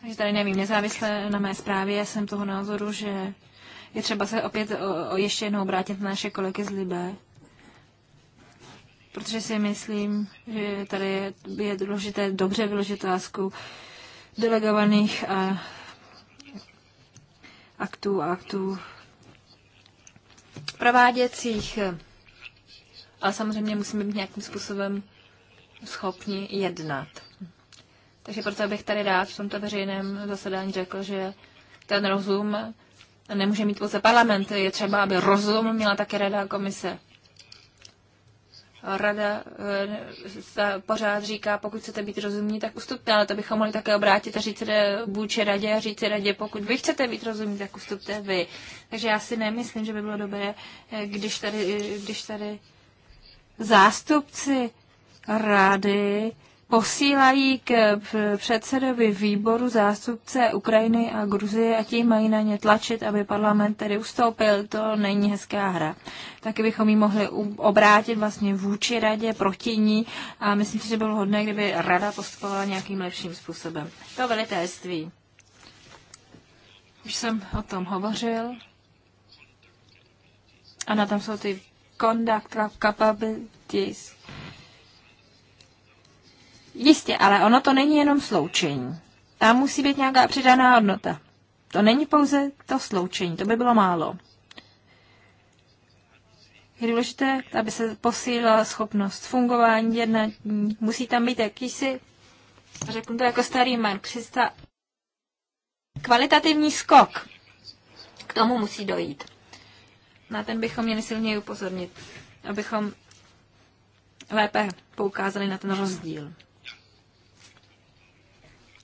Takže tady nevím, nezávisle na mé zprávě jsem toho názoru, že je třeba se opět o, o ještě jednou obrátit na naše kolegy z Libé protože si myslím, že tady je důležité dobře vyložit otázku delegovaných a aktů a aktů prováděcích. Ale samozřejmě musíme být nějakým způsobem schopni jednat. Takže proto bych tady rád v tomto veřejném zasedání řekl, že ten rozum nemůže mít pouze parlament. Je třeba, aby rozum měla také rada komise rada eh, pořád říká, pokud chcete být rozumní, tak ustupte, ale to bychom mohli také obrátit a říct vůči radě a říct radě, pokud vy chcete být rozumní, tak ustupte vy. Takže já si nemyslím, že by bylo dobré, eh, když tady, eh, když tady zástupci rady posílají k předsedovi výboru zástupce Ukrajiny a Gruzie a tím mají na ně tlačit, aby parlament tedy ustoupil. To není hezká hra. Taky bychom ji mohli obrátit vlastně vůči radě, proti ní a myslím si, že bylo hodné, kdyby rada postupovala nějakým lepším způsobem. To velitelství. Už jsem o tom hovořil. Ano, tam jsou ty conduct capabilities Jistě, ale ono to není jenom sloučení. Tam musí být nějaká přidaná hodnota. To není pouze to sloučení, to by bylo málo. Je důležité, aby se posílila schopnost fungování, jednání. Musí tam být jakýsi, řeknu to jako starý marxista, kvalitativní skok. K tomu musí dojít. Na ten bychom měli silněji upozornit, abychom lépe poukázali na ten rozdíl.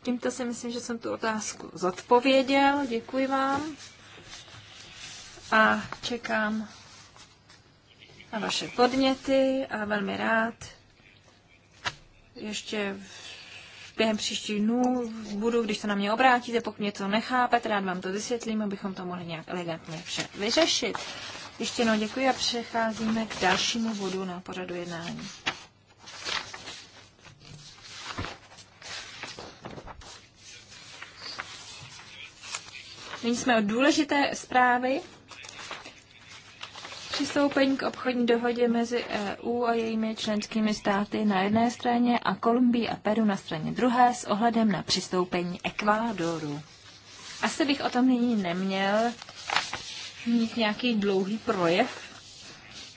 Tímto si myslím, že jsem tu otázku zodpověděl. Děkuji vám a čekám na vaše podněty a velmi rád ještě během příštích dnů budu, když se na mě obrátíte, pokud mě to nechápete, rád vám to vysvětlím, abychom to mohli nějak elegantně vše vyřešit. Ještě jednou děkuji a přecházíme k dalšímu bodu na pořadu jednání. Nyní jsme o důležité zprávy. Přistoupení k obchodní dohodě mezi EU a jejími členskými státy na jedné straně a Kolumbii a Peru na straně druhé s ohledem na přistoupení Ekvádoru. Asi bych o tom nyní neměl mít nějaký dlouhý projev,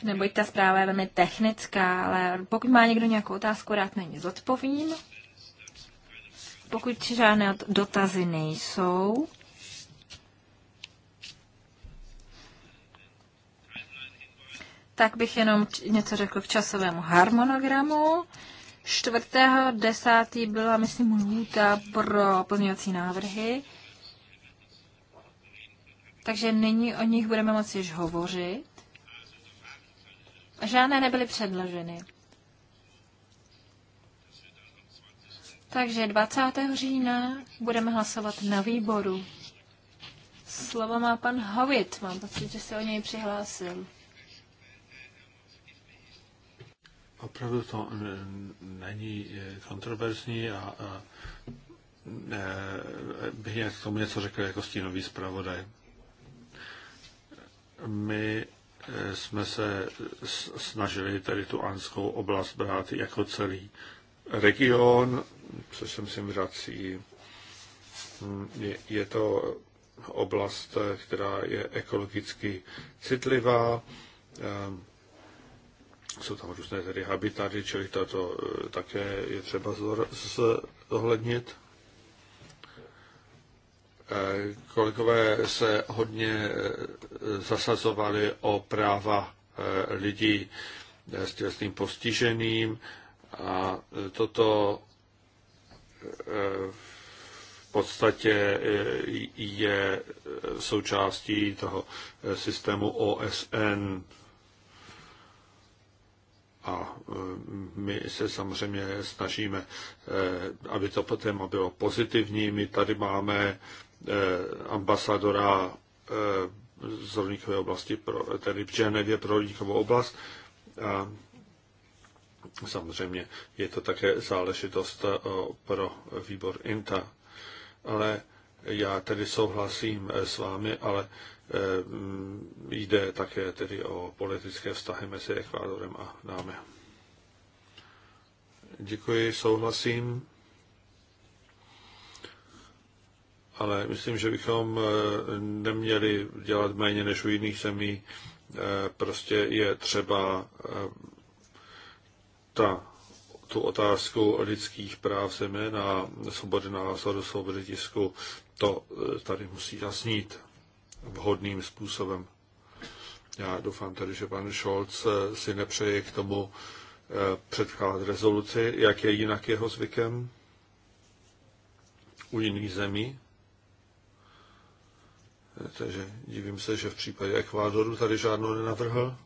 neboť ta zpráva je velmi technická, ale pokud má někdo nějakou otázku, rád na ní zodpovím. Pokud žádné dotazy nejsou, tak bych jenom něco řekl k časovému harmonogramu. 4.10. byla, myslím, lhůta pro pozměňovací návrhy, takže nyní o nich budeme moci již hovořit. Žádné nebyly předloženy. Takže 20. října budeme hlasovat na výboru. Slovo má pan Hovit, mám pocit, že se o něj přihlásil. Opravdu to není eh, kontroverzní a, a bych k tomu něco řekl jako stínový zpravodaj. My eh, jsme se snažili tady tu anskou oblast brát jako celý region, což jsem si vrací. Hm, je to oblast, eh, která je ekologicky citlivá, jsou tam různé tedy habitaty, čili to eh, také je třeba zohlednit. Eh, kolegové se hodně eh, zasazovali o práva lidí s tělesným postižením a toto v podstatě je součástí toho systému OSN a e, my se samozřejmě snažíme, e, aby to téma bylo pozitivní. My tady máme e, ambasadora z rolníkové oblasti, tedy v Ženevě pro rolníkovou oblast. A samozřejmě je to také záležitost pro výbor INTA. Ale já tedy souhlasím s vámi, ale Eh, mm, jde také tedy o politické vztahy mezi Ekvádorem a námi. Děkuji, souhlasím. Ale myslím, že bychom eh, neměli dělat méně než u jiných zemí. Eh, prostě je třeba ta, tu otázku lidských práv země na svobody názoru, svobody tisku, to tady musí zasnít vhodným způsobem. Já doufám tedy, že pan Scholz eh, si nepřeje k tomu eh, předkládat rezoluci, jak je jinak jeho zvykem u jiných zemí. Eh, takže divím se, že v případě Ekvádoru tady žádnou nenavrhl.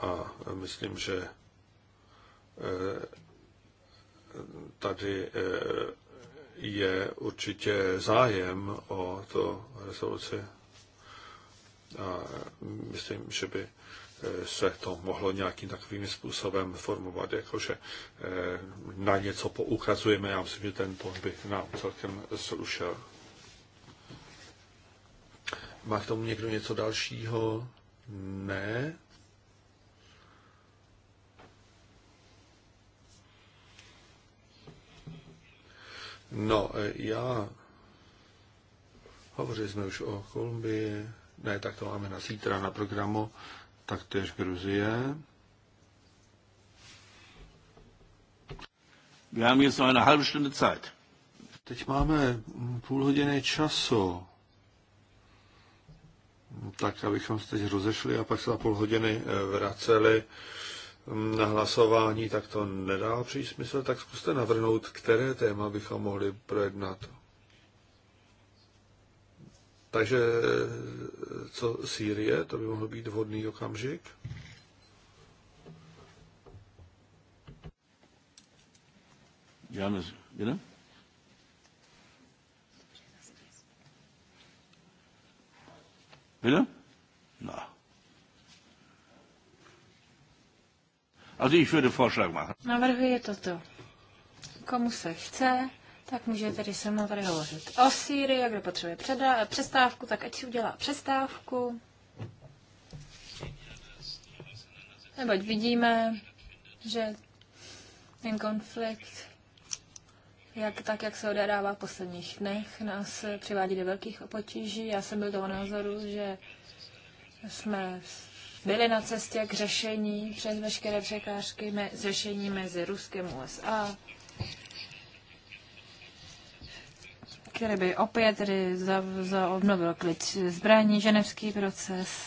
A myslím, že tady je určitě zájem o to rezoluci a myslím, že by eh, se to mohlo nějakým takovým způsobem formovat, jakože eh, na něco poukazujeme. Já myslím, že ten tón by nám celkem slušel. Má k tomu někdo něco dalšího? Ne. No, eh, já... Hovořili jsme už o Kolumbii, ne, tak to máme na zítra na programu, Tak Gruzie. Wir haben jetzt noch eine halbe Stunde Zeit. Teď máme hm, půl hodiny času. Tak, abychom se teď rozešli a pak se za půl hodiny eh, vraceli na hlasování, tak to nedá příliš smysl, tak zkuste navrhnout, které téma bychom mohli projednat. Takže co Sýrie, to by mohl být vhodný okamžik. Johannes, jinak? Bitte? No. Also ich würde Vorschlag machen. Navrhuji toto. Komu se chce, tak může tady se mnou tady hovořit o Sýrii, jak kdo potřebuje předá, přestávku, tak ať si udělá přestávku. Neboť vidíme, že ten konflikt, jak, tak jak se odehrává v posledních dnech, nás přivádí do velkých potíží. Já jsem byl toho názoru, že jsme byli na cestě k řešení přes veškeré překážky, me, řešení mezi Ruskem a USA, který by opět tedy za, za obnovil klid zbraní, ženevský proces.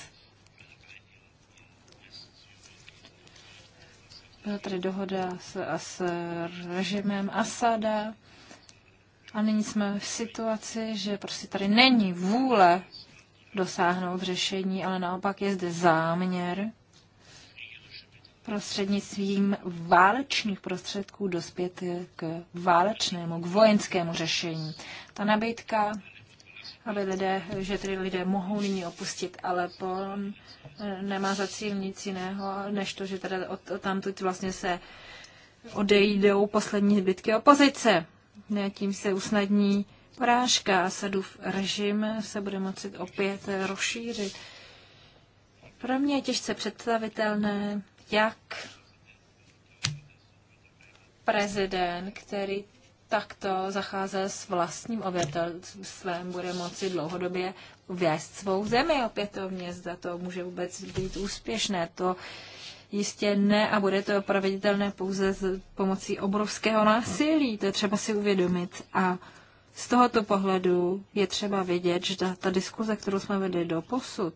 Byla tady dohoda s, a s režimem Asada. A nyní jsme v situaci, že prostě tady není vůle dosáhnout řešení, ale naopak je zde záměr prostřednictvím válečných prostředků dospět k válečnému, k vojenskému řešení. Ta nabídka, aby lidé, že tedy lidé mohou nyní opustit Alepo, nemá za cíl nic jiného, než to, že teda od, tamtud vlastně se odejdou poslední zbytky opozice. Ne, tím se usnadní porážka a Sadův režim se bude moci opět rozšířit. Pro mě je těžce představitelné, jak prezident, který takto zacházel s vlastním obyvatelstvem, bude moci dlouhodobě vést svou zemi opětovně, zda to může vůbec být úspěšné. To jistě ne a bude to proveditelné pouze s pomocí obrovského násilí, to je třeba si uvědomit. A z tohoto pohledu je třeba vidět, že ta, ta diskuze, kterou jsme vedli do posud,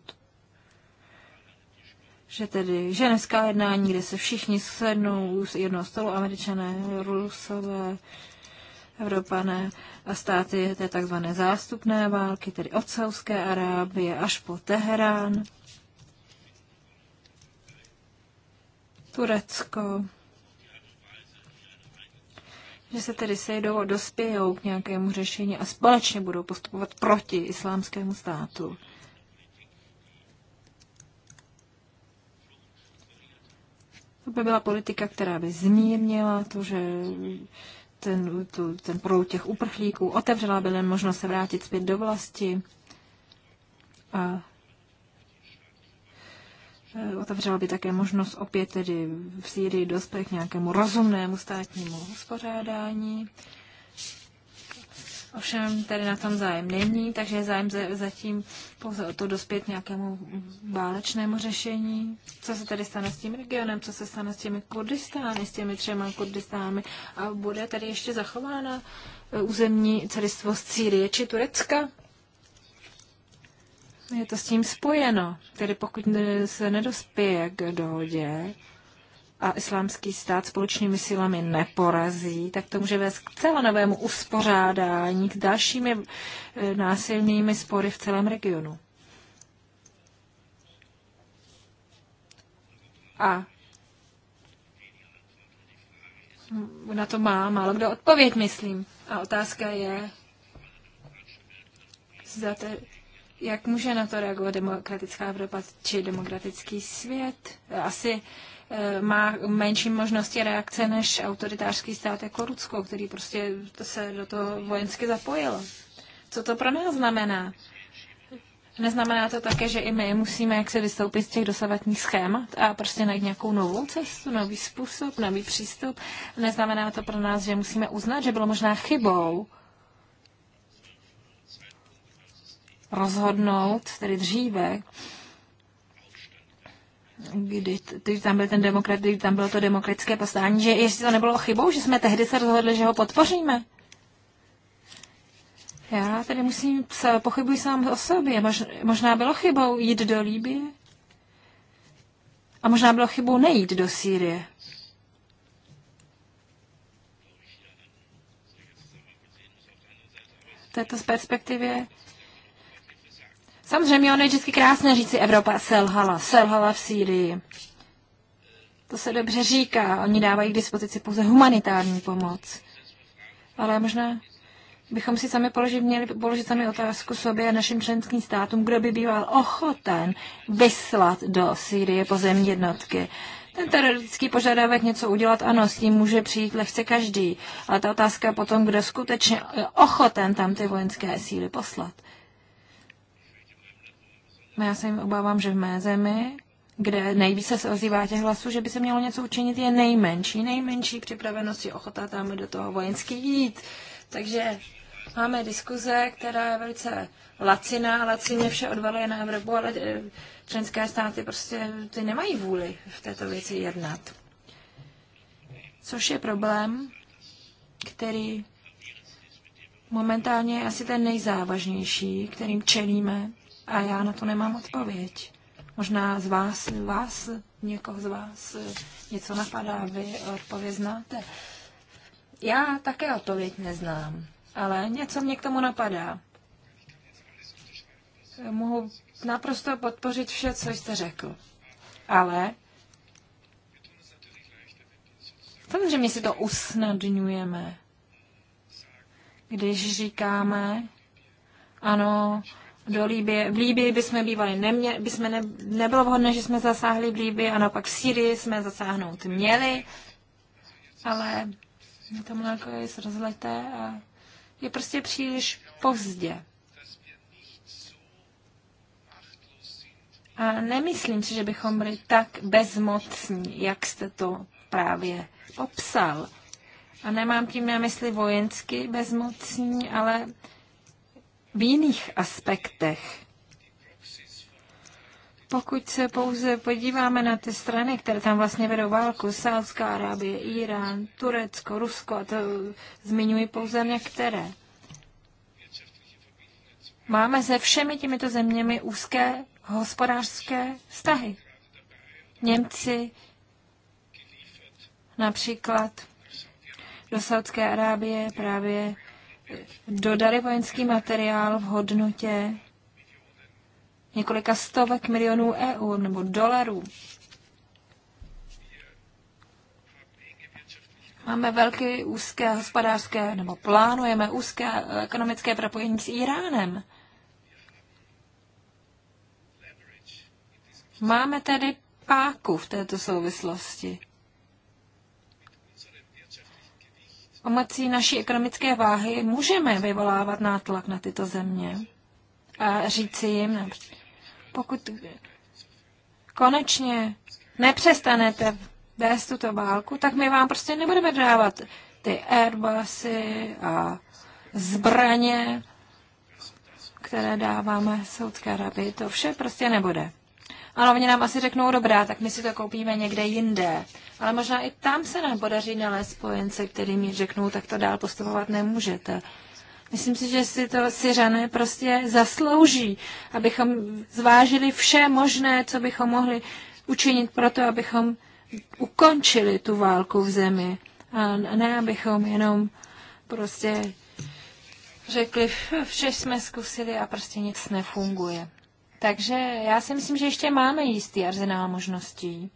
že tedy ženská jednání, kde se všichni sednou z jednoho stolu, američané, rusové, Evropané a státy té tzv. zástupné války, tedy od Saudské Arábie až po Teherán, Turecko, že se tedy sejdou a dospějou k nějakému řešení a společně budou postupovat proti islámskému státu. To by byla politika, která by zmírnila to, že ten, tu, ten proud těch uprchlíků otevřela by možnost se vrátit zpět do vlasti a Eh, otevřela by také možnost opět tedy v Sýrii dospět k nějakému rozumnému státnímu uspořádání. Ovšem tady na tom zájem není, takže je zájem zatím pouze o to dospět nějakému válečnému řešení. Co se tady stane s tím regionem, co se stane s těmi Kurdistány, s těmi třema Kurdistány a bude tady ještě zachována eh, územní celistvost Sýrie či Turecka? je to s tím spojeno. Tedy pokud se nedospěje k dohodě a islámský stát společnými silami neporazí, tak to může vést k celonovému uspořádání, k dalšími e, násilnými spory v celém regionu. A na to má málo kdo odpověď, myslím. A otázka je, zda jak může na to reagovat demokratická Evropa či demokratický svět? Asi eh, má menší možnosti reakce než autoritářský stát jako Rusko, který prostě se do toho vojensky zapojil. Co to pro nás znamená? Neznamená to také, že i my musíme jak se vystoupit z těch dosavatních schémat a prostě najít nějakou novou cestu, nový způsob, nový přístup. Neznamená to pro nás, že musíme uznat, že bylo možná chybou rozhodnout, tedy dříve, když, když tam byl ten demokrat, když tam bylo to demokratické postání, že jestli to nebylo chybou, že jsme tehdy se rozhodli, že ho podpoříme. Já tedy musím, se pochybuji sám o sobě. Mož, možná bylo chybou jít do Líbie. A možná bylo chybou nejít do Sýrie. této perspektivě Samozřejmě ono je vždycky krásné říci, Evropa selhala, selhala v Sýrii. To se dobře říká, oni dávají k dispozici pouze humanitární pomoc. Ale možná bychom si sami položit, měli položit sami otázku sobě a našim členským státům, kdo by býval ochoten vyslat do Sýrie pozemní jednotky. Ten teroristický požadavek něco udělat, ano, s tím může přijít lehce každý, ale ta otázka potom, kdo skutečně ochoten tam ty vojenské síly poslat. No já se obávám, že v mé zemi, kde nejvíce se ozývá těch hlasů, že by se mělo něco učinit, je nejmenší, nejmenší připravenost ochota tam do toho vojenský jít. Takže máme diskuze, která je velice laciná, lacině vše odvaluje na Evropu, ale eh, členské státy prostě ty nemají vůli v této věci jednat. Což je problém, který momentálně je asi ten nejzávažnější, kterým čelíme a já na to nemám odpověď. Možná z vás, vás, někoho z vás eh, něco napadá, vy odpověď znáte. Já také odpověď neznám, ale něco mě k tomu napadá. Mohu naprosto podpořit vše, co jste řekl. Ale samozřejmě si to usnadňujeme, když říkáme, ano, do Líbie. V Líbii jsme bývali nemě, jsme ne, nebylo vhodné, že jsme zasáhli v Líbii, a naopak v Syrii jsme zasáhnout měli, ale to mléko je zrozleté a je prostě příliš pozdě. A nemyslím si, že bychom byli tak bezmocní, jak jste to právě popsal. A nemám tím na mysli vojensky bezmocní, ale v jiných aspektech. Pokud se pouze podíváme na ty strany, které tam vlastně vedou válku, Sáudská Arábie, Irán, Turecko, Rusko, a to zmiňuji pouze některé. Máme se všemi těmito zeměmi úzké hospodářské vztahy. Němci například do Saudské Arábie právě dodali vojenský materiál v hodnotě několika stovek milionů eur nebo dolarů. Máme velké úzké hospodářské, nebo plánujeme úzké ekonomické propojení s Iránem. Máme tedy páku v této souvislosti. pomocí naší ekonomické váhy můžeme vyvolávat nátlak na tyto země a říci jim, pokud konečně nepřestanete vést tuto válku, tak my vám prostě nebudeme dávat ty Airbusy a zbraně, které dáváme Saudské Arabii. To vše prostě nebude ale oni nám asi řeknou, dobrá, tak my si to koupíme někde jinde. Ale možná i tam se nám podaří nalézt spojence, mi řeknou, tak to dál postupovat nemůžete. Myslím si, že si to Syřané prostě zaslouží, abychom zvážili vše možné, co bychom mohli učinit pro to, abychom ukončili tu válku v zemi. A ne, abychom jenom prostě řekli, vše jsme zkusili a prostě nic nefunguje. Takže já si myslím, že ještě máme jistý arzenál možností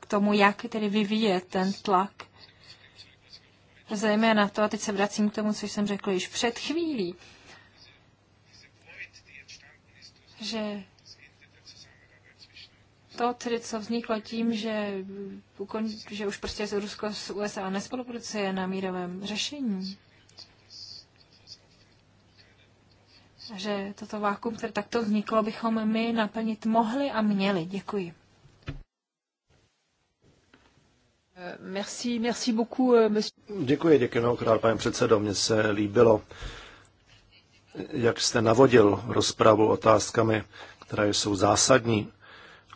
k tomu, jak tedy vyvíjet ten tlak. na to, a teď se vracím k tomu, co jsem řekl již před chvílí, že to, tedy, co vzniklo tím, že, že už prostě Rusko s USA nespolupracuje na mírovém řešení, že toto vákuum, které takto vzniklo, bychom my naplnit mohli a měli. Děkuji. Eh, merci, merci beaucoup, eh, monsieur. Děkuji, děkuji mnohokrát, pane předsedo. Mně se líbilo, jak jste navodil rozpravu otázkami, které jsou zásadní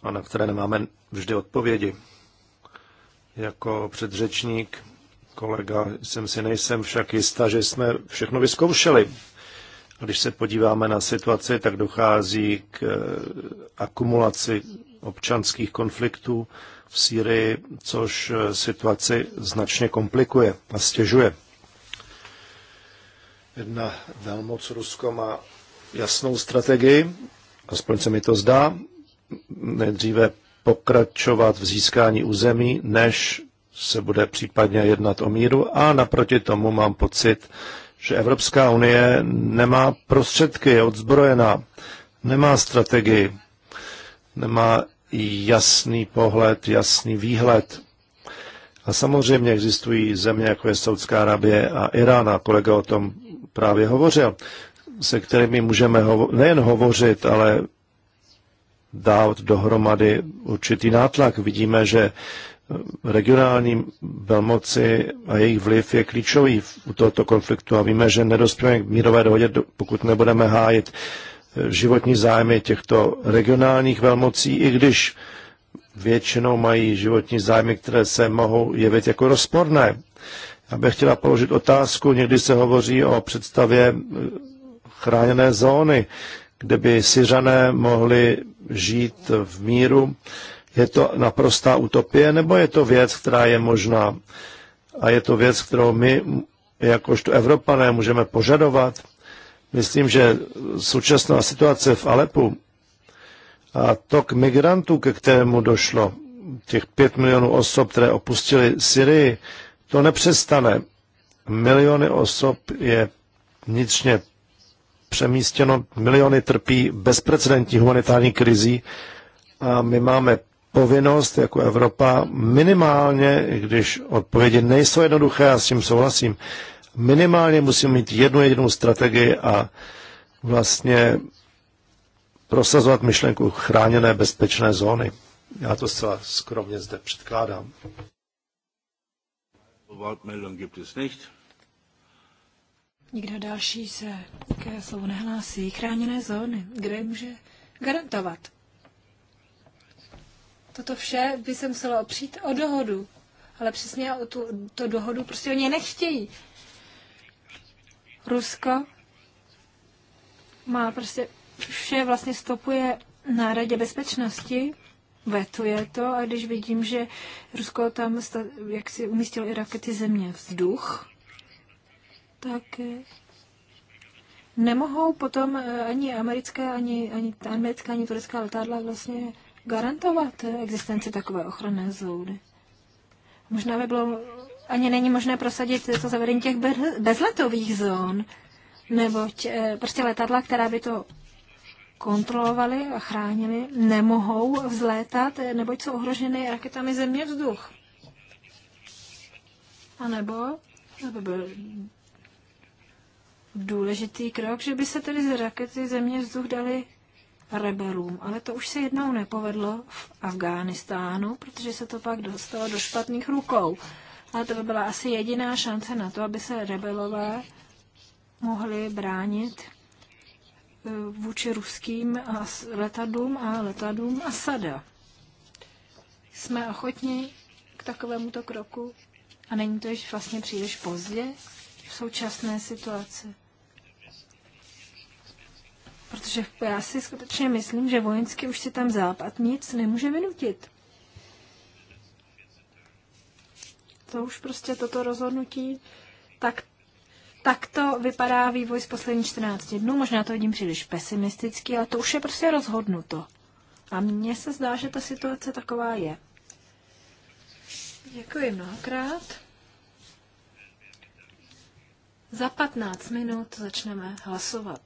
a na které nemáme vždy odpovědi. Jako předřečník, kolega, jsem si nejsem však jistá, že jsme všechno vyzkoušeli když se podíváme na situaci, tak dochází k eh, akumulaci občanských konfliktů v Sýrii, což eh, situaci značně komplikuje a stěžuje. Jedna velmoc Rusko má jasnou strategii, aspoň se mi to zdá, nejdříve pokračovat v získání území, než se bude případně jednat o míru a naproti tomu mám pocit, že Evropská unie nemá prostředky, je odzbrojená, nemá strategii, nemá jasný pohled, jasný výhled. A samozřejmě existují země, jako je Saudská Arábie a Irán, a kolega o tom právě hovořil, se kterými můžeme hovo- nejen hovořit, ale dát dohromady určitý nátlak. Vidíme, že regionální velmoci a jejich vliv je klíčový u tohoto konfliktu a víme, že nedospíme k mírové dohodě, pokud nebudeme hájit eh, životní zájmy těchto regionálních velmocí, i když většinou mají životní zájmy, které se mohou jevit jako rozporné. Já bych chtěla položit otázku, někdy se hovoří o představě eh, chráněné zóny, kde by Syřané mohli žít v míru je to naprostá utopie, nebo je to věc, která je možná? A je to věc, kterou my, jakožto Evropané, můžeme požadovat? Myslím, že současná situace v Alepu a tok migrantů, ke kterému došlo, těch pět milionů osob, které opustili Syrii, to nepřestane. Miliony osob je vnitřně přemístěno, miliony trpí bezprecedentní humanitární krizí a my máme povinnost jako Evropa minimálně, když odpovědi nejsou jednoduché já s tím souhlasím, minimálně musíme mít jednu jedinou strategii a vlastně prosazovat myšlenku chráněné bezpečné zóny. Já to zcela skromně zde předkládám. Nikdo další se ke slovu nehlásí. Chráněné zóny, kde může garantovat toto vše by se muselo opřít o dohodu. Ale přesně o tu, to dohodu prostě oni nechtějí. Rusko má prostě vše vlastně stopuje na Radě bezpečnosti, vetuje to a když vidím, že Rusko tam, jak si umístilo i rakety země vzduch, tak eh, nemohou potom eh, ani americké, ani, ani americká, ani turecká letadla vlastně garantovat existenci takové ochranné zóny. Možná by bylo ani není možné prosadit to zavedení těch bezletových zón, nebo eh, prostě letadla, která by to kontrolovali a chránili, nemohou vzlétat, eh, nebo jsou ohroženy raketami země vzduch. A nebo, to by byl důležitý krok, že by se tedy z rakety země vzduch dali rebelům. Ale to už se jednou nepovedlo v Afghánistánu, protože se to pak dostalo do špatných rukou. Ale to by byla asi jediná šance na to, aby se rebelové mohli bránit eh, vůči ruským letadům a letadům Asada. Jsme ochotni k takovémuto kroku a není to již vlastně příliš pozdě v současné situaci. Protože já si skutečně myslím, že vojensky už si tam západ nic nemůže vynutit. To už prostě toto rozhodnutí, tak, tak to vypadá vývoj z posledních 14 dnů. Možná to vidím příliš pesimisticky, ale to už je prostě rozhodnuto. A mně se zdá, že ta situace taková je. Děkuji mnohokrát. Za 15 minut začneme hlasovat.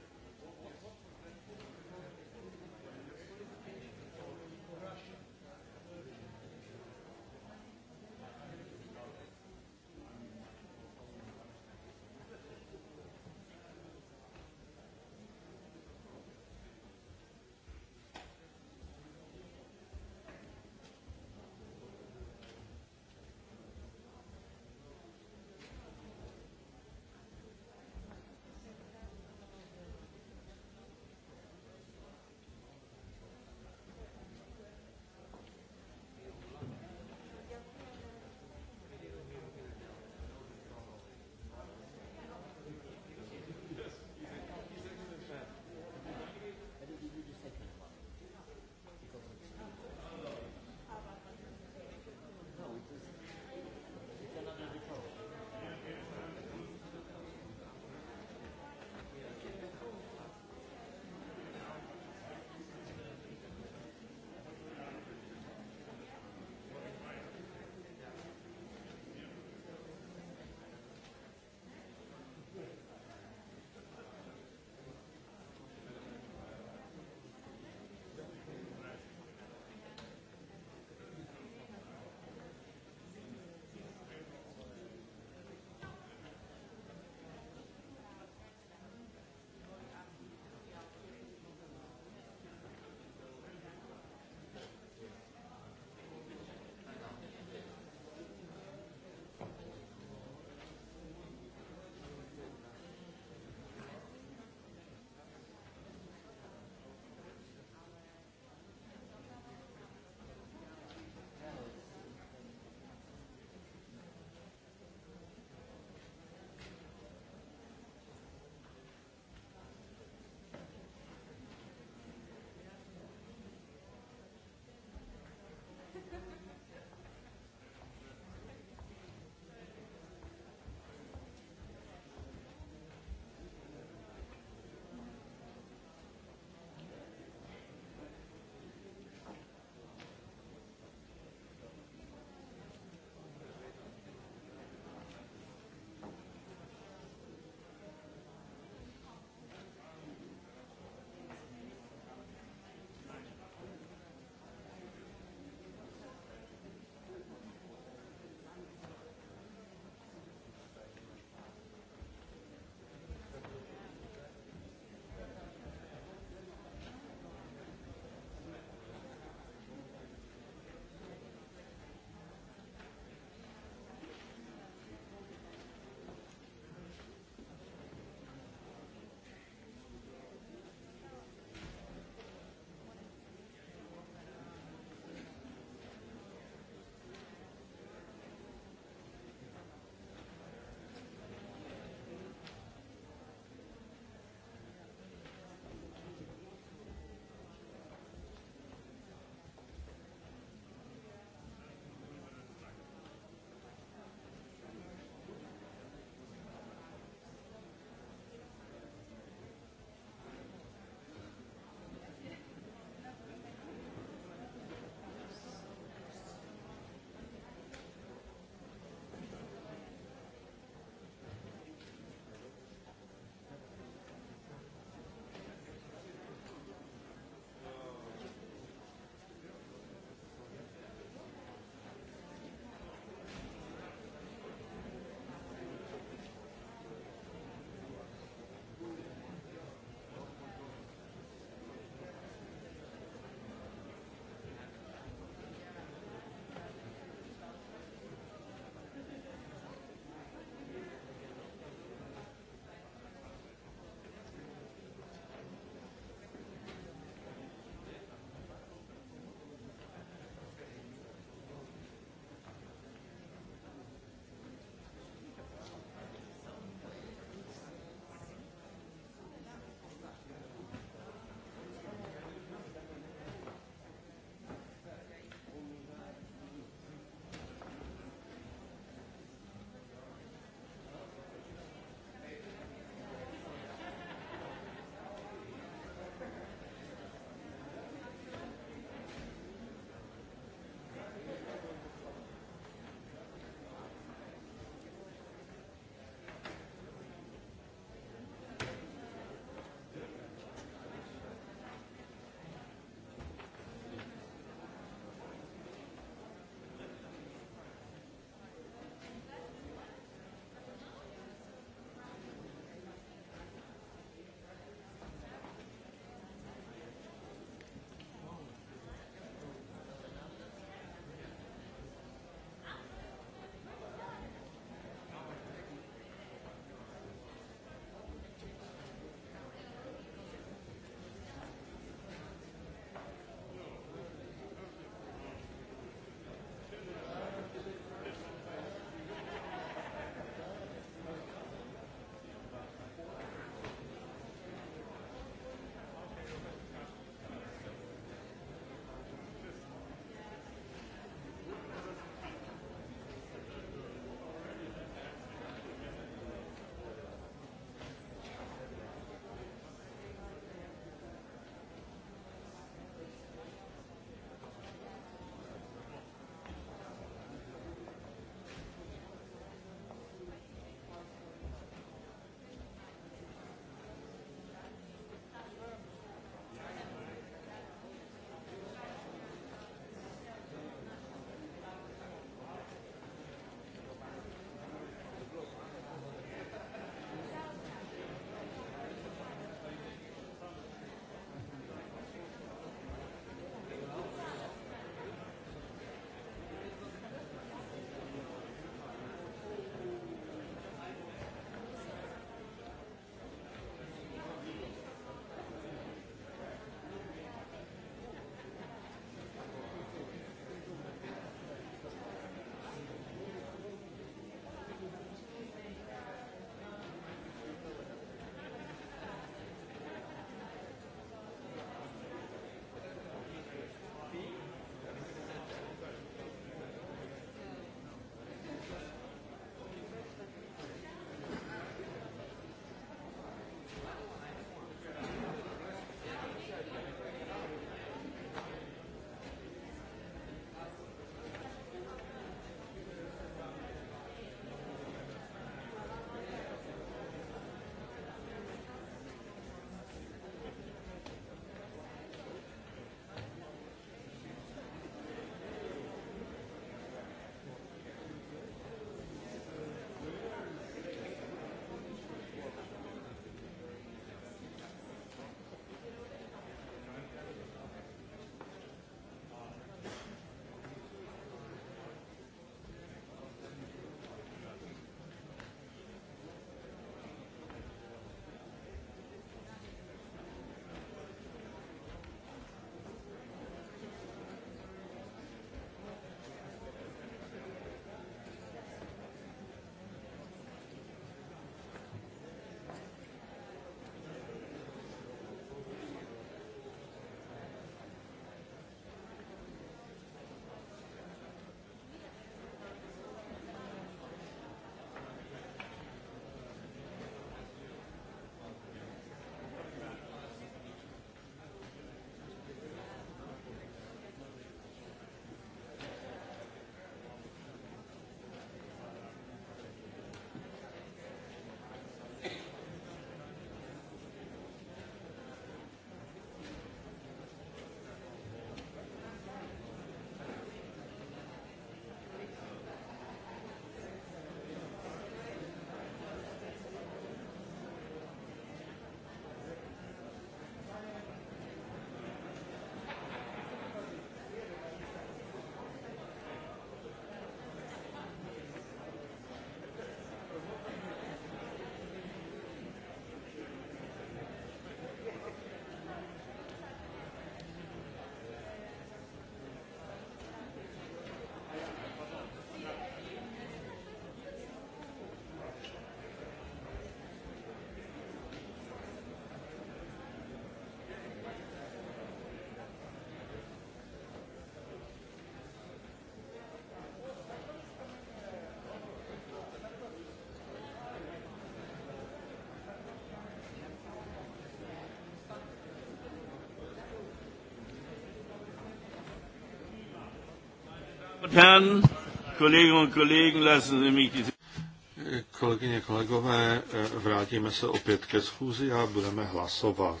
Kolegyně, kolegové, vrátíme se opět ke schůzi a budeme hlasovat.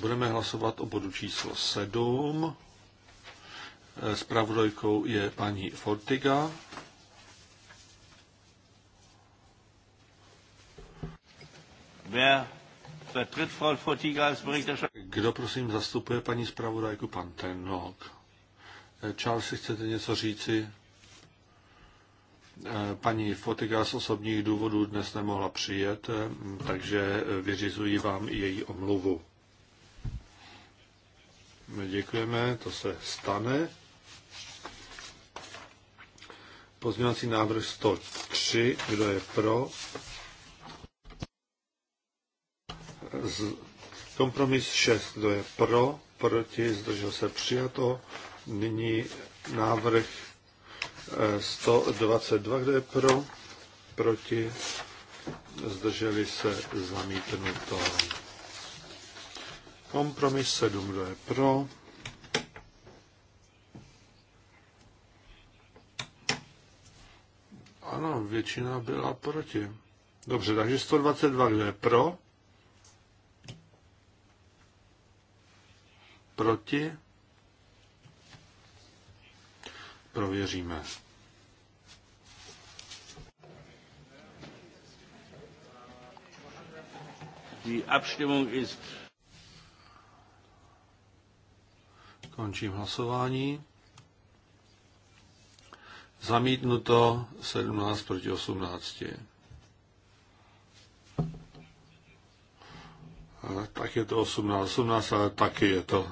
Budeme hlasovat o bodu číslo 7. Spravodajkou je paní Fortiga. Fortiga Kdo prosím zastupuje paní zpravodajku pan Tenok? Charles, chcete něco říci? Eh, paní Fotiga z osobních důvodů dnes nemohla přijet, mm, takže vyřizuji vám její omluvu. Děkujeme, to se stane. Pozměňovací návrh 103, kdo je pro? Z kompromis 6, kdo je pro? Proti, zdržel se přijato. Nyní návrh 122, eh, kde je pro, proti, zdrželi se zamítnuto. Kompromis 7, kdo je pro, Ano, většina byla proti. Dobře, takže 122, kdo je pro? Proti? prověříme. Končím hlasování. Zamítnuto 17 proti 18. tak je to 18, 18, ale taky je to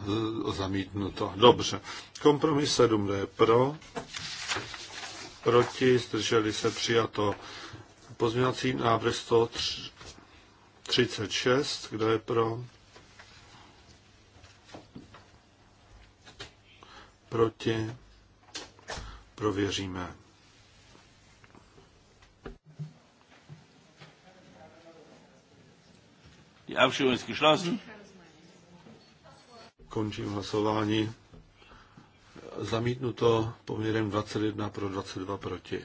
zamítnuto. Dobře. Kompromis 7 je pro, proti, zdrželi se přijato pozměňovací návrh 136, kdo je pro, proti, prověříme. Die Abstimmung ist geschlossen. Končím hlasování. Zamítnuto poměrem 21 pro 22 proti.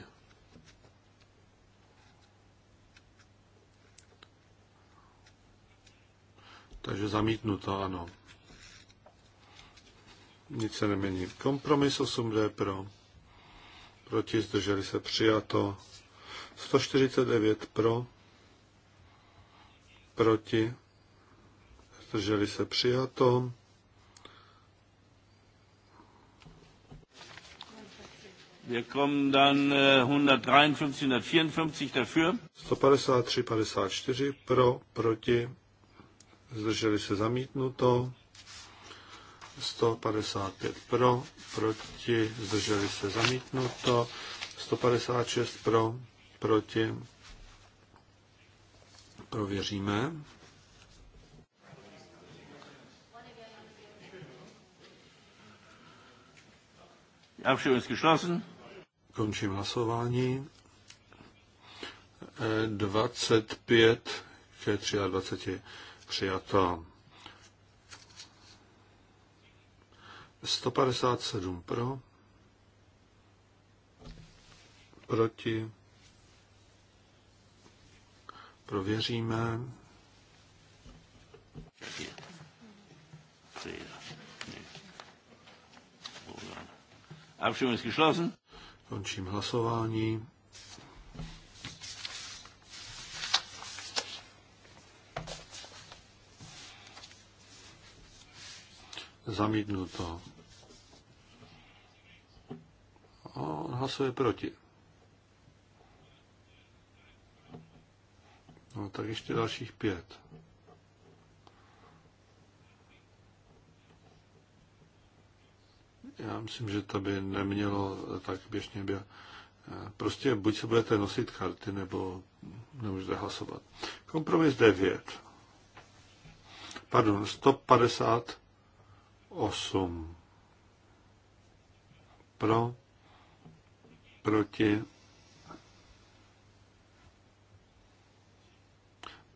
Takže zamítnuto, ano. Nic se nemění. Kompromis 8D pro. Proti zdrželi se přijato. 149 pro proti, zdrželi se přijato. Wir kommen dann 153, äh, 154 dafür. 153, 54 pro, proti, zdrželi se zamítnuto. 155 pro, proti, zdrželi se zamítnuto. 156 pro, proti, Prověříme. Končím hlasování. 25 e, ke 23 přijato. 157 pro, proti, Prověříme. Abstimmung ist geschlossen. Končím hlasování. Zamítnuto. On hlasuje proti. No tak ještě dalších pět. Já myslím, že to by nemělo tak běžně být. Prostě buď se budete nosit karty, nebo nemůžete hlasovat. Kompromis 9. Pardon, 158. Pro, proti,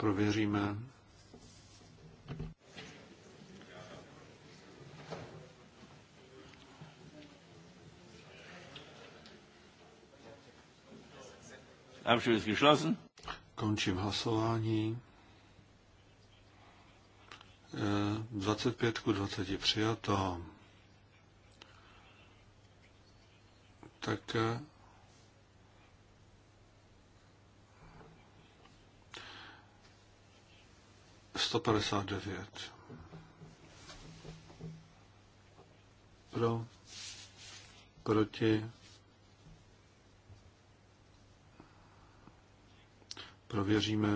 prověříme. Končím hlasování. 25 e, ku 20 přijato. Tak 159. Pro, proti, prověříme.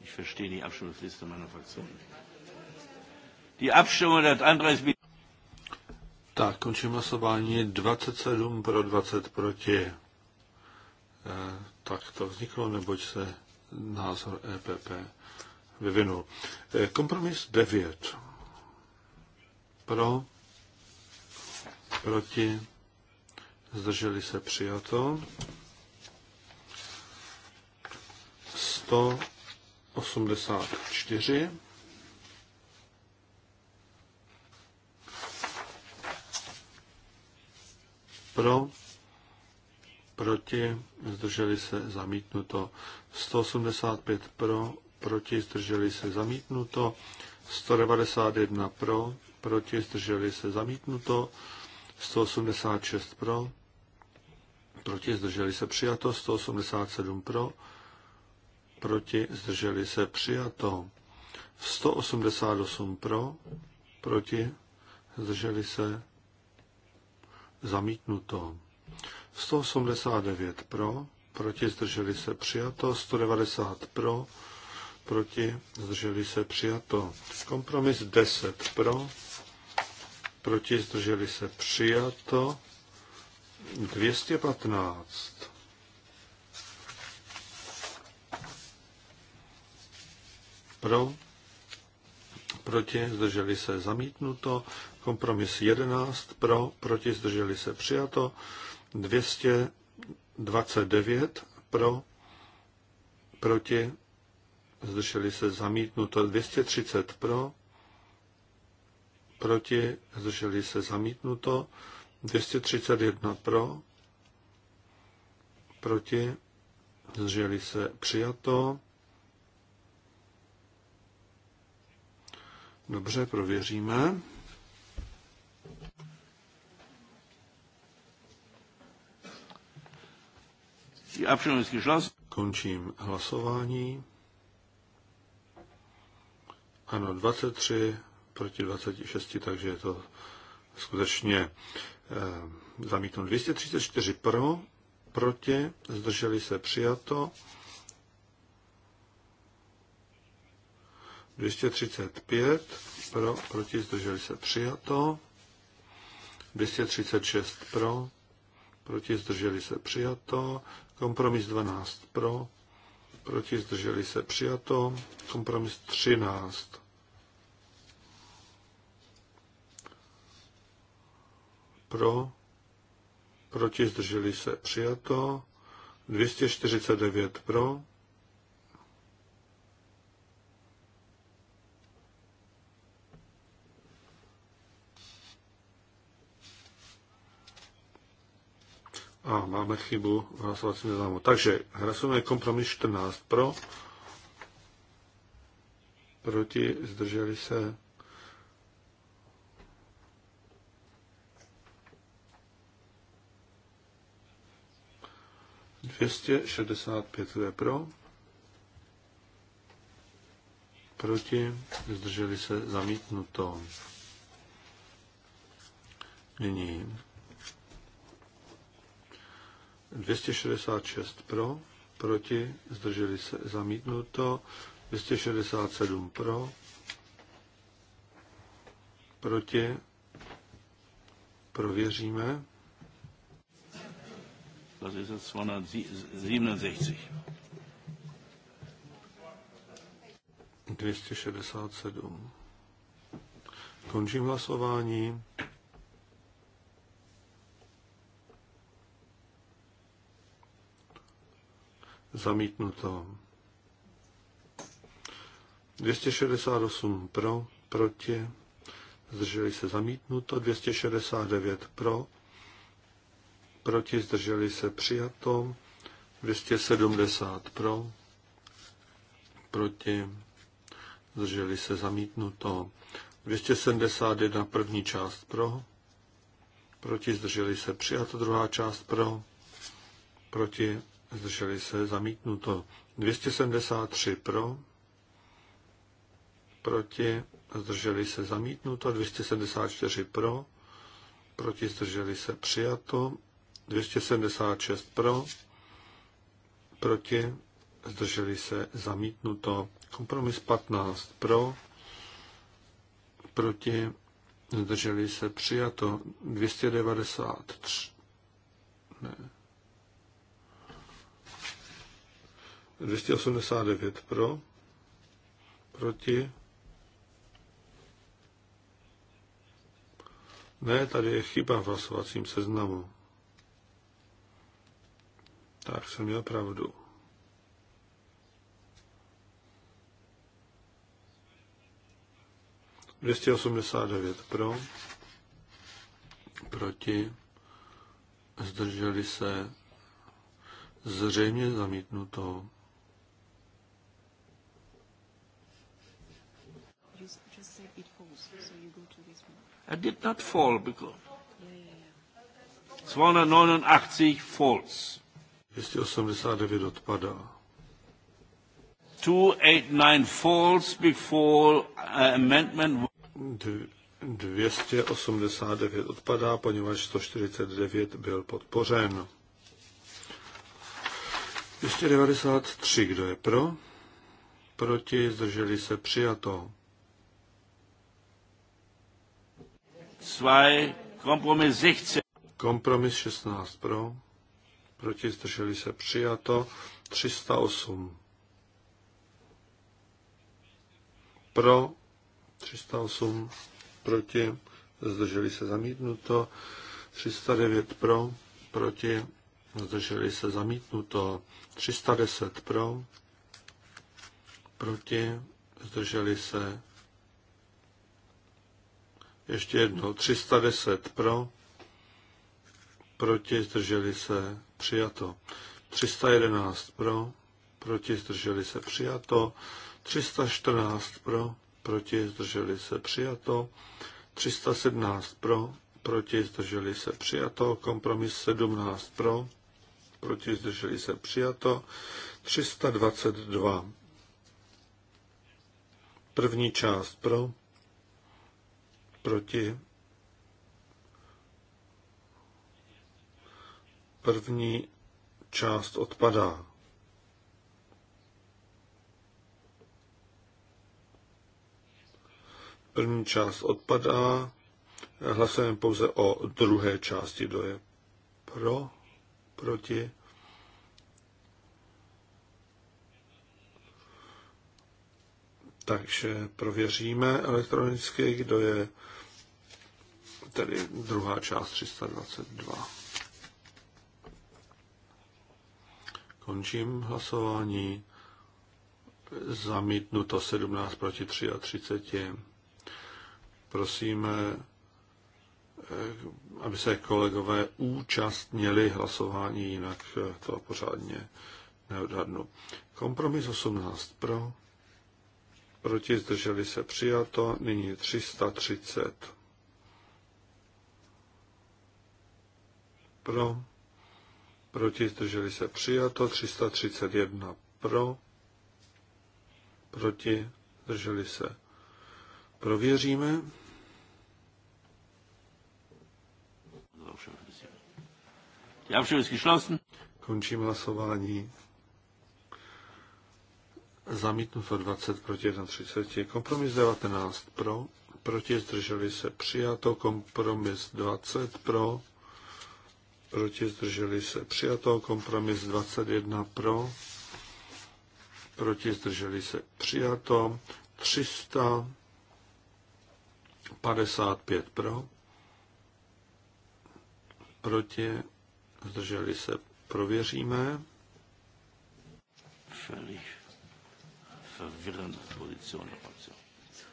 Ich verstehe die Abstimmungsliste meiner Fraktion nicht. Die Abstimmung Tak, končím hlasování 27 pro 20 proti. E, tak to vzniklo, neboť se názor EPP vyvinul. E, kompromis 9. Pro, proti, zdrželi se přijato. 184 pro, proti, zdrželi se zamítnuto. 185 pro, proti, zdrželi se zamítnuto. 191 pro, proti, zdrželi se zamítnuto. 186 pro, proti, zdrželi se přijato. 187 pro, proti, zdrželi se přijato. 188 pro, proti, zdrželi se zamítnuto. 189 pro, proti zdrželi se přijato, 190 pro, proti zdrželi se přijato. Kompromis 10 pro, proti zdrželi se přijato, 215. Pro, proti, zdrželi se zamítnuto, Kompromis 11 pro, proti zdrželi se přijato. 229 pro, proti zdrželi se zamítnuto. 230 pro, proti zdrželi se zamítnuto. 231 pro, proti zdrželi se přijato. Dobře, prověříme. Končím hlasování. Ano, 23 proti 26, takže je to skutečně eh, zamítnout. 234 pro, proti, zdrželi se přijato. 235 pro, proti, zdrželi se přijato. 236 pro, proti, zdrželi se přijato. Kompromis 12 pro, proti zdrželi se přijato. Kompromis 13. Pro, proti zdrželi se přijato. 249 pro, A máme chybu v hlasovacím seznamu. Takže hlasujeme kompromis 14 pro, proti, zdrželi se. Dvěstě šedesát pět je pro, proti, zdrželi se zamítnuto. Nyní 266 pro, proti, zdrželi se zamítnuto, 267 pro, proti, prověříme. 267. 267. Končím hlasování. zamítnuto. 268 pro, proti, zdrželi se zamítnuto, 269 pro, proti, zdrželi se přijato, 270 pro, proti, zdrželi se zamítnuto, 271 první část pro, proti, zdrželi se přijato, druhá část pro, proti, zdrželi se, zamítnuto. 273 pro, proti, zdrželi se, zamítnuto. 274 pro, proti, zdrželi se, přijato. 276 pro, proti, zdrželi se, zamítnuto. Kompromis 15 pro, proti, zdrželi se, přijato. 293, ne, 289 pro, proti. Ne, tady je chyba v hlasovacím seznamu. Tak jsem měl pravdu. Dvěstě osmdesát devět pro, proti, zdrželi se zřejmě zamítnuto. Er did not fall because 289 falls. 289 odpadá. 289 falls before uh, amendment 289 odpadá, poněvadž 149 byl podpořen. 293, kdo je pro? Proti, zdrželi se, přijato. 2, kompromis 16. Kompromis 16 pro, proti zdrželi se přijato 308. Pro 308, proti zdrželi se zamítnuto 309 pro, proti zdrželi se zamítnuto 310 pro, proti zdrželi se ještě jednou, 310 pro, proti, zdrželi se, přijato. 311 pro, proti, zdrželi se, přijato. 314 pro, proti, zdrželi se, přijato. 317 pro, proti, zdrželi se, přijato. Kompromis 17 pro, proti, zdrželi se, přijato. 322. První část pro, proti. První část odpadá. První část odpadá. Hlasujeme pouze o druhé části, kdo je pro, proti. Takže prověříme elektronicky, kdo je tedy druhá část 322. Končím hlasování. Zamítnuto 17 proti 33. Prosíme, eh, aby se kolegové účastnili hlasování, jinak eh, to pořádně neodhadnu. Kompromis 18 pro, proti zdrželi se přijato, nyní 330 pro, proti zdrželi se přijato, 331 pro, proti zdrželi se. Prověříme. Já geschlossen. Končím hlasování. Zamítnuto 20 proti 31. Kompromis 19 pro. Proti zdrželi se přijato. Kompromis 20 pro proti zdrželi se přijato, kompromis 21 pro, proti zdrželi se přijato, 355 pro, proti zdrželi se prověříme. Völlig verwirrende Position der Fraktion.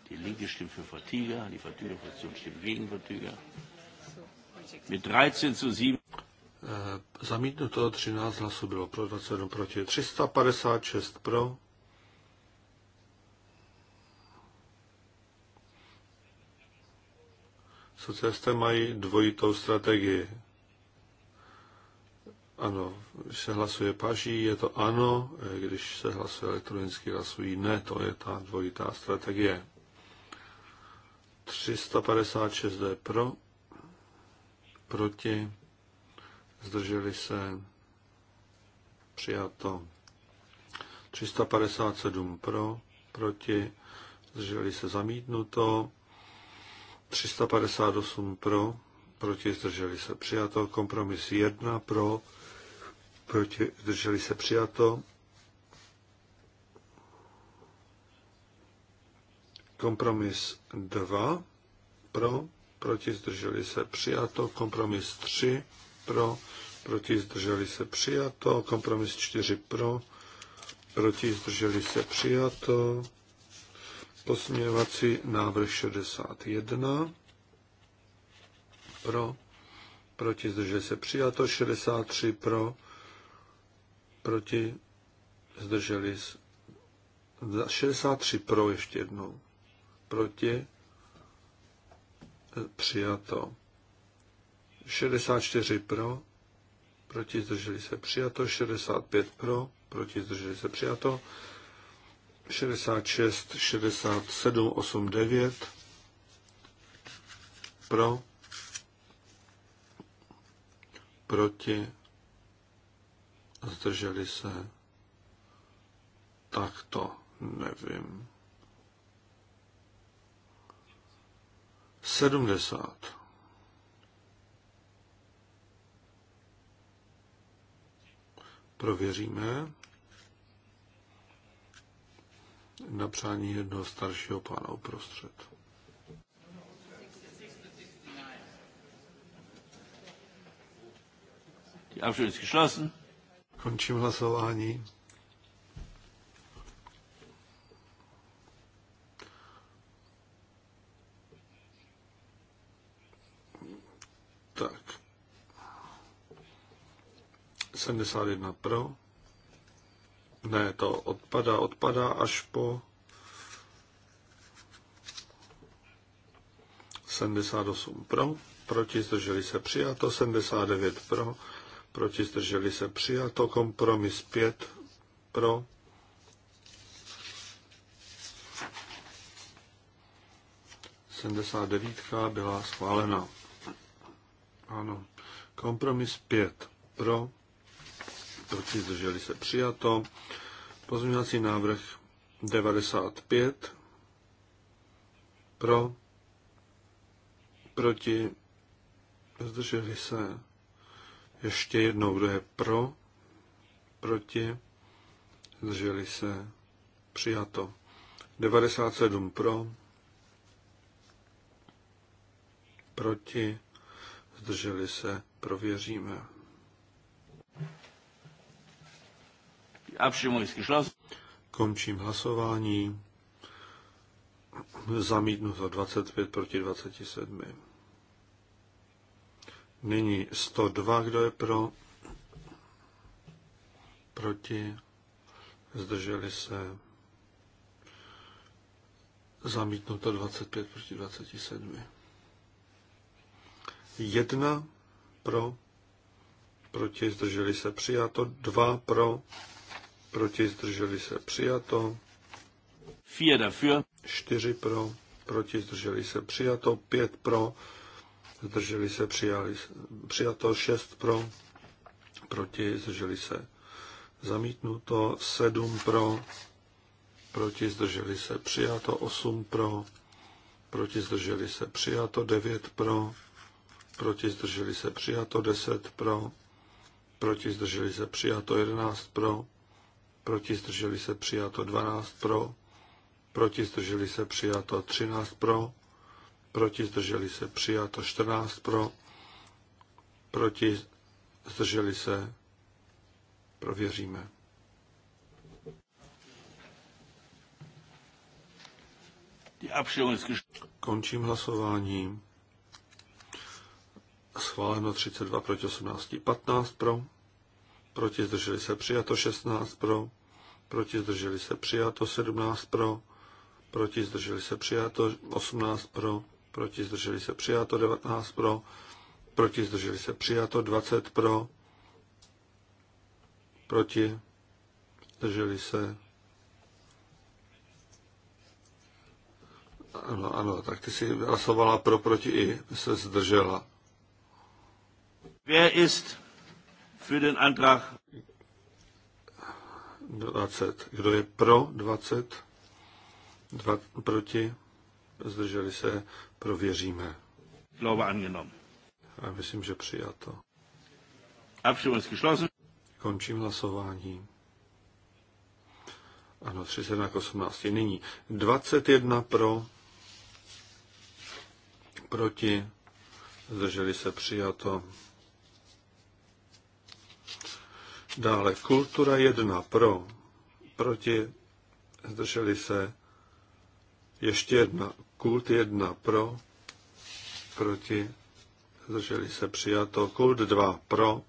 Die Linke stimmt für Vertiger, die Vertiger-Fraktion stimmt gegen Vertiger. Mit 13 zu 7. Eh, zamítnuto 13 hlasů bylo pro, 21 proti, 356 pro. Socialisté mají dvojitou strategii. Ano, když se hlasuje paží, je to ano, eh, když se hlasuje elektronicky, hlasují ne, to je ta dvojitá strategie. 356 je pro, proti zdrželi se, přijato 357 pro, proti, zdrželi se zamítnuto, 358 pro, proti, zdrželi se přijato, kompromis 1 pro, proti, zdrželi se přijato, kompromis 2 pro, proti, zdrželi se přijato, kompromis 3 pro, proti zdrželi se přijato, kompromis 4 pro, proti zdrželi se přijato, posměvací návrh 61 pro, proti zdrželi se přijato, 63 pro, proti zdrželi se 63 pro ještě jednou, proti e, přijato, 64 pro, proti zdrželi se přijato, 65 pro, proti zdrželi se přijato, 66, 67, 8, 9 pro, proti, zdrželi se, tak to nevím. 70 prověříme na přání jednoho staršího pána uprostřed. Končím hlasování. 71 pro. Ne, to odpadá, odpadá až po 78 pro, proti zdrželi se přijato, 79 pro, proti zdrželi se přijato, kompromis 5 pro, devítka byla schválena. Ano. Kompromis 5 pro, proti, zdrželi se přijato. Pozměňovací návrh 95 pro, proti, zdrželi se ještě jednou, kdo je pro, proti, zdrželi se přijato. 97 pro, proti, zdrželi se, prověříme. Abstimmung ist Končím hlasování. Zamítnuto 25 proti 27. Nyní 102, kdo je pro, proti, zdrželi se. Zamítnuto 25 proti 27. Jedna pro, proti, zdrželi se přijato, dva pro, proti, zdrželi se přijato. Vier dafür. Čtyři pro, proti, zdrželi se přijato. Pět pro, zdrželi se přijali, přijato. Šest pro, proti, zdrželi se zamítnuto. Sedm pro, proti, zdrželi se přijato. Osm pro, proti, zdrželi se přijato. Devět pro, proti, zdrželi se přijato. Deset pro, proti, zdrželi se přijato. Jedenáct pro, proti zdrželi se přijato 12 pro, proti zdrželi se přijato 13 pro, proti zdrželi se přijato 14 pro, proti zdrželi se prověříme. Končím hlasování. Schváleno 32 proti 18, 15 pro proti zdrželi se přijato 16 pro, proti zdrželi se přijato 17 pro, proti zdrželi se přijato 18 pro, proti zdrželi se přijato 19 pro, proti zdrželi se přijato 20 pro, proti zdrželi se Ano, ano, tak ty si hlasovala pro, proti i se zdržela. Wer ist für den Antrag 20. Kdo je pro 20? Dva, proti? Zdrželi se? Prověříme. Glaube angenommen. A myslím, že přijato. Abstimmung ist geschlossen. Končím hlasování. Ano, 31 k 18. Nyní 21 pro, proti, zdrželi se přijato. Dále kultura jedna pro, proti, zdrželi se. Ještě jedna, kult jedna pro, proti, zdrželi se přijato. Kult dva pro,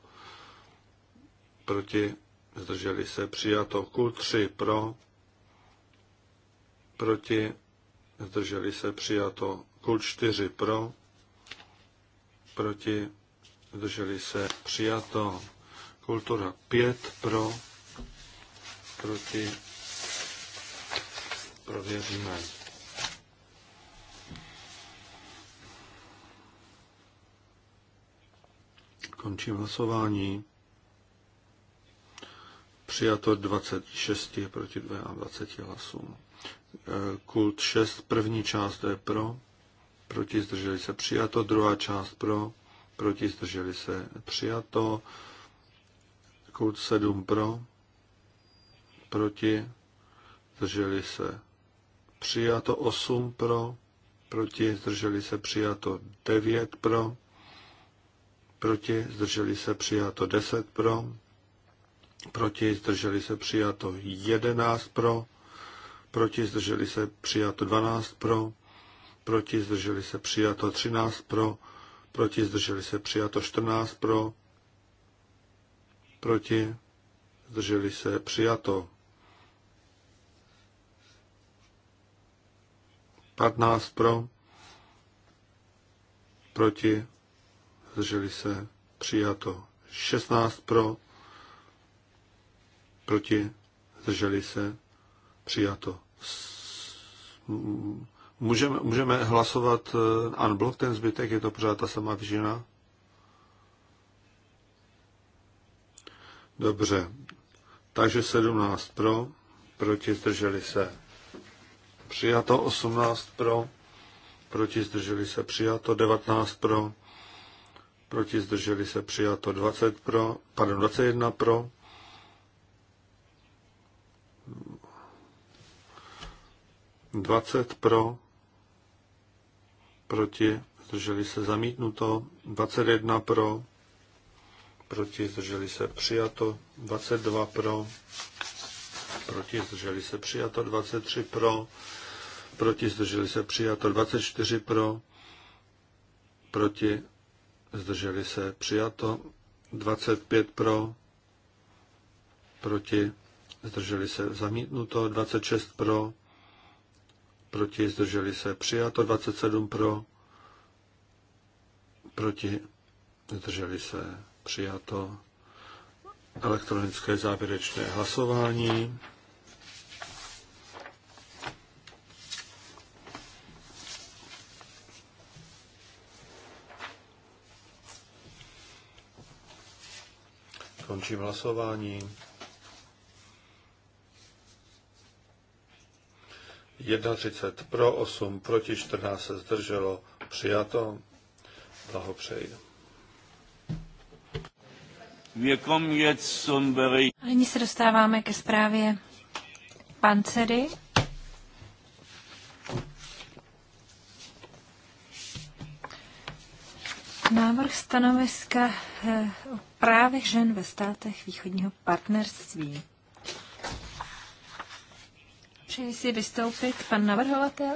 proti, zdrželi se přijato. Kult tři pro, proti, zdrželi se přijato. Kult čtyři pro, proti, zdrželi se přijato. Kultura 5 pro, proti, prověříme. Končím hlasování. Přijato 26 proti 22 hlasům. E, kult 6, první část je pro, proti zdrželi se přijato, druhá část pro, proti zdrželi se přijato. Kult 7 pro, proti, zdrželi se. Přijato 8 pro, proti, zdrželi se. Přijato 9 pro, proti, zdrželi se. Přijato 10 pro, proti, zdrželi se. Přijato 11 pro, proti, zdrželi se. Přijato 12 pro, proti, zdrželi se. Přijato 13 pro, proti, zdrželi se. Přijato 14 pro, proti, zdrželi se, přijato. 15 pro, proti, zdrželi se, přijato. 16 pro, proti, zdrželi se, přijato. Můžeme, můžeme hlasovat eh, unblock ten zbytek, je to pořád ta sama většina? Dobře. Takže 17 pro, proti zdrželi se. Přijato 18 pro, proti zdrželi se. Přijato 19 pro, proti zdrželi se. Přijato 20 pro, pardon, 21 pro. Dvacet pro, proti, zdrželi se zamítnuto, dvacet jedna pro, proti zdrželi se přijato 22 pro, proti zdrželi se přijato 23 pro, proti zdrželi se přijato 24 pro, proti zdrželi se přijato 25 pro, proti zdrželi se zamítnuto 26 pro, proti zdrželi se přijato 27 pro, proti zdrželi se Přijato elektronické závěrečné hlasování. Končím hlasování. 31 pro, 8 proti, 14 se zdrželo. Přijato. Blahopřeji nyní se dostáváme ke zprávě Pancery. Návrh stanoviska eh, o právech žen ve státech východního partnerství. Přeji si vystoupit pan navrhovatel.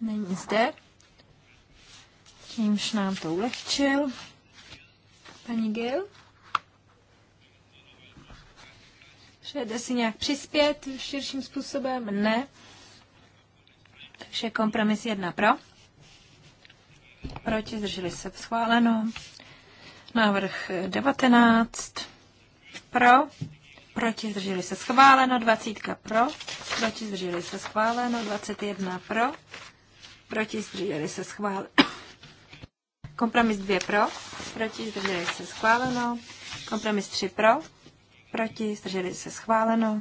Není zde. Tímž nám to ulehčil. Paní Gil. Přejete si nějak přispět širším způsobem? Ne. Takže kompromis jedna pro. Proti zdrželi se schváleno. Návrh 19 pro. Proti zdrželi se schváleno. 20 pro. Proti zdrželi se schváleno. 21 pro. Proti zdrželi se schváleno. Kompromis 2 pro. Proti zdrželi se schváleno. Kompromis 3 pro proti, zdrželi se schváleno.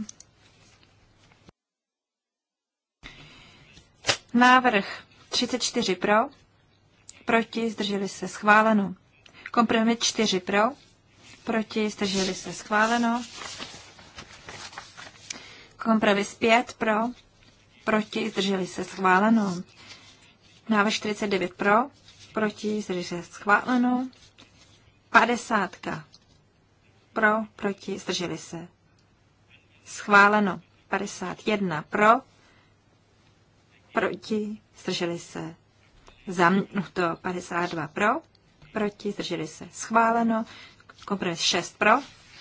Návrh 34 pro, proti, zdrželi se schváleno. Kompromis 4 pro, proti, zdrželi se schváleno. Kompromis 5 pro, proti, zdrželi se schváleno. Návrh 49 pro, proti, zdrželi se schváleno. 50 pro, proti, zdrželi se. Schváleno. 51 pro, proti, zdrželi se. Zamknuto 52 pro, proti, zdrželi se. Schváleno. Kompromis 6 pro,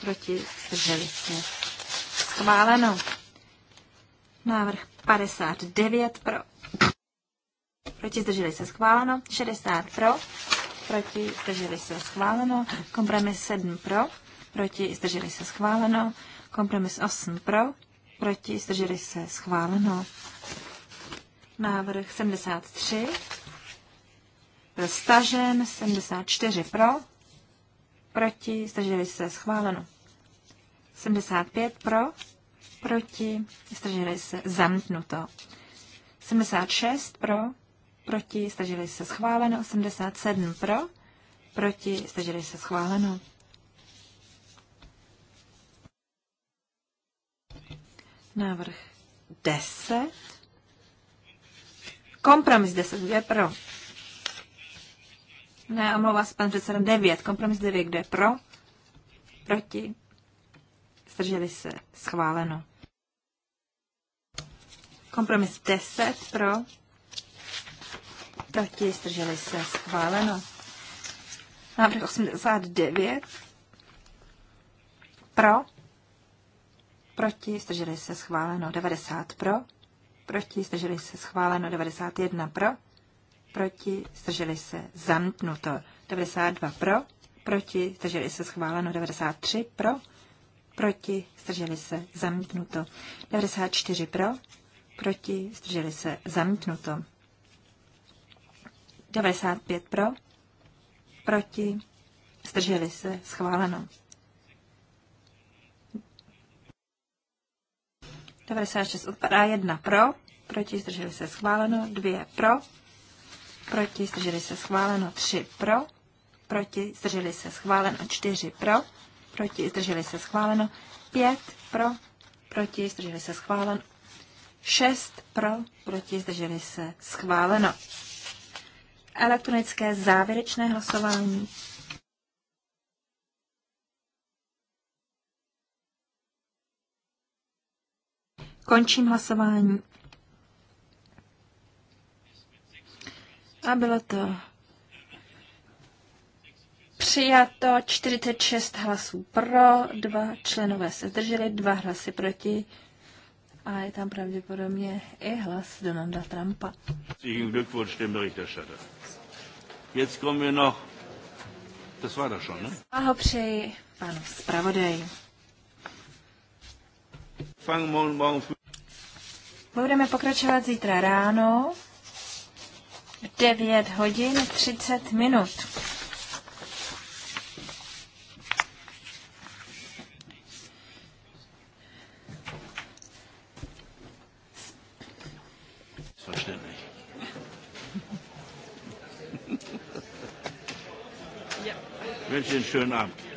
proti, zdrželi se. Schváleno. Návrh 59 pro. Proti zdrželi se schváleno. 60 pro. Proti zdrželi se schváleno. Kompromis 7 pro proti, zdrželi se schváleno. Kompromis 8 pro, proti, zdrželi se schváleno. Návrh 73 byl stažen, 74 pro, proti, zdrželi se schváleno. 75 pro, proti, zdrželi se zamknuto. 76 pro, proti, zdrželi se schváleno. 77 pro, proti, zdrželi se schváleno. Návrh 10. Kompromis 10, kde je pro? Ne, omlouvá se pan předseda 9. Kompromis 9, kde je pro? Proti? Zdrželi se. Schváleno. Kompromis 10 pro. Proti zdrželi se. Schváleno. Návrh 89 pro proti, zdrželi se schváleno 90 pro, proti, zdrželi se schváleno 91 pro, proti, zdrželi se zamknuto 92 pro, proti, zdrželi se schváleno 93 pro, proti, zdrželi se zamítnuto 94 pro, proti, zdrželi se zamítnuto 95 pro, proti, zdrželi se schváleno 96 odpadá 1 pro, proti zdrželi se schváleno 2 pro, proti zdrželi se schváleno 3 pro, proti zdrželi se schváleno 4 pro, proti zdrželi se schváleno 5 pro, proti zdrželi se schváleno 6 pro, proti zdrželi se schváleno. Elektronické závěrečné hlasování Končím hlasování. A bylo to přijato 46 hlasů pro, dva členové se zdrželi, dva hlasy proti a je tam pravděpodobně i hlas Donalda Trumpa. Ahoj přeji dem Berichterstatter. panu zpravodaji. Budeme pokračovat zítra ráno v 9 hodin 30 minut. Verständlich. wünsche einen schönen Abend.